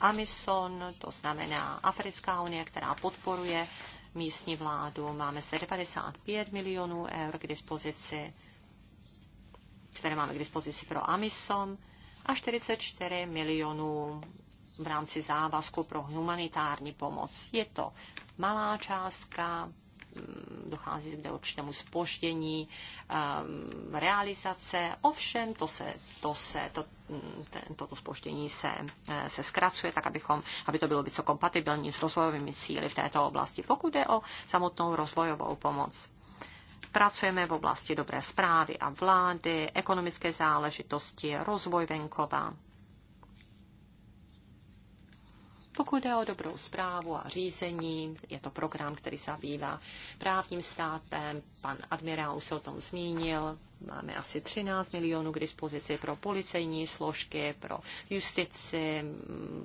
AMISON, to znamená Africká unie, která podporuje místní vládu. Máme zde 95 milionů eur k dispozici které máme k dispozici pro AMISOM a 44 milionů v rámci závazku pro humanitární pomoc. Je to malá částka, mm, dochází k určitému spoždění um, ehm, realizace. Ovšem, to se, to se, to, mm, ten, toto spoždění se, e, se zkracuje, tak abychom, aby to bylo vysokompatibilní s rozvojovými cíly v této oblasti. Pokud jde o samotnou rozvojovou pomoc, Pracujeme v oblasti dobré zprávy a vlády, ekonomické záležitosti, rozvoj venkova. Pokud jde o dobrou zprávu a řízení, je to program, který zabývá právním státem. Pan admirál už se o tom zmínil. Máme asi 13 milionů k dispozici pro policejní složky, pro justici,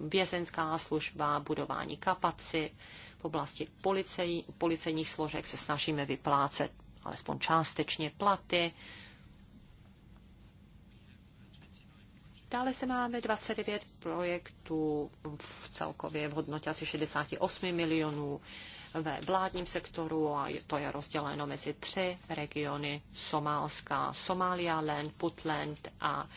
vězenská služba, budování kapacit. V oblasti policej, policejních složek se snažíme vyplácet alespoň částečně platy. Dále se máme 29 projektů v celkově v hodnotě asi 68 milionů ve vládním sektoru a to je rozděleno mezi tři regiony Somálská, Somalia, Land, Putland a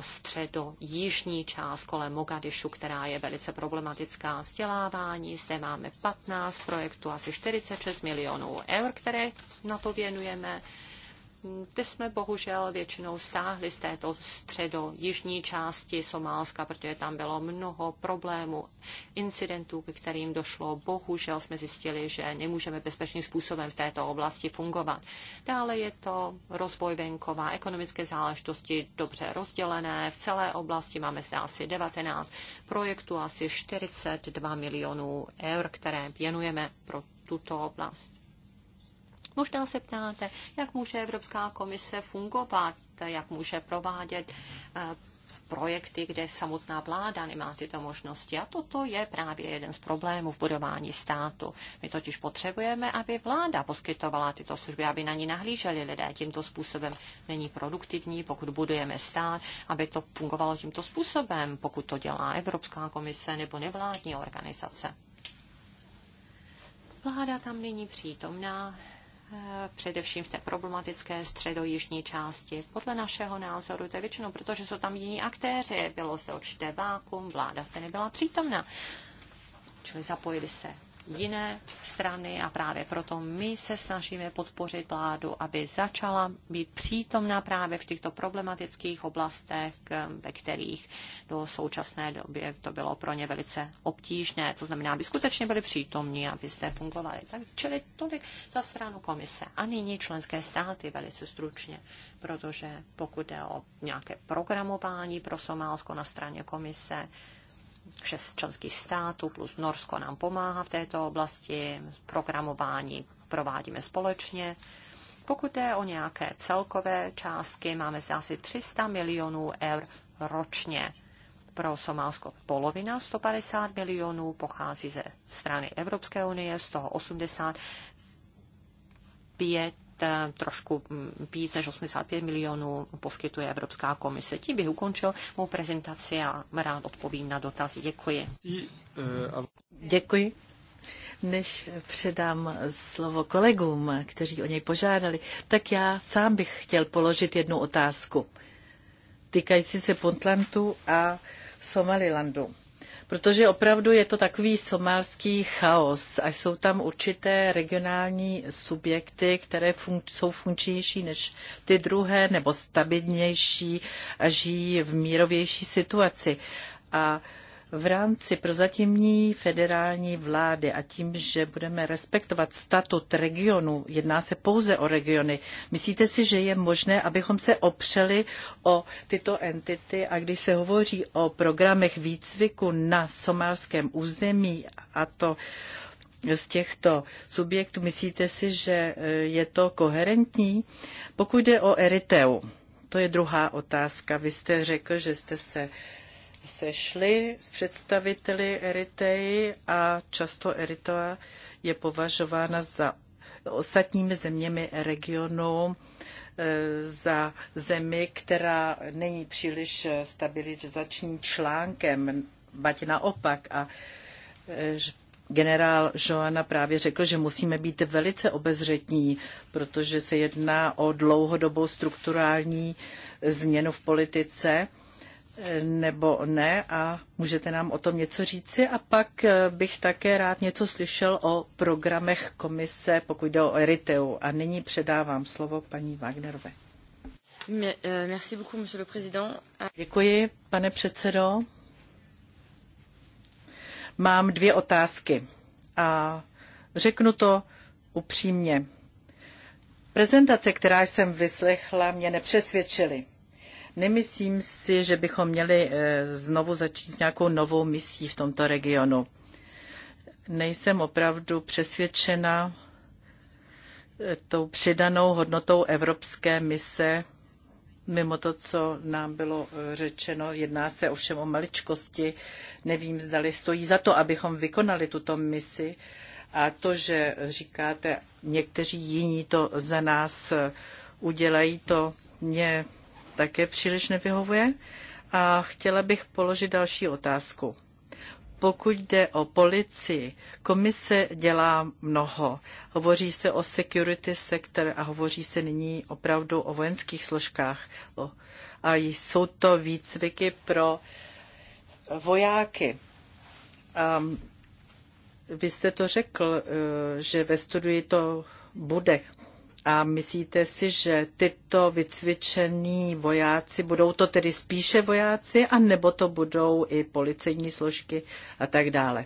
středo jižní část kolem Mogadišu, která je velice problematická vzdělávání. Zde máme 15 projektů, asi 46 milionů eur, které na to věnujeme ty jsme bohužel většinou stáhli z této středo-jižní části Somálska, protože tam bylo mnoho problémů, incidentů, ke kterým došlo. Bohužel jsme zjistili, že nemůžeme bezpečným způsobem v této oblasti fungovat. Dále je to rozvoj venkova, ekonomické záležitosti dobře rozdělené. V celé oblasti máme zde asi 19 projektů, asi 42 milionů eur, které věnujeme pro tuto oblast. Možná se ptáte, jak může Evropská komise fungovat, jak může provádět eh, projekty, kde samotná vláda nemá tyto možnosti. A toto je právě jeden z problémů v budování státu. My totiž potřebujeme, aby vláda poskytovala tyto služby, aby na ní nahlíželi lidé. Tímto způsobem není produktivní, pokud budujeme stát, aby to fungovalo tímto způsobem, pokud to dělá Evropská komise nebo nevládní organizace. Vláda tam není přítomná, Eh, především v té problematické středojižní části. Podle našeho názoru to je většinou, protože jsou tam jiní aktéři, bylo zde určité vákum, vláda se nebyla přítomna, čili zapojili se jiné strany a právě proto my se snažíme podpořit vládu, aby začala být přítomná právě v těchto problematických oblastech, eh, ve kterých do současné doby to bylo pro ně velice obtížné. To znamená, aby skutečně byli přítomní, aby zde fungovali. Tak, čili tolik za stranu komise. A nyní členské státy velice stručně, protože pokud jde o nějaké programování pro Somálsko na straně komise, šest členských států plus Norsko nám pomáhá v této oblasti, programování provádíme společně. Pokud je o nějaké celkové částky, máme zde asi 300 milionů eur ročně. Pro Somálsko polovina 150 milionů pochází ze strany Evropské unie, z toho 85 Eh, trošku mm, víc než 85 milionů poskytuje Evropská komise. Tím bych ukončil mou prezentaci a rád odpovím na dotazy. Děkuji. Eh, Děkuji. Než předám slovo kolegům, kteří o něj požádali, tak já sám bych chtěl položit jednu otázku týkající se Puntlandu a Somalilandu protože opravdu je to takový somálský chaos a jsou tam určité regionální subjekty, které fun- jsou funkčnější než ty druhé nebo stabilnější a žijí v mírovější situaci. A uh, v rámci prozatímní federální vlády a tím, že budeme respektovat statut regionu, jedná se pouze o regiony, myslíte si, že je možné, abychom se opřeli o tyto entity a když se hovoří o programech výcviku na somálském území a to z těchto subjektů, myslíte si, že e, je to koherentní? Pokud jde o Eriteu, to je druhá otázka. Vy jste řekl, že jste se sešli s představiteli Eritreji a často Eritrea je považována za ostatními zeměmi regionu eh, za zemi, která není příliš stabilizačním článkem, bať naopak. A eh, generál Joana právě řekl, že musíme být velice obezřetní, protože se jedná o dlouhodobou strukturální změnu v politice nebo ne a můžete nám o tom něco říci a pak eh, bych také rád něco slyšel o programech komise, pokud jde o Eriteu. A nyní předávám slovo paní Wagnerové. Eh, merci beaucoup, monsieur le président. Děkuji, pane předsedo. Mám dvě otázky a řeknu to upřímně. Prezentace, která jsem vyslechla, mě nepřesvědčily. Nemyslím si, že bychom měli eh, znovu začít s nějakou novou misí v tomto regionu. Nejsem opravdu přesvědčena eh, tou přidanou hodnotou evropské mise. Mimo to, co nám bylo eh, řečeno, jedná se ovšem o maličkosti. Nevím, zdali stojí za to, abychom vykonali tuto misi. A to, že říkáte, někteří jiní to za nás udělají, to mě také příliš nevyhovuje a chtěla bych položit další otázku. Pokud jde o policii, komise dělá mnoho. Hovoří se o security sector a hovoří se nyní opravdu o vojenských složkách. A jsou to výcviky pro vojáky. Um, vy jste to řekl, e, že ve studii to bude a myslíte si, že tyto vycvičení vojáci, budou to tedy spíše vojáci, anebo to budou i policejní složky a tak dále?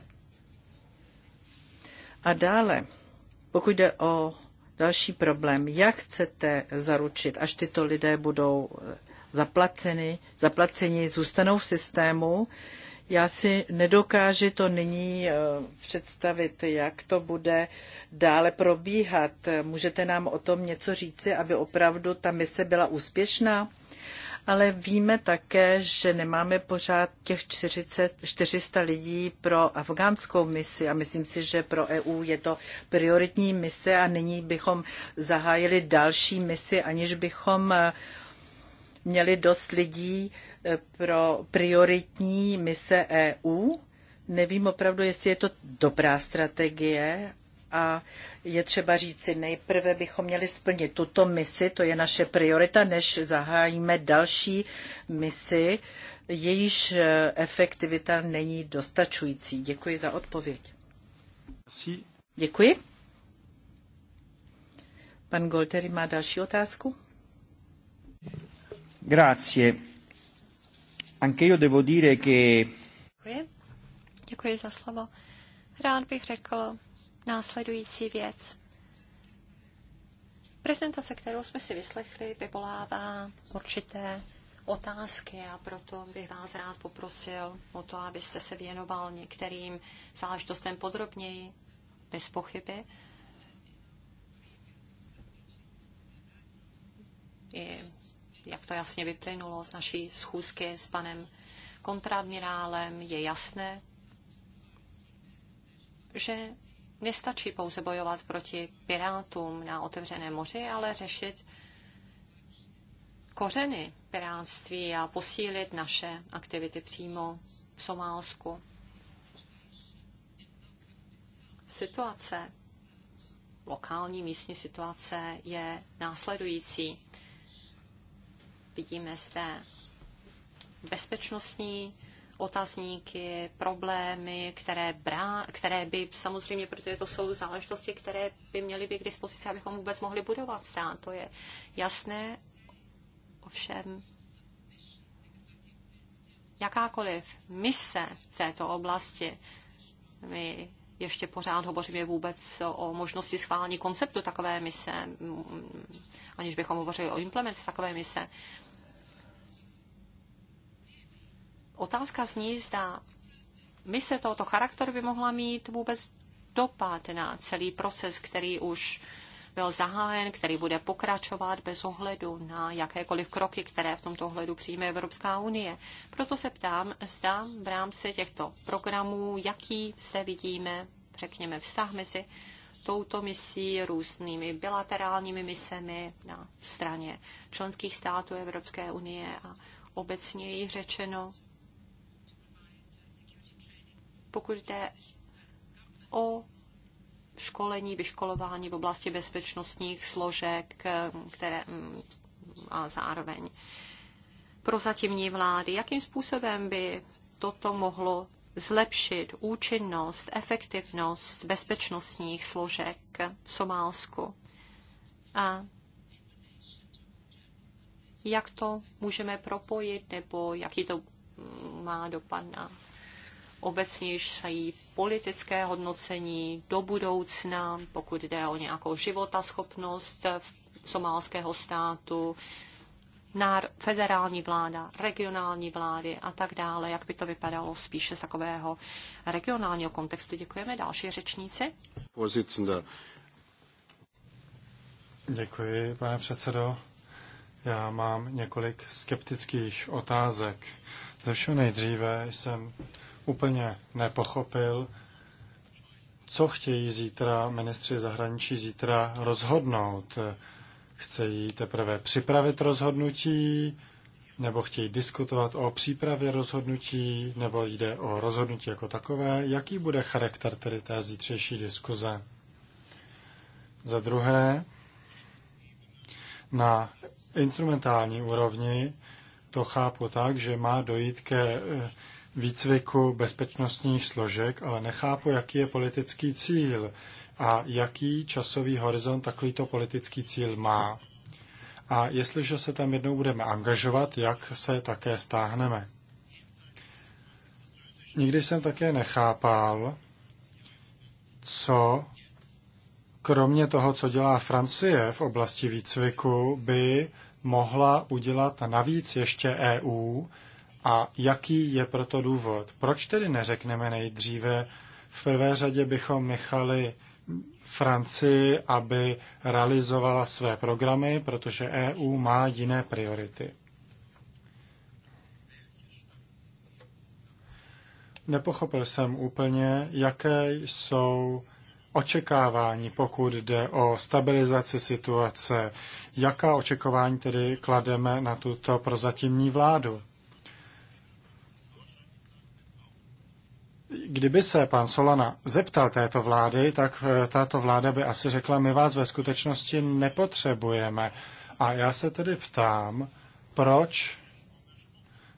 A dále, pokud jde o další problém, jak chcete zaručit, až tyto lidé budou eh, zaplaceni, zaplaceni zůstanou v systému, já si nedokážu to nyní eh, představit, jak to bude dále probíhat. Můžete nám o tom něco říci, aby opravdu ta mise byla úspěšná? ale víme také, že nemáme pořád těch 40, 400 lidí pro afgánskou misi a myslím si, že pro EU je to prioritní mise a nyní bychom zahájili další misi, aniž bychom eh, měli dost lidí pro prioritní mise EU. Nevím opravdu, jestli je to dobrá strategie a je třeba říci, nejprve bychom měli splnit tuto misi, to je naše priorita, než zahájíme další misi, jejíž eh, efektivita není dostačující. Děkuji za odpověď. Merci. Děkuji. Pan Golteri má další otázku. Grazie anche io devo dire che... Děkuji. Děkuji za slovo. Rád bych řekl následující věc. Prezentace, kterou jsme si vyslechli, vyvolává určité otázky a proto bych vás rád poprosil o to, abyste se věnoval některým záležitostem podrobněji, bez pochyby. I jak to jasně vyplynulo z naší schůzky s panem kontradmirálem, je jasné, že nestačí pouze bojovat proti pirátům na otevřeném moři, ale řešit kořeny pirátství a posílit naše aktivity přímo v Somálsku. Situace, lokální místní situace je následující. Vidíme zde bezpečnostní otazníky, problémy, které, brá, které by samozřejmě, protože to jsou záležitosti, které by měly být k dispozici, abychom vůbec mohli budovat stát. To je jasné, ovšem jakákoliv mise v této oblasti, my ještě pořád hovoříme vůbec o možnosti schválení konceptu takové mise, aniž bychom hovořili o implementaci takové mise. otázka zní, zda mise tohoto charakteru by mohla mít vůbec dopad na celý proces, který už byl zahájen, který bude pokračovat bez ohledu na jakékoliv kroky, které v tomto ohledu přijme Evropská unie. Proto se ptám, zda v rámci těchto programů, jaký zde vidíme, řekněme, vztah mezi touto misí, různými bilaterálními misemi na straně členských států Evropské unie a obecněji řečeno pokud jde o školení, vyškolování v oblasti bezpečnostních složek, které mm, a zároveň prozatímní vlády, jakým způsobem by toto mohlo zlepšit účinnost, efektivnost bezpečnostních složek v Somálsku. A jak to můžeme propojit, nebo jaký to mm, má dopad na obecnější politické hodnocení do budoucna, pokud jde o nějakou životaschopnost somálského státu, federální vláda, regionální vlády a tak dále, jak by to vypadalo spíše z takového regionálního kontextu. Děkujeme další řečníci. Pozicnda. Děkuji, pane předsedo. Já mám několik skeptických otázek. Ze všeho nejdříve jsem úplně nepochopil, co chtějí zítra ministři zahraničí zítra rozhodnout. jí teprve připravit rozhodnutí, nebo chtějí diskutovat o přípravě rozhodnutí, nebo jde o rozhodnutí jako takové, jaký bude charakter tedy té zítřejší diskuze. Za druhé, na instrumentální úrovni to chápu tak, že má dojít ke eh, výcviku bezpečnostních složek, ale nechápu, jaký je politický cíl a jaký časový horizont takovýto politický cíl má. A jestliže se tam jednou budeme angažovat, jak se také stáhneme. Nikdy jsem také nechápal, co kromě toho, co dělá Francie v oblasti výcviku, by mohla udělat navíc ještě EU, a jaký je proto důvod? Proč tedy neřekneme nejdříve, v prvé řadě bychom nechali Francii, aby realizovala své programy, protože EU má jiné priority. Nepochopil jsem úplně, jaké jsou očekávání, pokud jde o stabilizaci situace. Jaká očekávání tedy klademe na tuto prozatímní vládu? Kdyby se pan Solana zeptal této vlády, tak eh, tato vláda by asi řekla, my vás ve skutečnosti nepotřebujeme. A já se tedy ptám, proč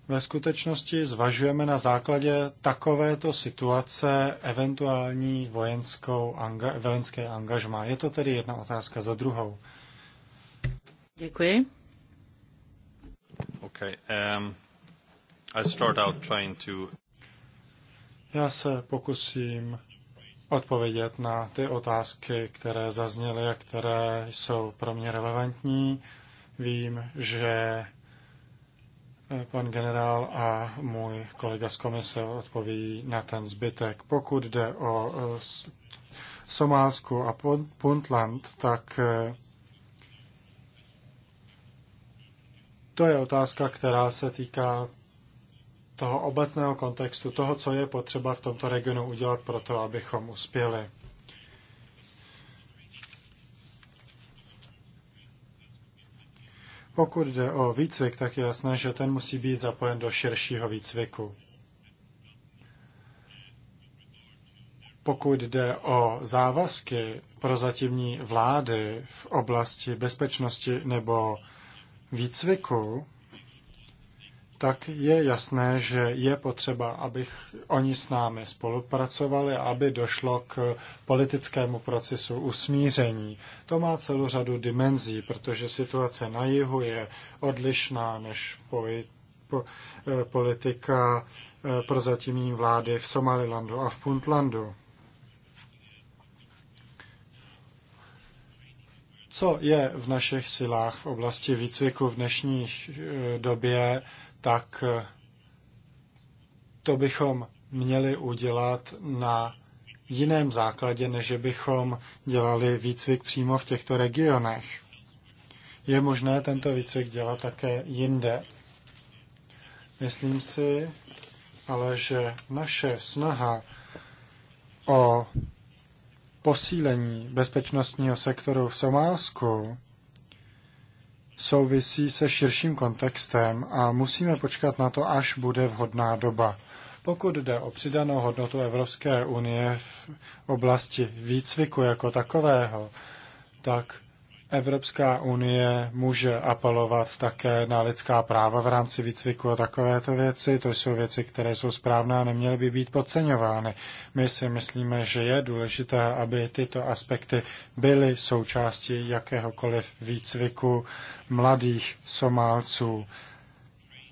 ve skutečnosti zvažujeme na základě takovéto situace eventuální vojenskou anga, vojenské angažma. Je to tedy jedna otázka za druhou. Děkuji. Okay, um, I start out trying to... Já se pokusím odpovědět na ty otázky, které zazněly a které jsou pro mě relevantní. Vím, že eh, pan generál a můj kolega z komise odpoví na ten zbytek. Pokud jde o eh, Somálsku a Puntland, tak eh, to je otázka, která se týká toho obecného kontextu, toho, co je potřeba v tomto regionu udělat pro to, abychom uspěli. Pokud jde o výcvik, tak je jasné, že ten musí být zapojen do širšího výcviku. Pokud jde o závazky pro zatímní vlády v oblasti bezpečnosti nebo výcviku, tak je jasné, že je potřeba, abych oni s námi spolupracovali, aby došlo k politickému procesu usmíření. To má celou řadu dimenzí, protože situace na jihu je odlišná než po, po, eh, politika eh, prozatímní vlády v Somalilandu a v Puntlandu. Co je v našich silách v oblasti výcviku v dnešní eh, době, tak eh, to bychom měli udělat na jiném základě, než bychom dělali výcvik přímo v těchto regionech. Je možné tento výcvik dělat také jinde. Myslím si ale, že naše snaha o posílení bezpečnostního sektoru v Somálsku souvisí se širším kontextem a musíme počkat na to, až bude vhodná doba. Pokud jde o přidanou hodnotu Evropské unie v oblasti výcviku jako takového, tak Evropská unie může apelovat také na lidská práva v rámci výcviku a takovéto věci. To jsou věci, které jsou správné a neměly by být podceňovány. My si myslíme, že je důležité, aby tyto aspekty byly součástí jakéhokoliv výcviku mladých Somálců.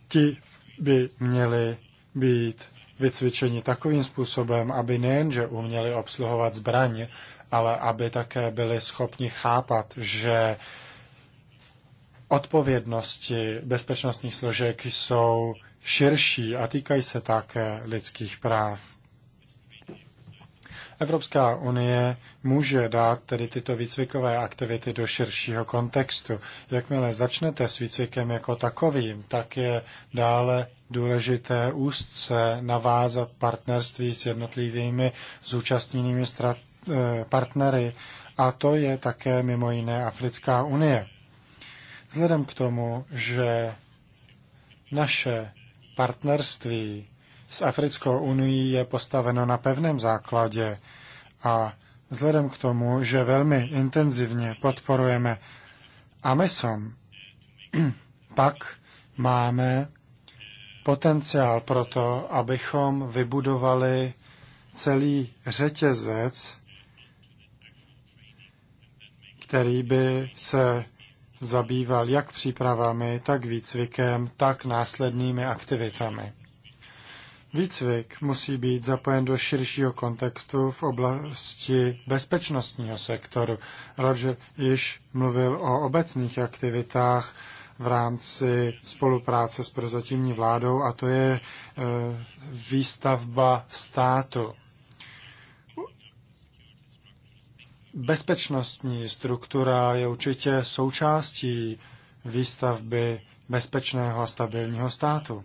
Ti by měli být vycvičeni takovým způsobem, aby nejenže uměli obsluhovat zbraně ale aby také byli schopni chápat, že odpovědnosti bezpečnostních složek jsou širší a týkají se také lidských práv. Evropská unie může dát tedy tyto výcvikové aktivity do širšího kontextu. Jakmile začnete s výcvikem jako takovým, tak je dále důležité úzce navázat partnerství s jednotlivými zúčastněnými Eh, partnery a to je také mimo jiné Africká unie. Vzhledem k tomu, že naše partnerství s Africkou unii je postaveno na pevném základě a vzhledem k tomu, že velmi intenzivně podporujeme AMESOM, pak máme potenciál pro to, abychom vybudovali celý řetězec který by se zabýval jak přípravami, tak výcvikem, tak následnými aktivitami. Výcvik musí být zapojen do širšího kontextu v oblasti bezpečnostního sektoru. Roger již mluvil o obecných aktivitách v rámci spolupráce s prozatímní vládou a to je eh, výstavba státu. Bezpečnostní struktura je určitě součástí výstavby bezpečného a stabilního státu.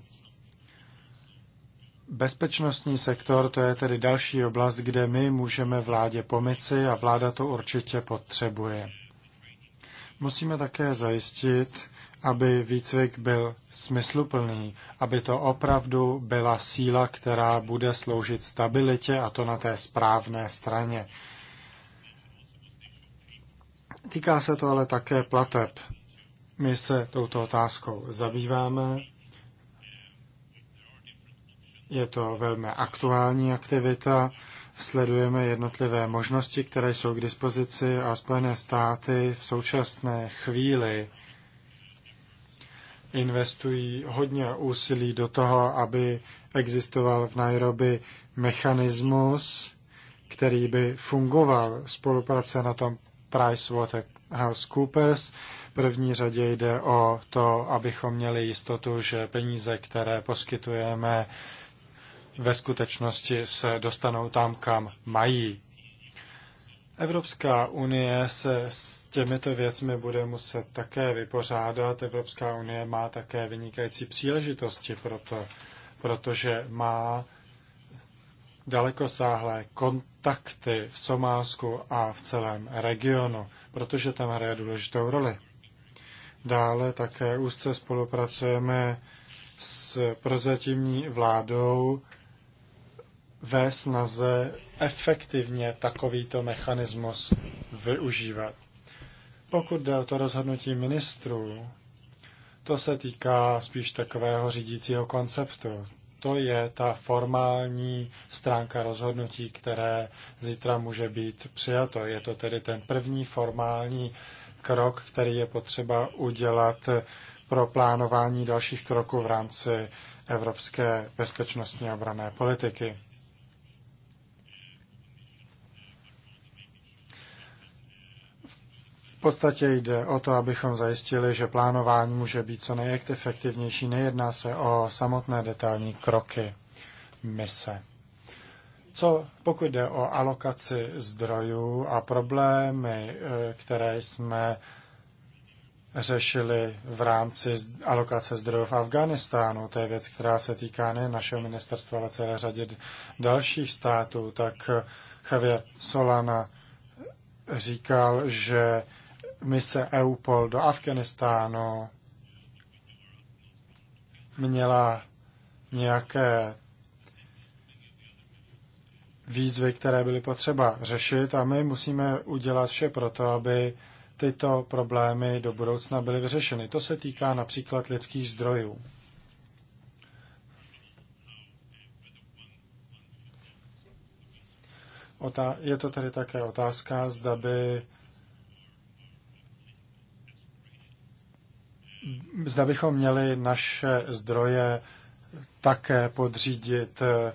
Bezpečnostní sektor to je tedy další oblast, kde my můžeme vládě pomoci a vláda to určitě potřebuje. Musíme také zajistit, aby výcvik byl smysluplný, aby to opravdu byla síla, která bude sloužit stabilitě a to na té správné straně. Týká se to ale také plateb. My se touto otázkou zabýváme. Je to velmi aktuální aktivita. Sledujeme jednotlivé možnosti, které jsou k dispozici a Spojené státy v současné chvíli investují hodně úsilí do toho, aby existoval v Nairobi mechanismus, který by fungoval spolupráce na tom PricewaterhouseCoopers. V první řadě jde o to, abychom měli jistotu, že peníze, které poskytujeme, ve skutečnosti se dostanou tam, kam mají. Evropská unie se s těmito věcmi bude muset také vypořádat. Evropská unie má také vynikající příležitosti proto, protože má dalekosáhlé kon- kontakty v Somálsku a v celém regionu, protože tam hraje důležitou roli. Dále také úzce spolupracujeme s prozatímní vládou ve snaze efektivně takovýto mechanismus využívat. Pokud jde o to rozhodnutí ministrů, to se týká spíš takového řídícího konceptu. To je ta formální stránka rozhodnutí, které zítra může být přijato. Je to tedy ten první formální krok, který je potřeba udělat pro plánování dalších kroků v rámci evropské bezpečnostní obrané politiky. podstatě jde o to, abychom zajistili, že plánování může být co nejefektivnější. Nejedná se o samotné detailní kroky mise. Co pokud jde o alokaci zdrojů a problémy, eh, které jsme řešili v rámci alokace zdrojů v Afganistánu. To je věc, která se týká ne našeho ministerstva, ale celé řadě dalších států. Tak Javier Solana říkal, že mise EUPOL do Afganistánu měla nějaké výzvy, které byly potřeba řešit a my musíme udělat vše pro to, aby tyto problémy do budoucna byly vyřešeny. To se týká například lidských zdrojů. Je to tedy také otázka, zda by zda bychom měli naše zdroje také podřídit eh,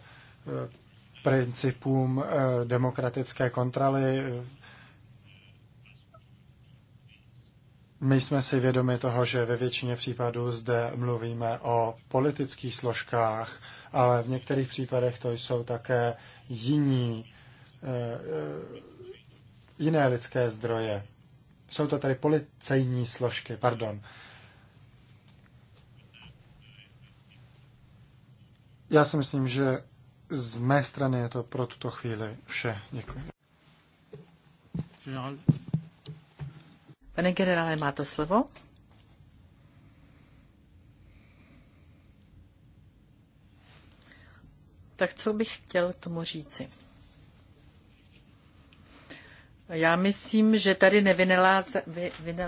principům eh, demokratické kontroly. My jsme si vědomi toho, že ve většině případů zde mluvíme o politických složkách, ale v některých případech to jsou také jiní, eh, jiné lidské zdroje. Jsou to tady policejní složky, pardon. Já si myslím, že z mé strany je to pro tuto chvíli vše. Děkuji. Pane generále, máte slovo? Tak co bych chtěl tomu říci? Já myslím, že tady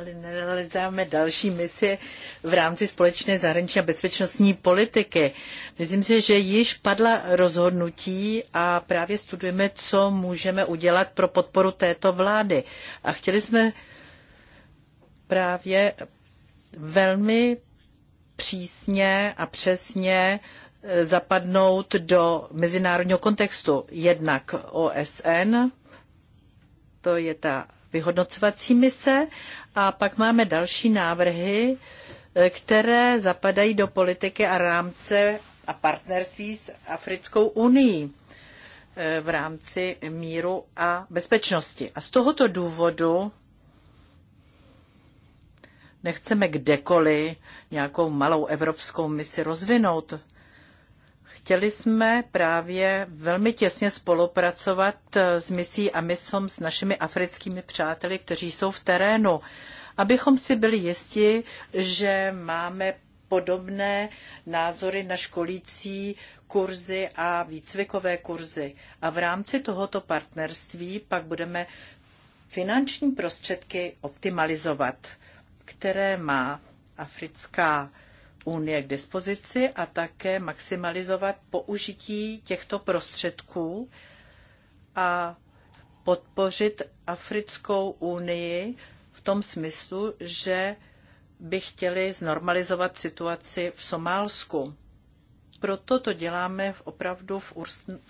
nevynalizáme další misi v rámci společné zahraniční a bezpečnostní politiky. Myslím si, že již padla rozhodnutí a právě studujeme, co můžeme udělat pro podporu této vlády. A chtěli jsme právě velmi přísně a přesně eh, zapadnout do mezinárodního kontextu. Jednak OSN, to je ta vyhodnocovací mise. A pak máme další návrhy, eh, které zapadají do politiky a rámce a partnerství s Africkou unii eh, v rámci míru a bezpečnosti. A z tohoto důvodu nechceme kdekoliv nějakou malou evropskou misi rozvinout. Chtěli jsme právě velmi těsně spolupracovat eh, s misí AMISOM s našimi africkými přáteli, kteří jsou v terénu, abychom si byli jisti, že máme podobné názory na školící kurzy a výcvikové kurzy. A v rámci tohoto partnerství pak budeme finanční prostředky optimalizovat, které má africká unie k dispozici a také maximalizovat použití těchto prostředků a podpořit Africkou unii v tom smyslu, že by chtěli znormalizovat situaci v Somálsku. Proto to děláme opravdu v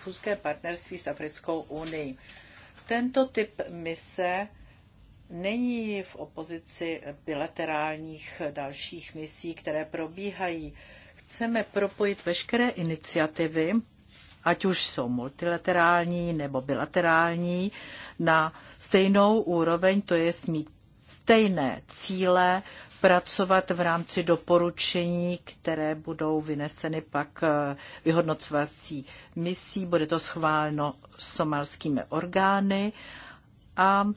úzké partnerství s Africkou unii. Tento typ mise není v opozici bilaterálních dalších misí, které probíhají. Chceme propojit veškeré iniciativy, ať už jsou multilaterální nebo bilaterální, na stejnou úroveň, to je mít stejné cíle, pracovat v rámci doporučení, které budou vyneseny pak eh, vyhodnocovací misí. Bude to schváleno somalskými orgány a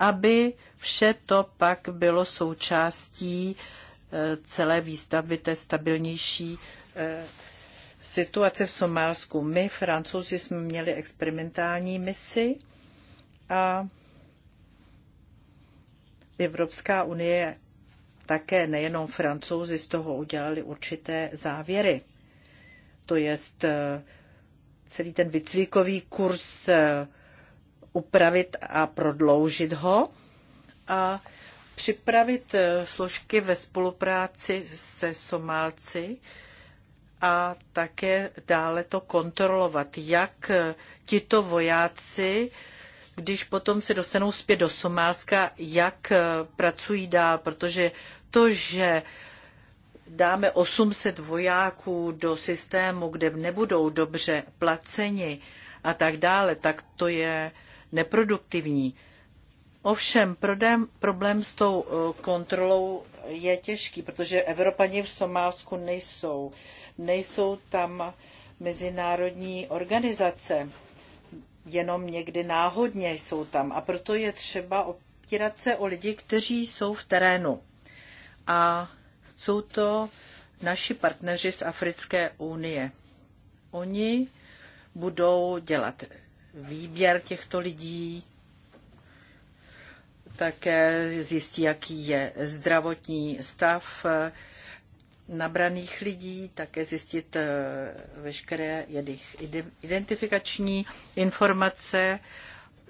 aby vše to pak bylo součástí eh, celé výstavby té stabilnější eh, situace v Somálsku. My, francouzi, jsme měli experimentální misi a Evropská unie také nejenom francouzi z toho udělali určité závěry. To jest eh, celý ten vycvikový kurz upravit a prodloužit ho a připravit eh, složky ve spolupráci se Somálci a také dále to kontrolovat, jak eh, tito vojáci, když potom se dostanou zpět do Somálska, jak eh, pracují dál, protože to, že dáme 800 vojáků do systému, kde nebudou dobře placeni a tak dále, tak to je neproduktivní. Ovšem prodém, problém s tou eh, kontrolou je těžký, protože Evropani v Somálsku nejsou. Nejsou tam mezinárodní organizace, jenom někdy náhodně jsou tam. A proto je třeba opírat se o lidi, kteří jsou v terénu. A jsou to naši partneři z Africké unie. Oni budou dělat výběr těchto lidí, také zjistí, jaký je zdravotní stav nabraných lidí, také zjistit eh, veškeré jejich identifikační informace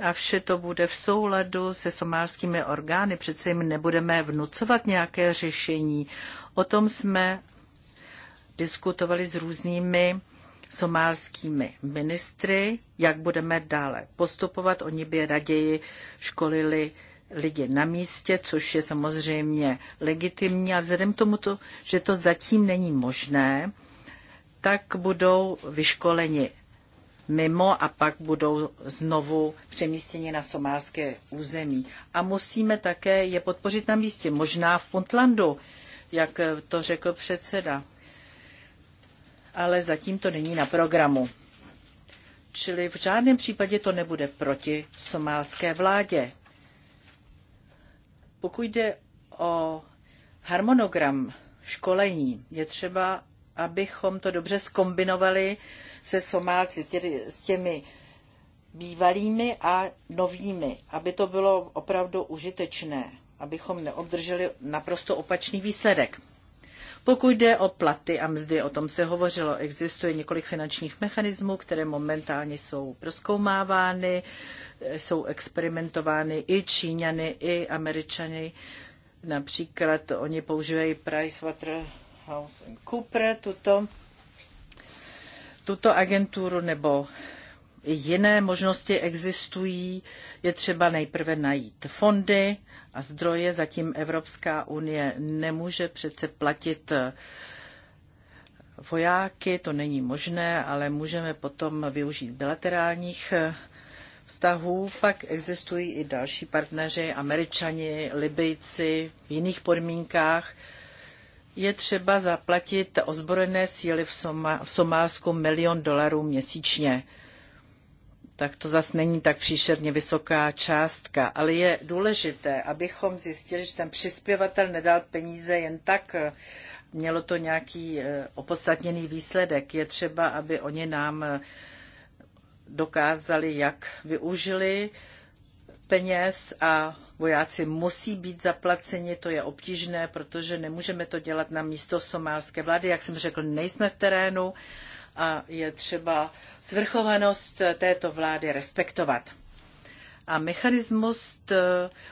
a vše to bude v souladu se somálskými orgány. Přece jim nebudeme vnucovat nějaké řešení. O tom jsme diskutovali s různými somálskými ministry, jak budeme dále postupovat. Oni by raději školili lidi na místě, což je samozřejmě legitimní. A vzhledem k tomu, že to zatím není možné, tak budou vyškoleni mimo a pak budou znovu přemístěni na somálské území. A musíme také je podpořit na místě, možná v Puntlandu, jak to řekl předseda ale zatím to není na programu. Čili v žádném případě to nebude proti somálské vládě. Pokud jde o harmonogram školení, je třeba, abychom to dobře skombinovali se Somálci, tedy s těmi bývalými a novými, aby to bylo opravdu užitečné, abychom neobdrželi naprosto opačný výsledek. Pokud jde o platy a mzdy, o tom se hovořilo, existuje několik finančních mechanismů, které momentálně jsou proskoumávány, jsou experimentovány i Číňany, i Američany. Například oni používají PricewaterhouseCoopers, tuto, tuto agenturu nebo jiné možnosti existují. Je třeba nejprve najít fondy a zdroje. Zatím Evropská unie nemůže přece platit vojáky, to není možné, ale můžeme potom využít bilaterálních eh, vztahů. Pak existují i další partneři, američani, libyjci v jiných podmínkách. Je třeba zaplatit ozbrojené síly v, v Somálsku milion dolarů měsíčně tak to zase není tak příšerně vysoká částka. Ale je důležité, abychom zjistili, že ten přispěvatel nedal peníze jen tak, mělo to nějaký eh, opodstatněný výsledek. Je třeba, aby oni nám eh, dokázali, jak využili peněz a vojáci musí být zaplaceni, to je obtížné, protože nemůžeme to dělat na místo somálské vlády. Jak jsem řekl, nejsme v terénu a je třeba svrchovanost této vlády respektovat. A mechanismus eh,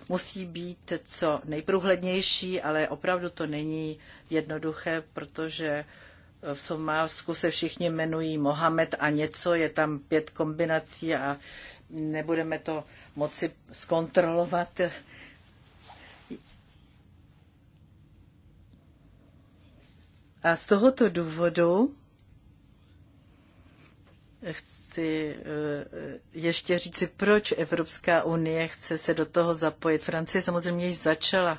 musí být co nejprůhlednější, ale opravdu to není jednoduché, protože v Somálsku se všichni jmenují Mohamed a něco, je tam pět kombinací a nebudeme to moci zkontrolovat. A z tohoto důvodu chci eh, ještě říci, proč Evropská unie chce se do toho zapojit. Francie samozřejmě již začala.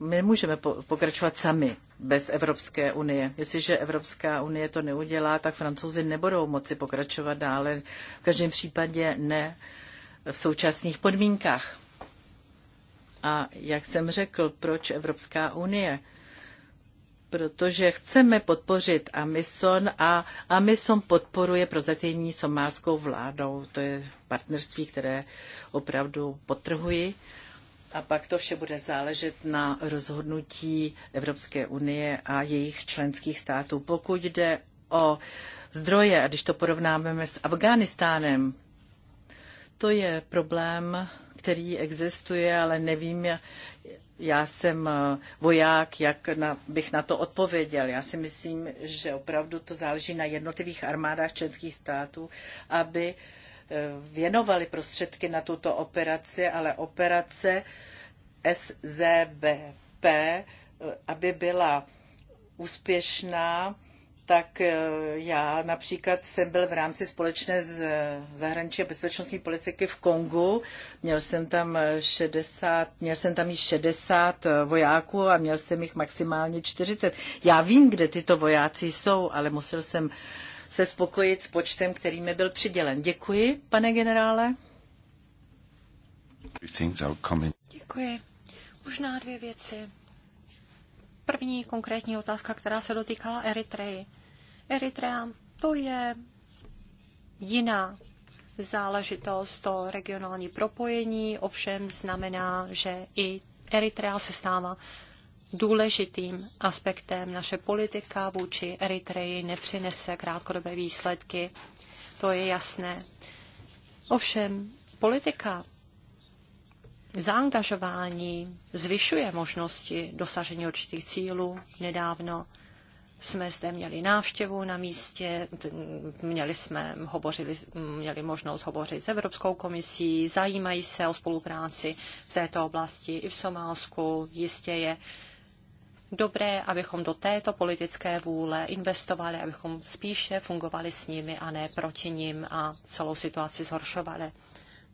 My můžeme pokračovat sami bez Evropské unie. Jestliže Evropská unie to neudělá, tak francouzi nebudou moci pokračovat dále. V každém případě ne v současných podmínkách. A jak jsem řekl, proč Evropská unie? protože chceme podpořit Amison a Amison podporuje prozatímní somálskou vládou. To je partnerství, které opravdu potrhuji. A pak to vše bude záležet na rozhodnutí Evropské unie a jejich členských států. Pokud jde o zdroje, a když to porovnáme s Afghánistánem, to je problém, který existuje, ale nevím, já jsem eh, voják, jak na, bych na to odpověděl. Já si myslím, že opravdu to záleží na jednotlivých armádách členských států, aby eh, věnovali prostředky na tuto operaci, ale operace SZBP, eh, aby byla úspěšná, tak eh, já například jsem byl v rámci společné zahraniční a bezpečnostní politiky v Kongu. Měl jsem tam 60, eh, měl jsem tam 60 eh, vojáků a měl jsem jich maximálně 40. Já vím, kde tyto vojáci jsou, ale musel jsem se spokojit s počtem, který mi byl přidělen. Děkuji, pane generále. Děkuji. Možná dvě věci. První konkrétní otázka, která se dotýkala Eritreji. Eritrea, to je jiná záležitost, to regionální propojení, ovšem znamená, že i Eritrea se stává důležitým aspektem. Naše politika vůči Eritreji nepřinese krátkodobé výsledky, to je jasné. Ovšem, politika zaangažování zvyšuje možnosti dosažení určitých cílů. Nedávno jsme zde měli návštěvu na místě, měli jsme hovořili, měli možnost hovořit s Evropskou komisí, zajímají se o spolupráci v této oblasti i v Somálsku. Jistě je dobré, abychom do této politické vůle investovali, abychom spíše fungovali s nimi a ne proti nim a celou situaci zhoršovali.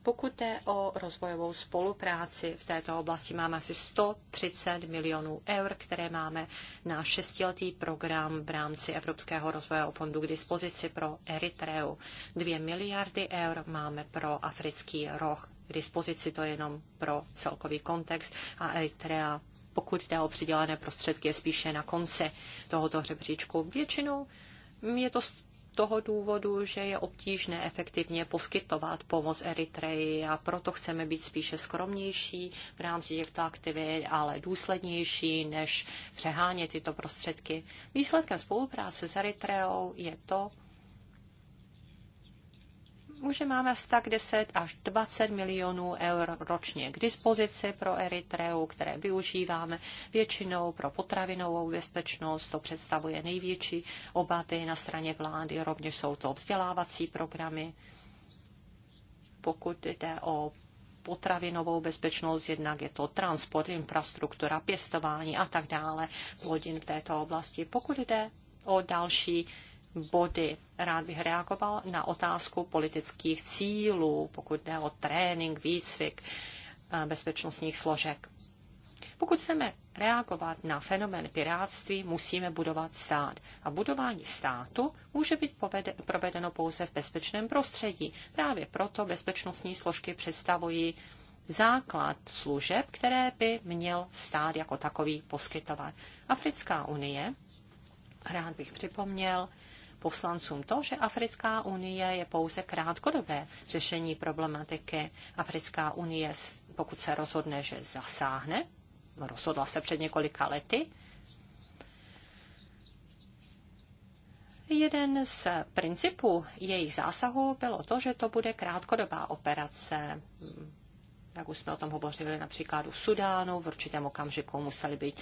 Pokud jde o rozvojovou spolupráci v této oblasti, máme asi 130 milionů eur, které máme na šestiletý program v rámci Evropského rozvojového fondu k dispozici pro Eritreu. 2 miliardy eur máme pro africký roh k dispozici, to je jenom pro celkový kontext a Eritrea pokud jde o přidělené prostředky, je spíše na konci tohoto hřebříčku. Většinou je to toho důvodu, že je obtížné efektivně poskytovat pomoc Eritreji a proto chceme být spíše skromnější v rámci těchto aktivit, ale důslednější, než přehánět tyto prostředky. Výsledkem spolupráce s Eritreou je to, že máme vztah 10 až 20 milionů eur ročně k dispozici pro Eritreu, které využíváme většinou pro potravinovou bezpečnost. To představuje největší obavy na straně vlády. Rovněž jsou to vzdělávací programy. Pokud jde o potravinovou bezpečnost, jednak je to transport, infrastruktura, pěstování a tak dále plodin v této oblasti. Pokud jde o další body. Rád bych reagoval na otázku politických cílů, pokud jde o trénink, výcvik eh, bezpečnostních složek. Pokud chceme reagovat na fenomén piráctví, musíme budovat stát. A budování státu může být povede, provedeno pouze v bezpečném prostředí. Právě proto bezpečnostní složky představují základ služeb, které by měl stát jako takový poskytovat. Africká unie, rád bych připomněl, poslancům to, že Africká unie je pouze krátkodobé řešení problematiky. Africká unie, pokud se rozhodne, že zasáhne, rozhodla se před několika lety, Jeden z principů jejich zásahu bylo to, že to bude krátkodobá operace. Jak už jsme o tom hovořili například v Sudánu, v určitém okamžiku museli být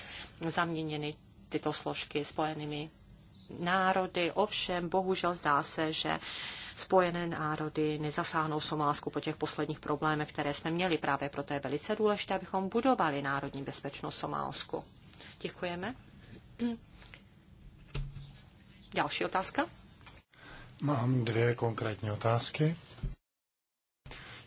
zaměněny tyto složky spojenými národy. Ovšem, bohužel zdá se, že Spojené národy nezasáhnou Somálsku po těch posledních problémech, které jsme měli. Právě proto je velice důležité, abychom budovali národní bezpečnost Somálsku. Děkujeme. Další otázka? Mám dvě konkrétní otázky.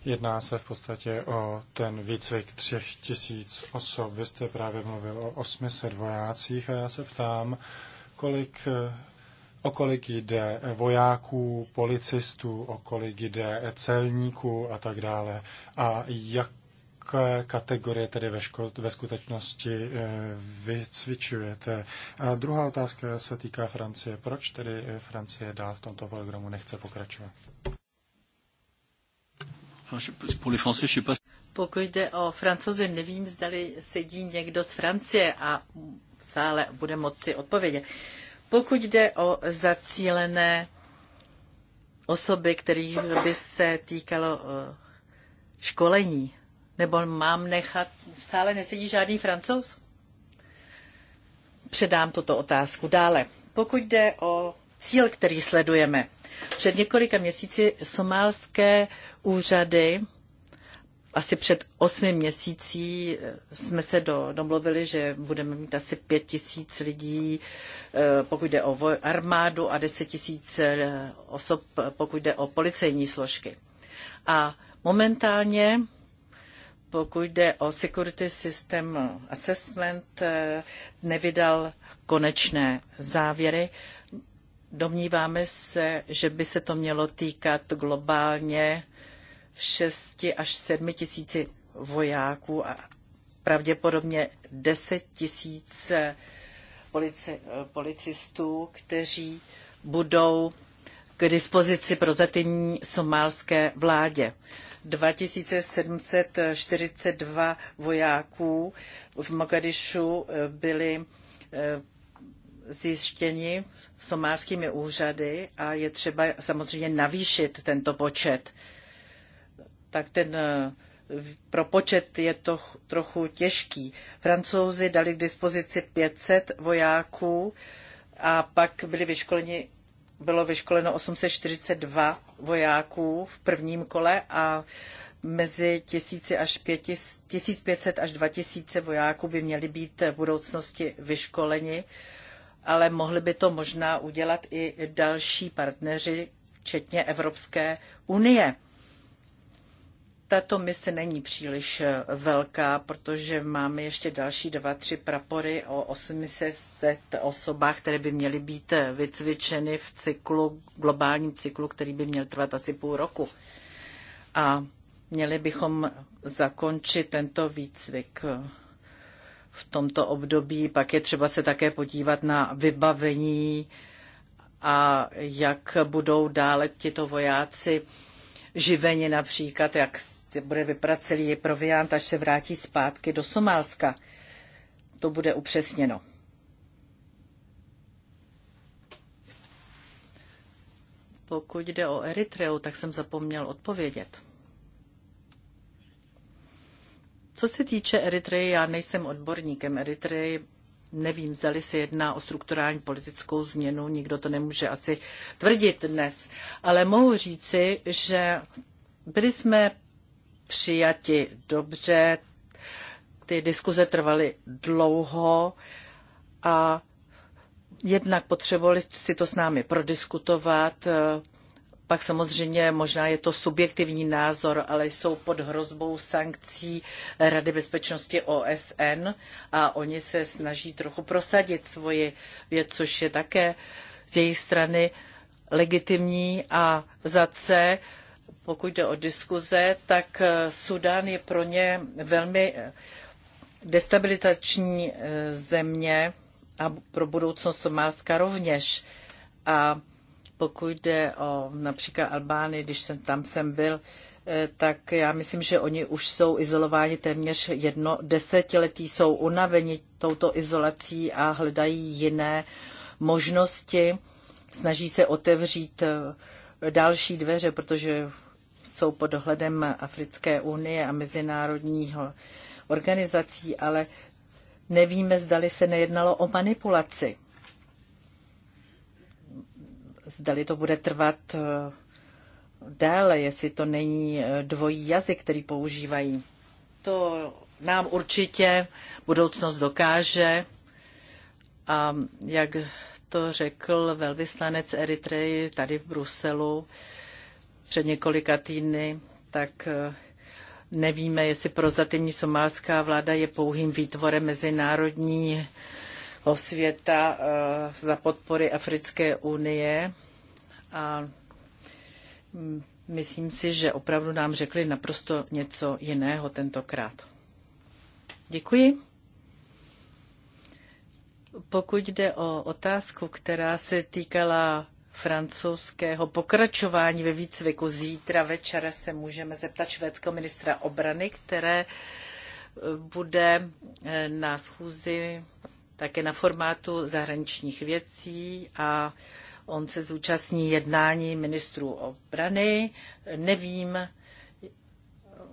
Jedná se v podstatě o ten výcvik třech tisíc osob. Vy jste právě mluvil o 800 vojácích a já se ptám, kolik, eh, o kolik jde vojáků, policistů, o kolik jde celníků a tak dále. A jak kategorie tedy ve, ško- ve skutečnosti eh, vycvičujete. A druhá otázka se týká Francie. Proč tedy eh, Francie dál v tomto programu nechce pokračovat? Pokud jde o Francouze, nevím, zdali sedí někdo z Francie a sále bude moci odpovědět. Pokud jde o zacílené osoby, kterých by se týkalo eh, školení, nebo mám nechat, v sále nesedí žádný francouz? Předám tuto otázku dále. Pokud jde o cíl, který sledujeme, před několika měsíci somálské úřady asi před osmi měsící eh, jsme se do, domluvili, že budeme mít asi pět tisíc lidí, eh, pokud jde o armádu a deset tisíc eh, osob, pokud jde o policejní složky. A momentálně, pokud jde o Security System Assessment, nevydal konečné závěry. Domníváme se, že by se to mělo týkat globálně 6 až 7 tisíci vojáků a pravděpodobně 10 tisíc eh, polici, eh, policistů, kteří budou k dispozici pro zatímní somálské vládě. 2742 vojáků v Mogadišu eh, byli zjištěni somálskými úřady a je třeba samozřejmě navýšit tento počet tak ten eh, propočet je to trochu těžký. Francouzi dali k dispozici 500 vojáků a pak byli vyškoleni, bylo vyškoleno 842 vojáků v prvním kole a mezi 1000 až 1500 až 2000 vojáků by měli být v budoucnosti vyškoleni, ale mohli by to možná udělat i další partneři, včetně Evropské unie. Tato mise není příliš eh, velká, protože máme ještě další dva, tři prapory o 800 osobách, které by měly být eh, vycvičeny v cyklu, globálním cyklu, který by měl trvat asi půl roku. A měli bychom zakončit tento výcvik eh, v tomto období. Pak je třeba se také podívat na vybavení a jak budou dále tito vojáci živeni například, jak Prostě bude vypadat celý proviant, až se vrátí zpátky do Somálska. To bude upřesněno. Pokud jde o Eritreu, tak jsem zapomněl odpovědět. Co se týče Eritreje, já nejsem odborníkem Eritreji, nevím, zdali se jedná o strukturální politickou změnu, nikdo to nemůže asi tvrdit dnes, ale mohu říci, že byli jsme přijati dobře. Ty diskuze trvaly dlouho a jednak potřebovali si to s námi prodiskutovat. Pak samozřejmě možná je to subjektivní názor, ale jsou pod hrozbou sankcí Rady bezpečnosti OSN a oni se snaží trochu prosadit svoji věc, což je také z jejich strany legitimní a za C pokud jde o diskuze, tak eh, Súdán je pro ně velmi eh, destabilizační eh, země a pro budoucnost Somálska rovněž. A pokud jde o například Albány, když jsem tam jsem byl, tak já myslím, že oni už jsou izolováni téměř jedno desetiletí, jsou unaveni touto izolací a hledají jiné možnosti, snaží se otevřít uh, další dveře, protože jsou pod dohledem Africké unie a mezinárodního organizací, ale nevíme, zdali se nejednalo o manipulaci. Zdali to bude trvat eh, déle, jestli to není eh, dvojí jazyk, který používají. To nám určitě budoucnost dokáže. A jak to řekl velvyslanec Eritreji tady v Bruselu před několika týdny, tak eh, nevíme, jestli prozatímní somálská vláda je pouhým výtvorem mezinárodní osvěta eh, za podpory Africké unie. A mm, myslím si, že opravdu nám řekli naprosto něco jiného tentokrát. Děkuji. Pokud jde o otázku, která se týkala francouzského pokračování ve výcviku. Zítra večer se můžeme zeptat švédského ministra obrany, které eh, bude eh, na schůzi také na formátu zahraničních věcí a on se zúčastní jednání ministrů obrany. Nevím,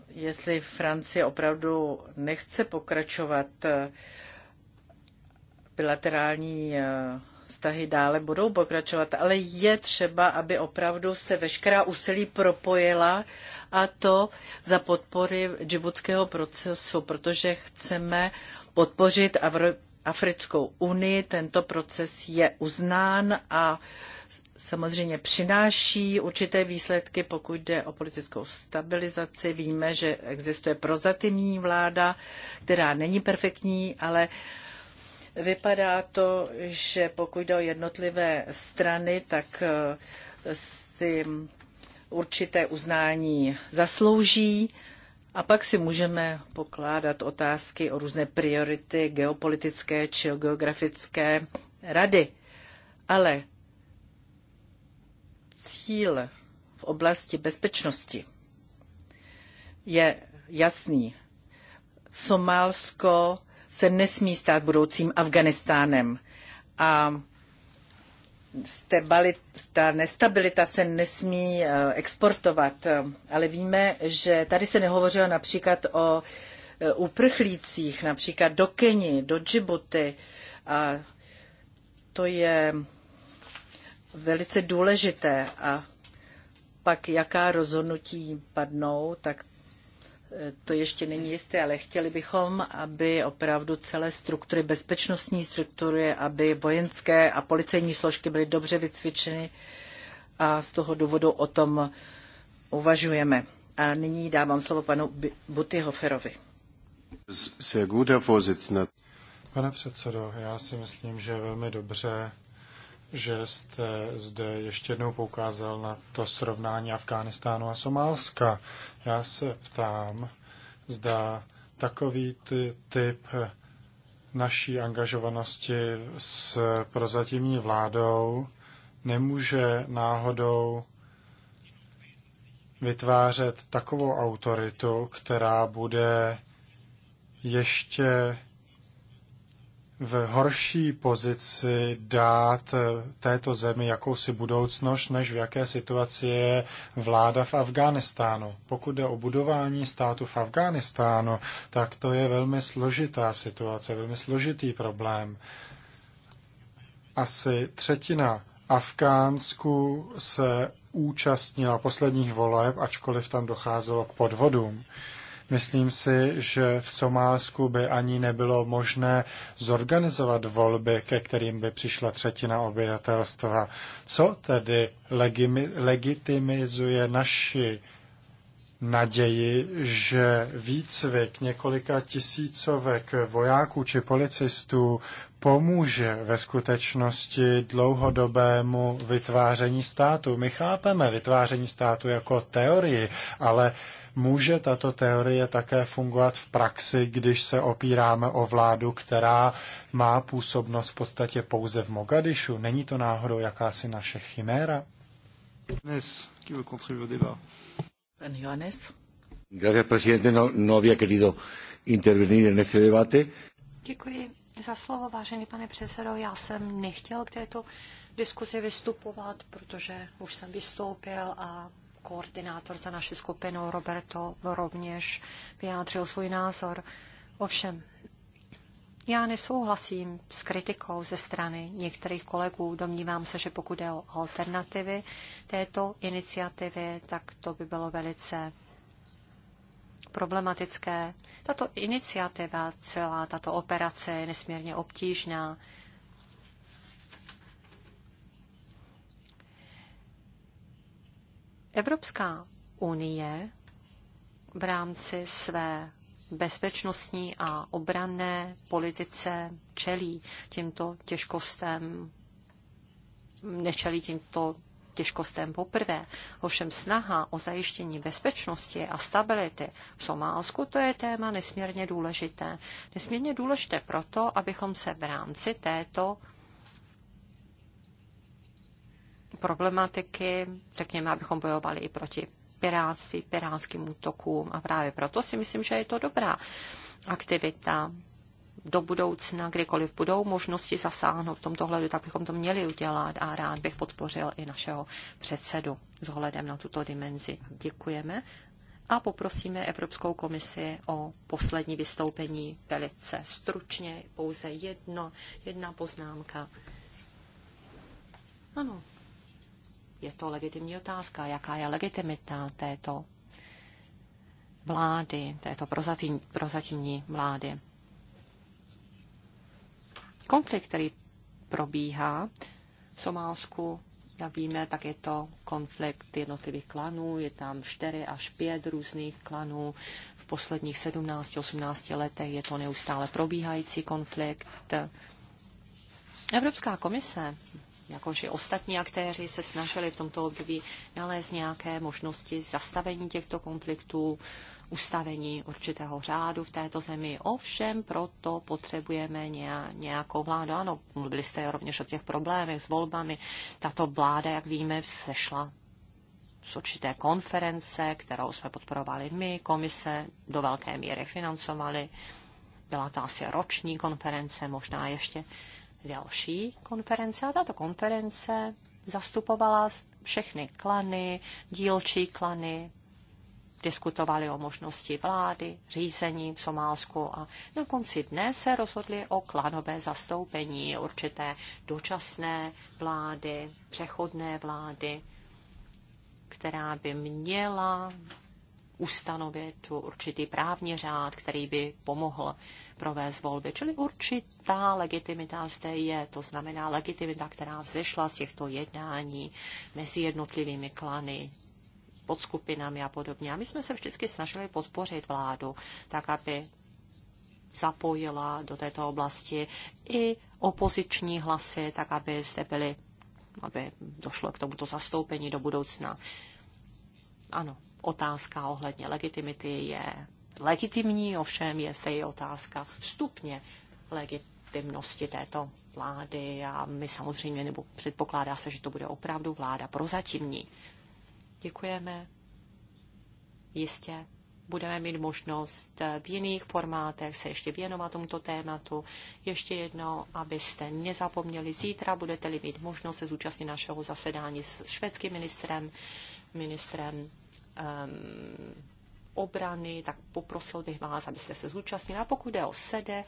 jestli Francie opravdu nechce pokračovat eh, bilaterální eh, vztahy dále budou pokračovat, ale je třeba, aby opravdu se veškerá úsilí propojila a to za podpory džibutského procesu, protože chceme podpořit Africkou unii. Tento proces je uznán a samozřejmě přináší určité výsledky, pokud jde o politickou stabilizaci. Víme, že existuje prozatímní vláda, která není perfektní, ale uh, Vypadá to, že pokud jde o jednotlivé strany, tak eh, si určité uznání zaslouží. A pak si můžeme pokládat otázky o různé priority geopolitické či geografické rady. Ale cíl v oblasti bezpečnosti je jasný. Somálsko se nesmí stát budoucím Afganistánem. A ta nestabilita se nesmí eh, exportovat. Ale víme, že tady se nehovořilo například o eh, uprchlících, například do Keni, do Džibuty. A to je velice důležité. A pak jaká rozhodnutí padnou, tak to ještě není jisté, ale chtěli bychom, aby opravdu celé struktury, bezpečnostní struktury, aby vojenské a policejní složky byly dobře vycvičeny a z toho důvodu o tom uvažujeme. A nyní dávám slovo panu Butyhoferovi. Pane předsedo, já si myslím, že je velmi dobře, že jste zde ještě jednou poukázal na to srovnání Afghánistánu a Somálska. Já se ptám, zda takový ty, typ naší angažovanosti s prozatímní vládou nemůže náhodou vytvářet takovou autoritu, která bude ještě v horší pozici dát eh, této zemi jakousi budoucnost, než v jaké situaci je vláda v Afghánistánu. Pokud jde o budování státu v Afghánistánu, tak to je velmi složitá situace, velmi složitý problém. Asi třetina Afgánsku se účastnila posledních voleb, ačkoliv tam docházelo k podvodům. Myslím si, že v Somálsku by ani nebylo možné zorganizovat volby, ke kterým by přišla třetina obyvatelstva. Co tedy legitimizuje naši naději, že výcvik několika tisícovek vojáků či policistů pomůže ve skutečnosti dlouhodobému vytváření státu. My chápeme vytváření státu jako teorii, ale Může tato teorie také fungovat v praxi, když se opíráme o vládu, která má působnost v podstatě pouze v Mogadišu? Není to náhodou jakási naše chiméra? Dnes, Pan Johannes. Gracias, presidente. No, no había querido intervenir en este debate. Děkuji za slovo, vážený pane předsedo. Já jsem nechtěl k této diskuzi vystupovat, protože už jsem vystoupil a koordinátor za naši skupinu Roberto rovněž vyjádřil svůj názor. Ovšem, já nesouhlasím s kritikou ze strany některých kolegů. Domnívám se, že pokud je o alternativy této iniciativy, tak to by bylo velice problematické. Tato iniciativa, celá tato operace je nesmírně obtížná. Evropská unie v rámci své bezpečnostní a obranné politice čelí těmto těžkostem, nečelí tímto těžkostem poprvé. Ovšem snaha o zajištění bezpečnosti a stability v Somálsku, to je téma nesmírně důležité. Nesmírně důležité proto, abychom se v rámci této problematiky, řekněme, abychom bojovali i proti piráctví, pirátským útokům a právě proto si myslím, že je to dobrá aktivita do budoucna, kdykoliv budou možnosti zasáhnout v tomto hledu, tak bychom to měli udělat a rád bych podpořil i našeho předsedu s ohledem na tuto dimenzi. Děkujeme a poprosíme Evropskou komisi o poslední vystoupení velice stručně, pouze jedno, jedna poznámka. Ano, je to legitimní otázka, jaká je legitimita této vlády, této prozatímní vlády. Konflikt, který probíhá v Somálsku, jak víme, tak je to konflikt jednotlivých klanů. Je tam 4 až 5 různých klanů. V posledních 17-18 letech je to neustále probíhající konflikt. Evropská komise jakož i ostatní aktéři se snažili v tomto období nalézt nějaké možnosti zastavení těchto konfliktů, ustavení určitého řádu v této zemi. Ovšem proto potřebujeme nějakou vládu. Ano, mluvili jste rovněž o těch problémech s volbami. Tato vláda, jak víme, sešla z určité konference, kterou jsme podporovali my, komise do velké míry financovali. Byla to asi roční konference, možná ještě další konference a tato konference zastupovala všechny klany, dílčí klany, diskutovali o možnosti vlády, řízení v Somálsku a na konci dne se rozhodli o klanové zastoupení určité dočasné vlády, přechodné vlády, která by měla ustanovit určitý právní řád, který by pomohl provést volby. Čili určitá legitimita zde je, to znamená legitimita, která vzešla z těchto jednání mezi jednotlivými klany, pod skupinami a podobně. A my jsme se vždycky snažili podpořit vládu, tak aby zapojila do této oblasti i opoziční hlasy, tak aby zde byly, aby došlo k tomuto zastoupení do budoucna. Ano, otázka ohledně legitimity je legitimní, ovšem je zde i otázka stupně legitimnosti této vlády a my samozřejmě, nebo předpokládá se, že to bude opravdu vláda prozatímní. Děkujeme. Jistě budeme mít možnost v jiných formátech se ještě věnovat tomuto tématu. Ještě jedno, abyste nezapomněli, zítra budete-li mít možnost se zúčastnit našeho zasedání s švédským ministrem, ministrem um, obrany, tak poprosil bych vás, abyste se zúčastnili. A pokud jde o sede,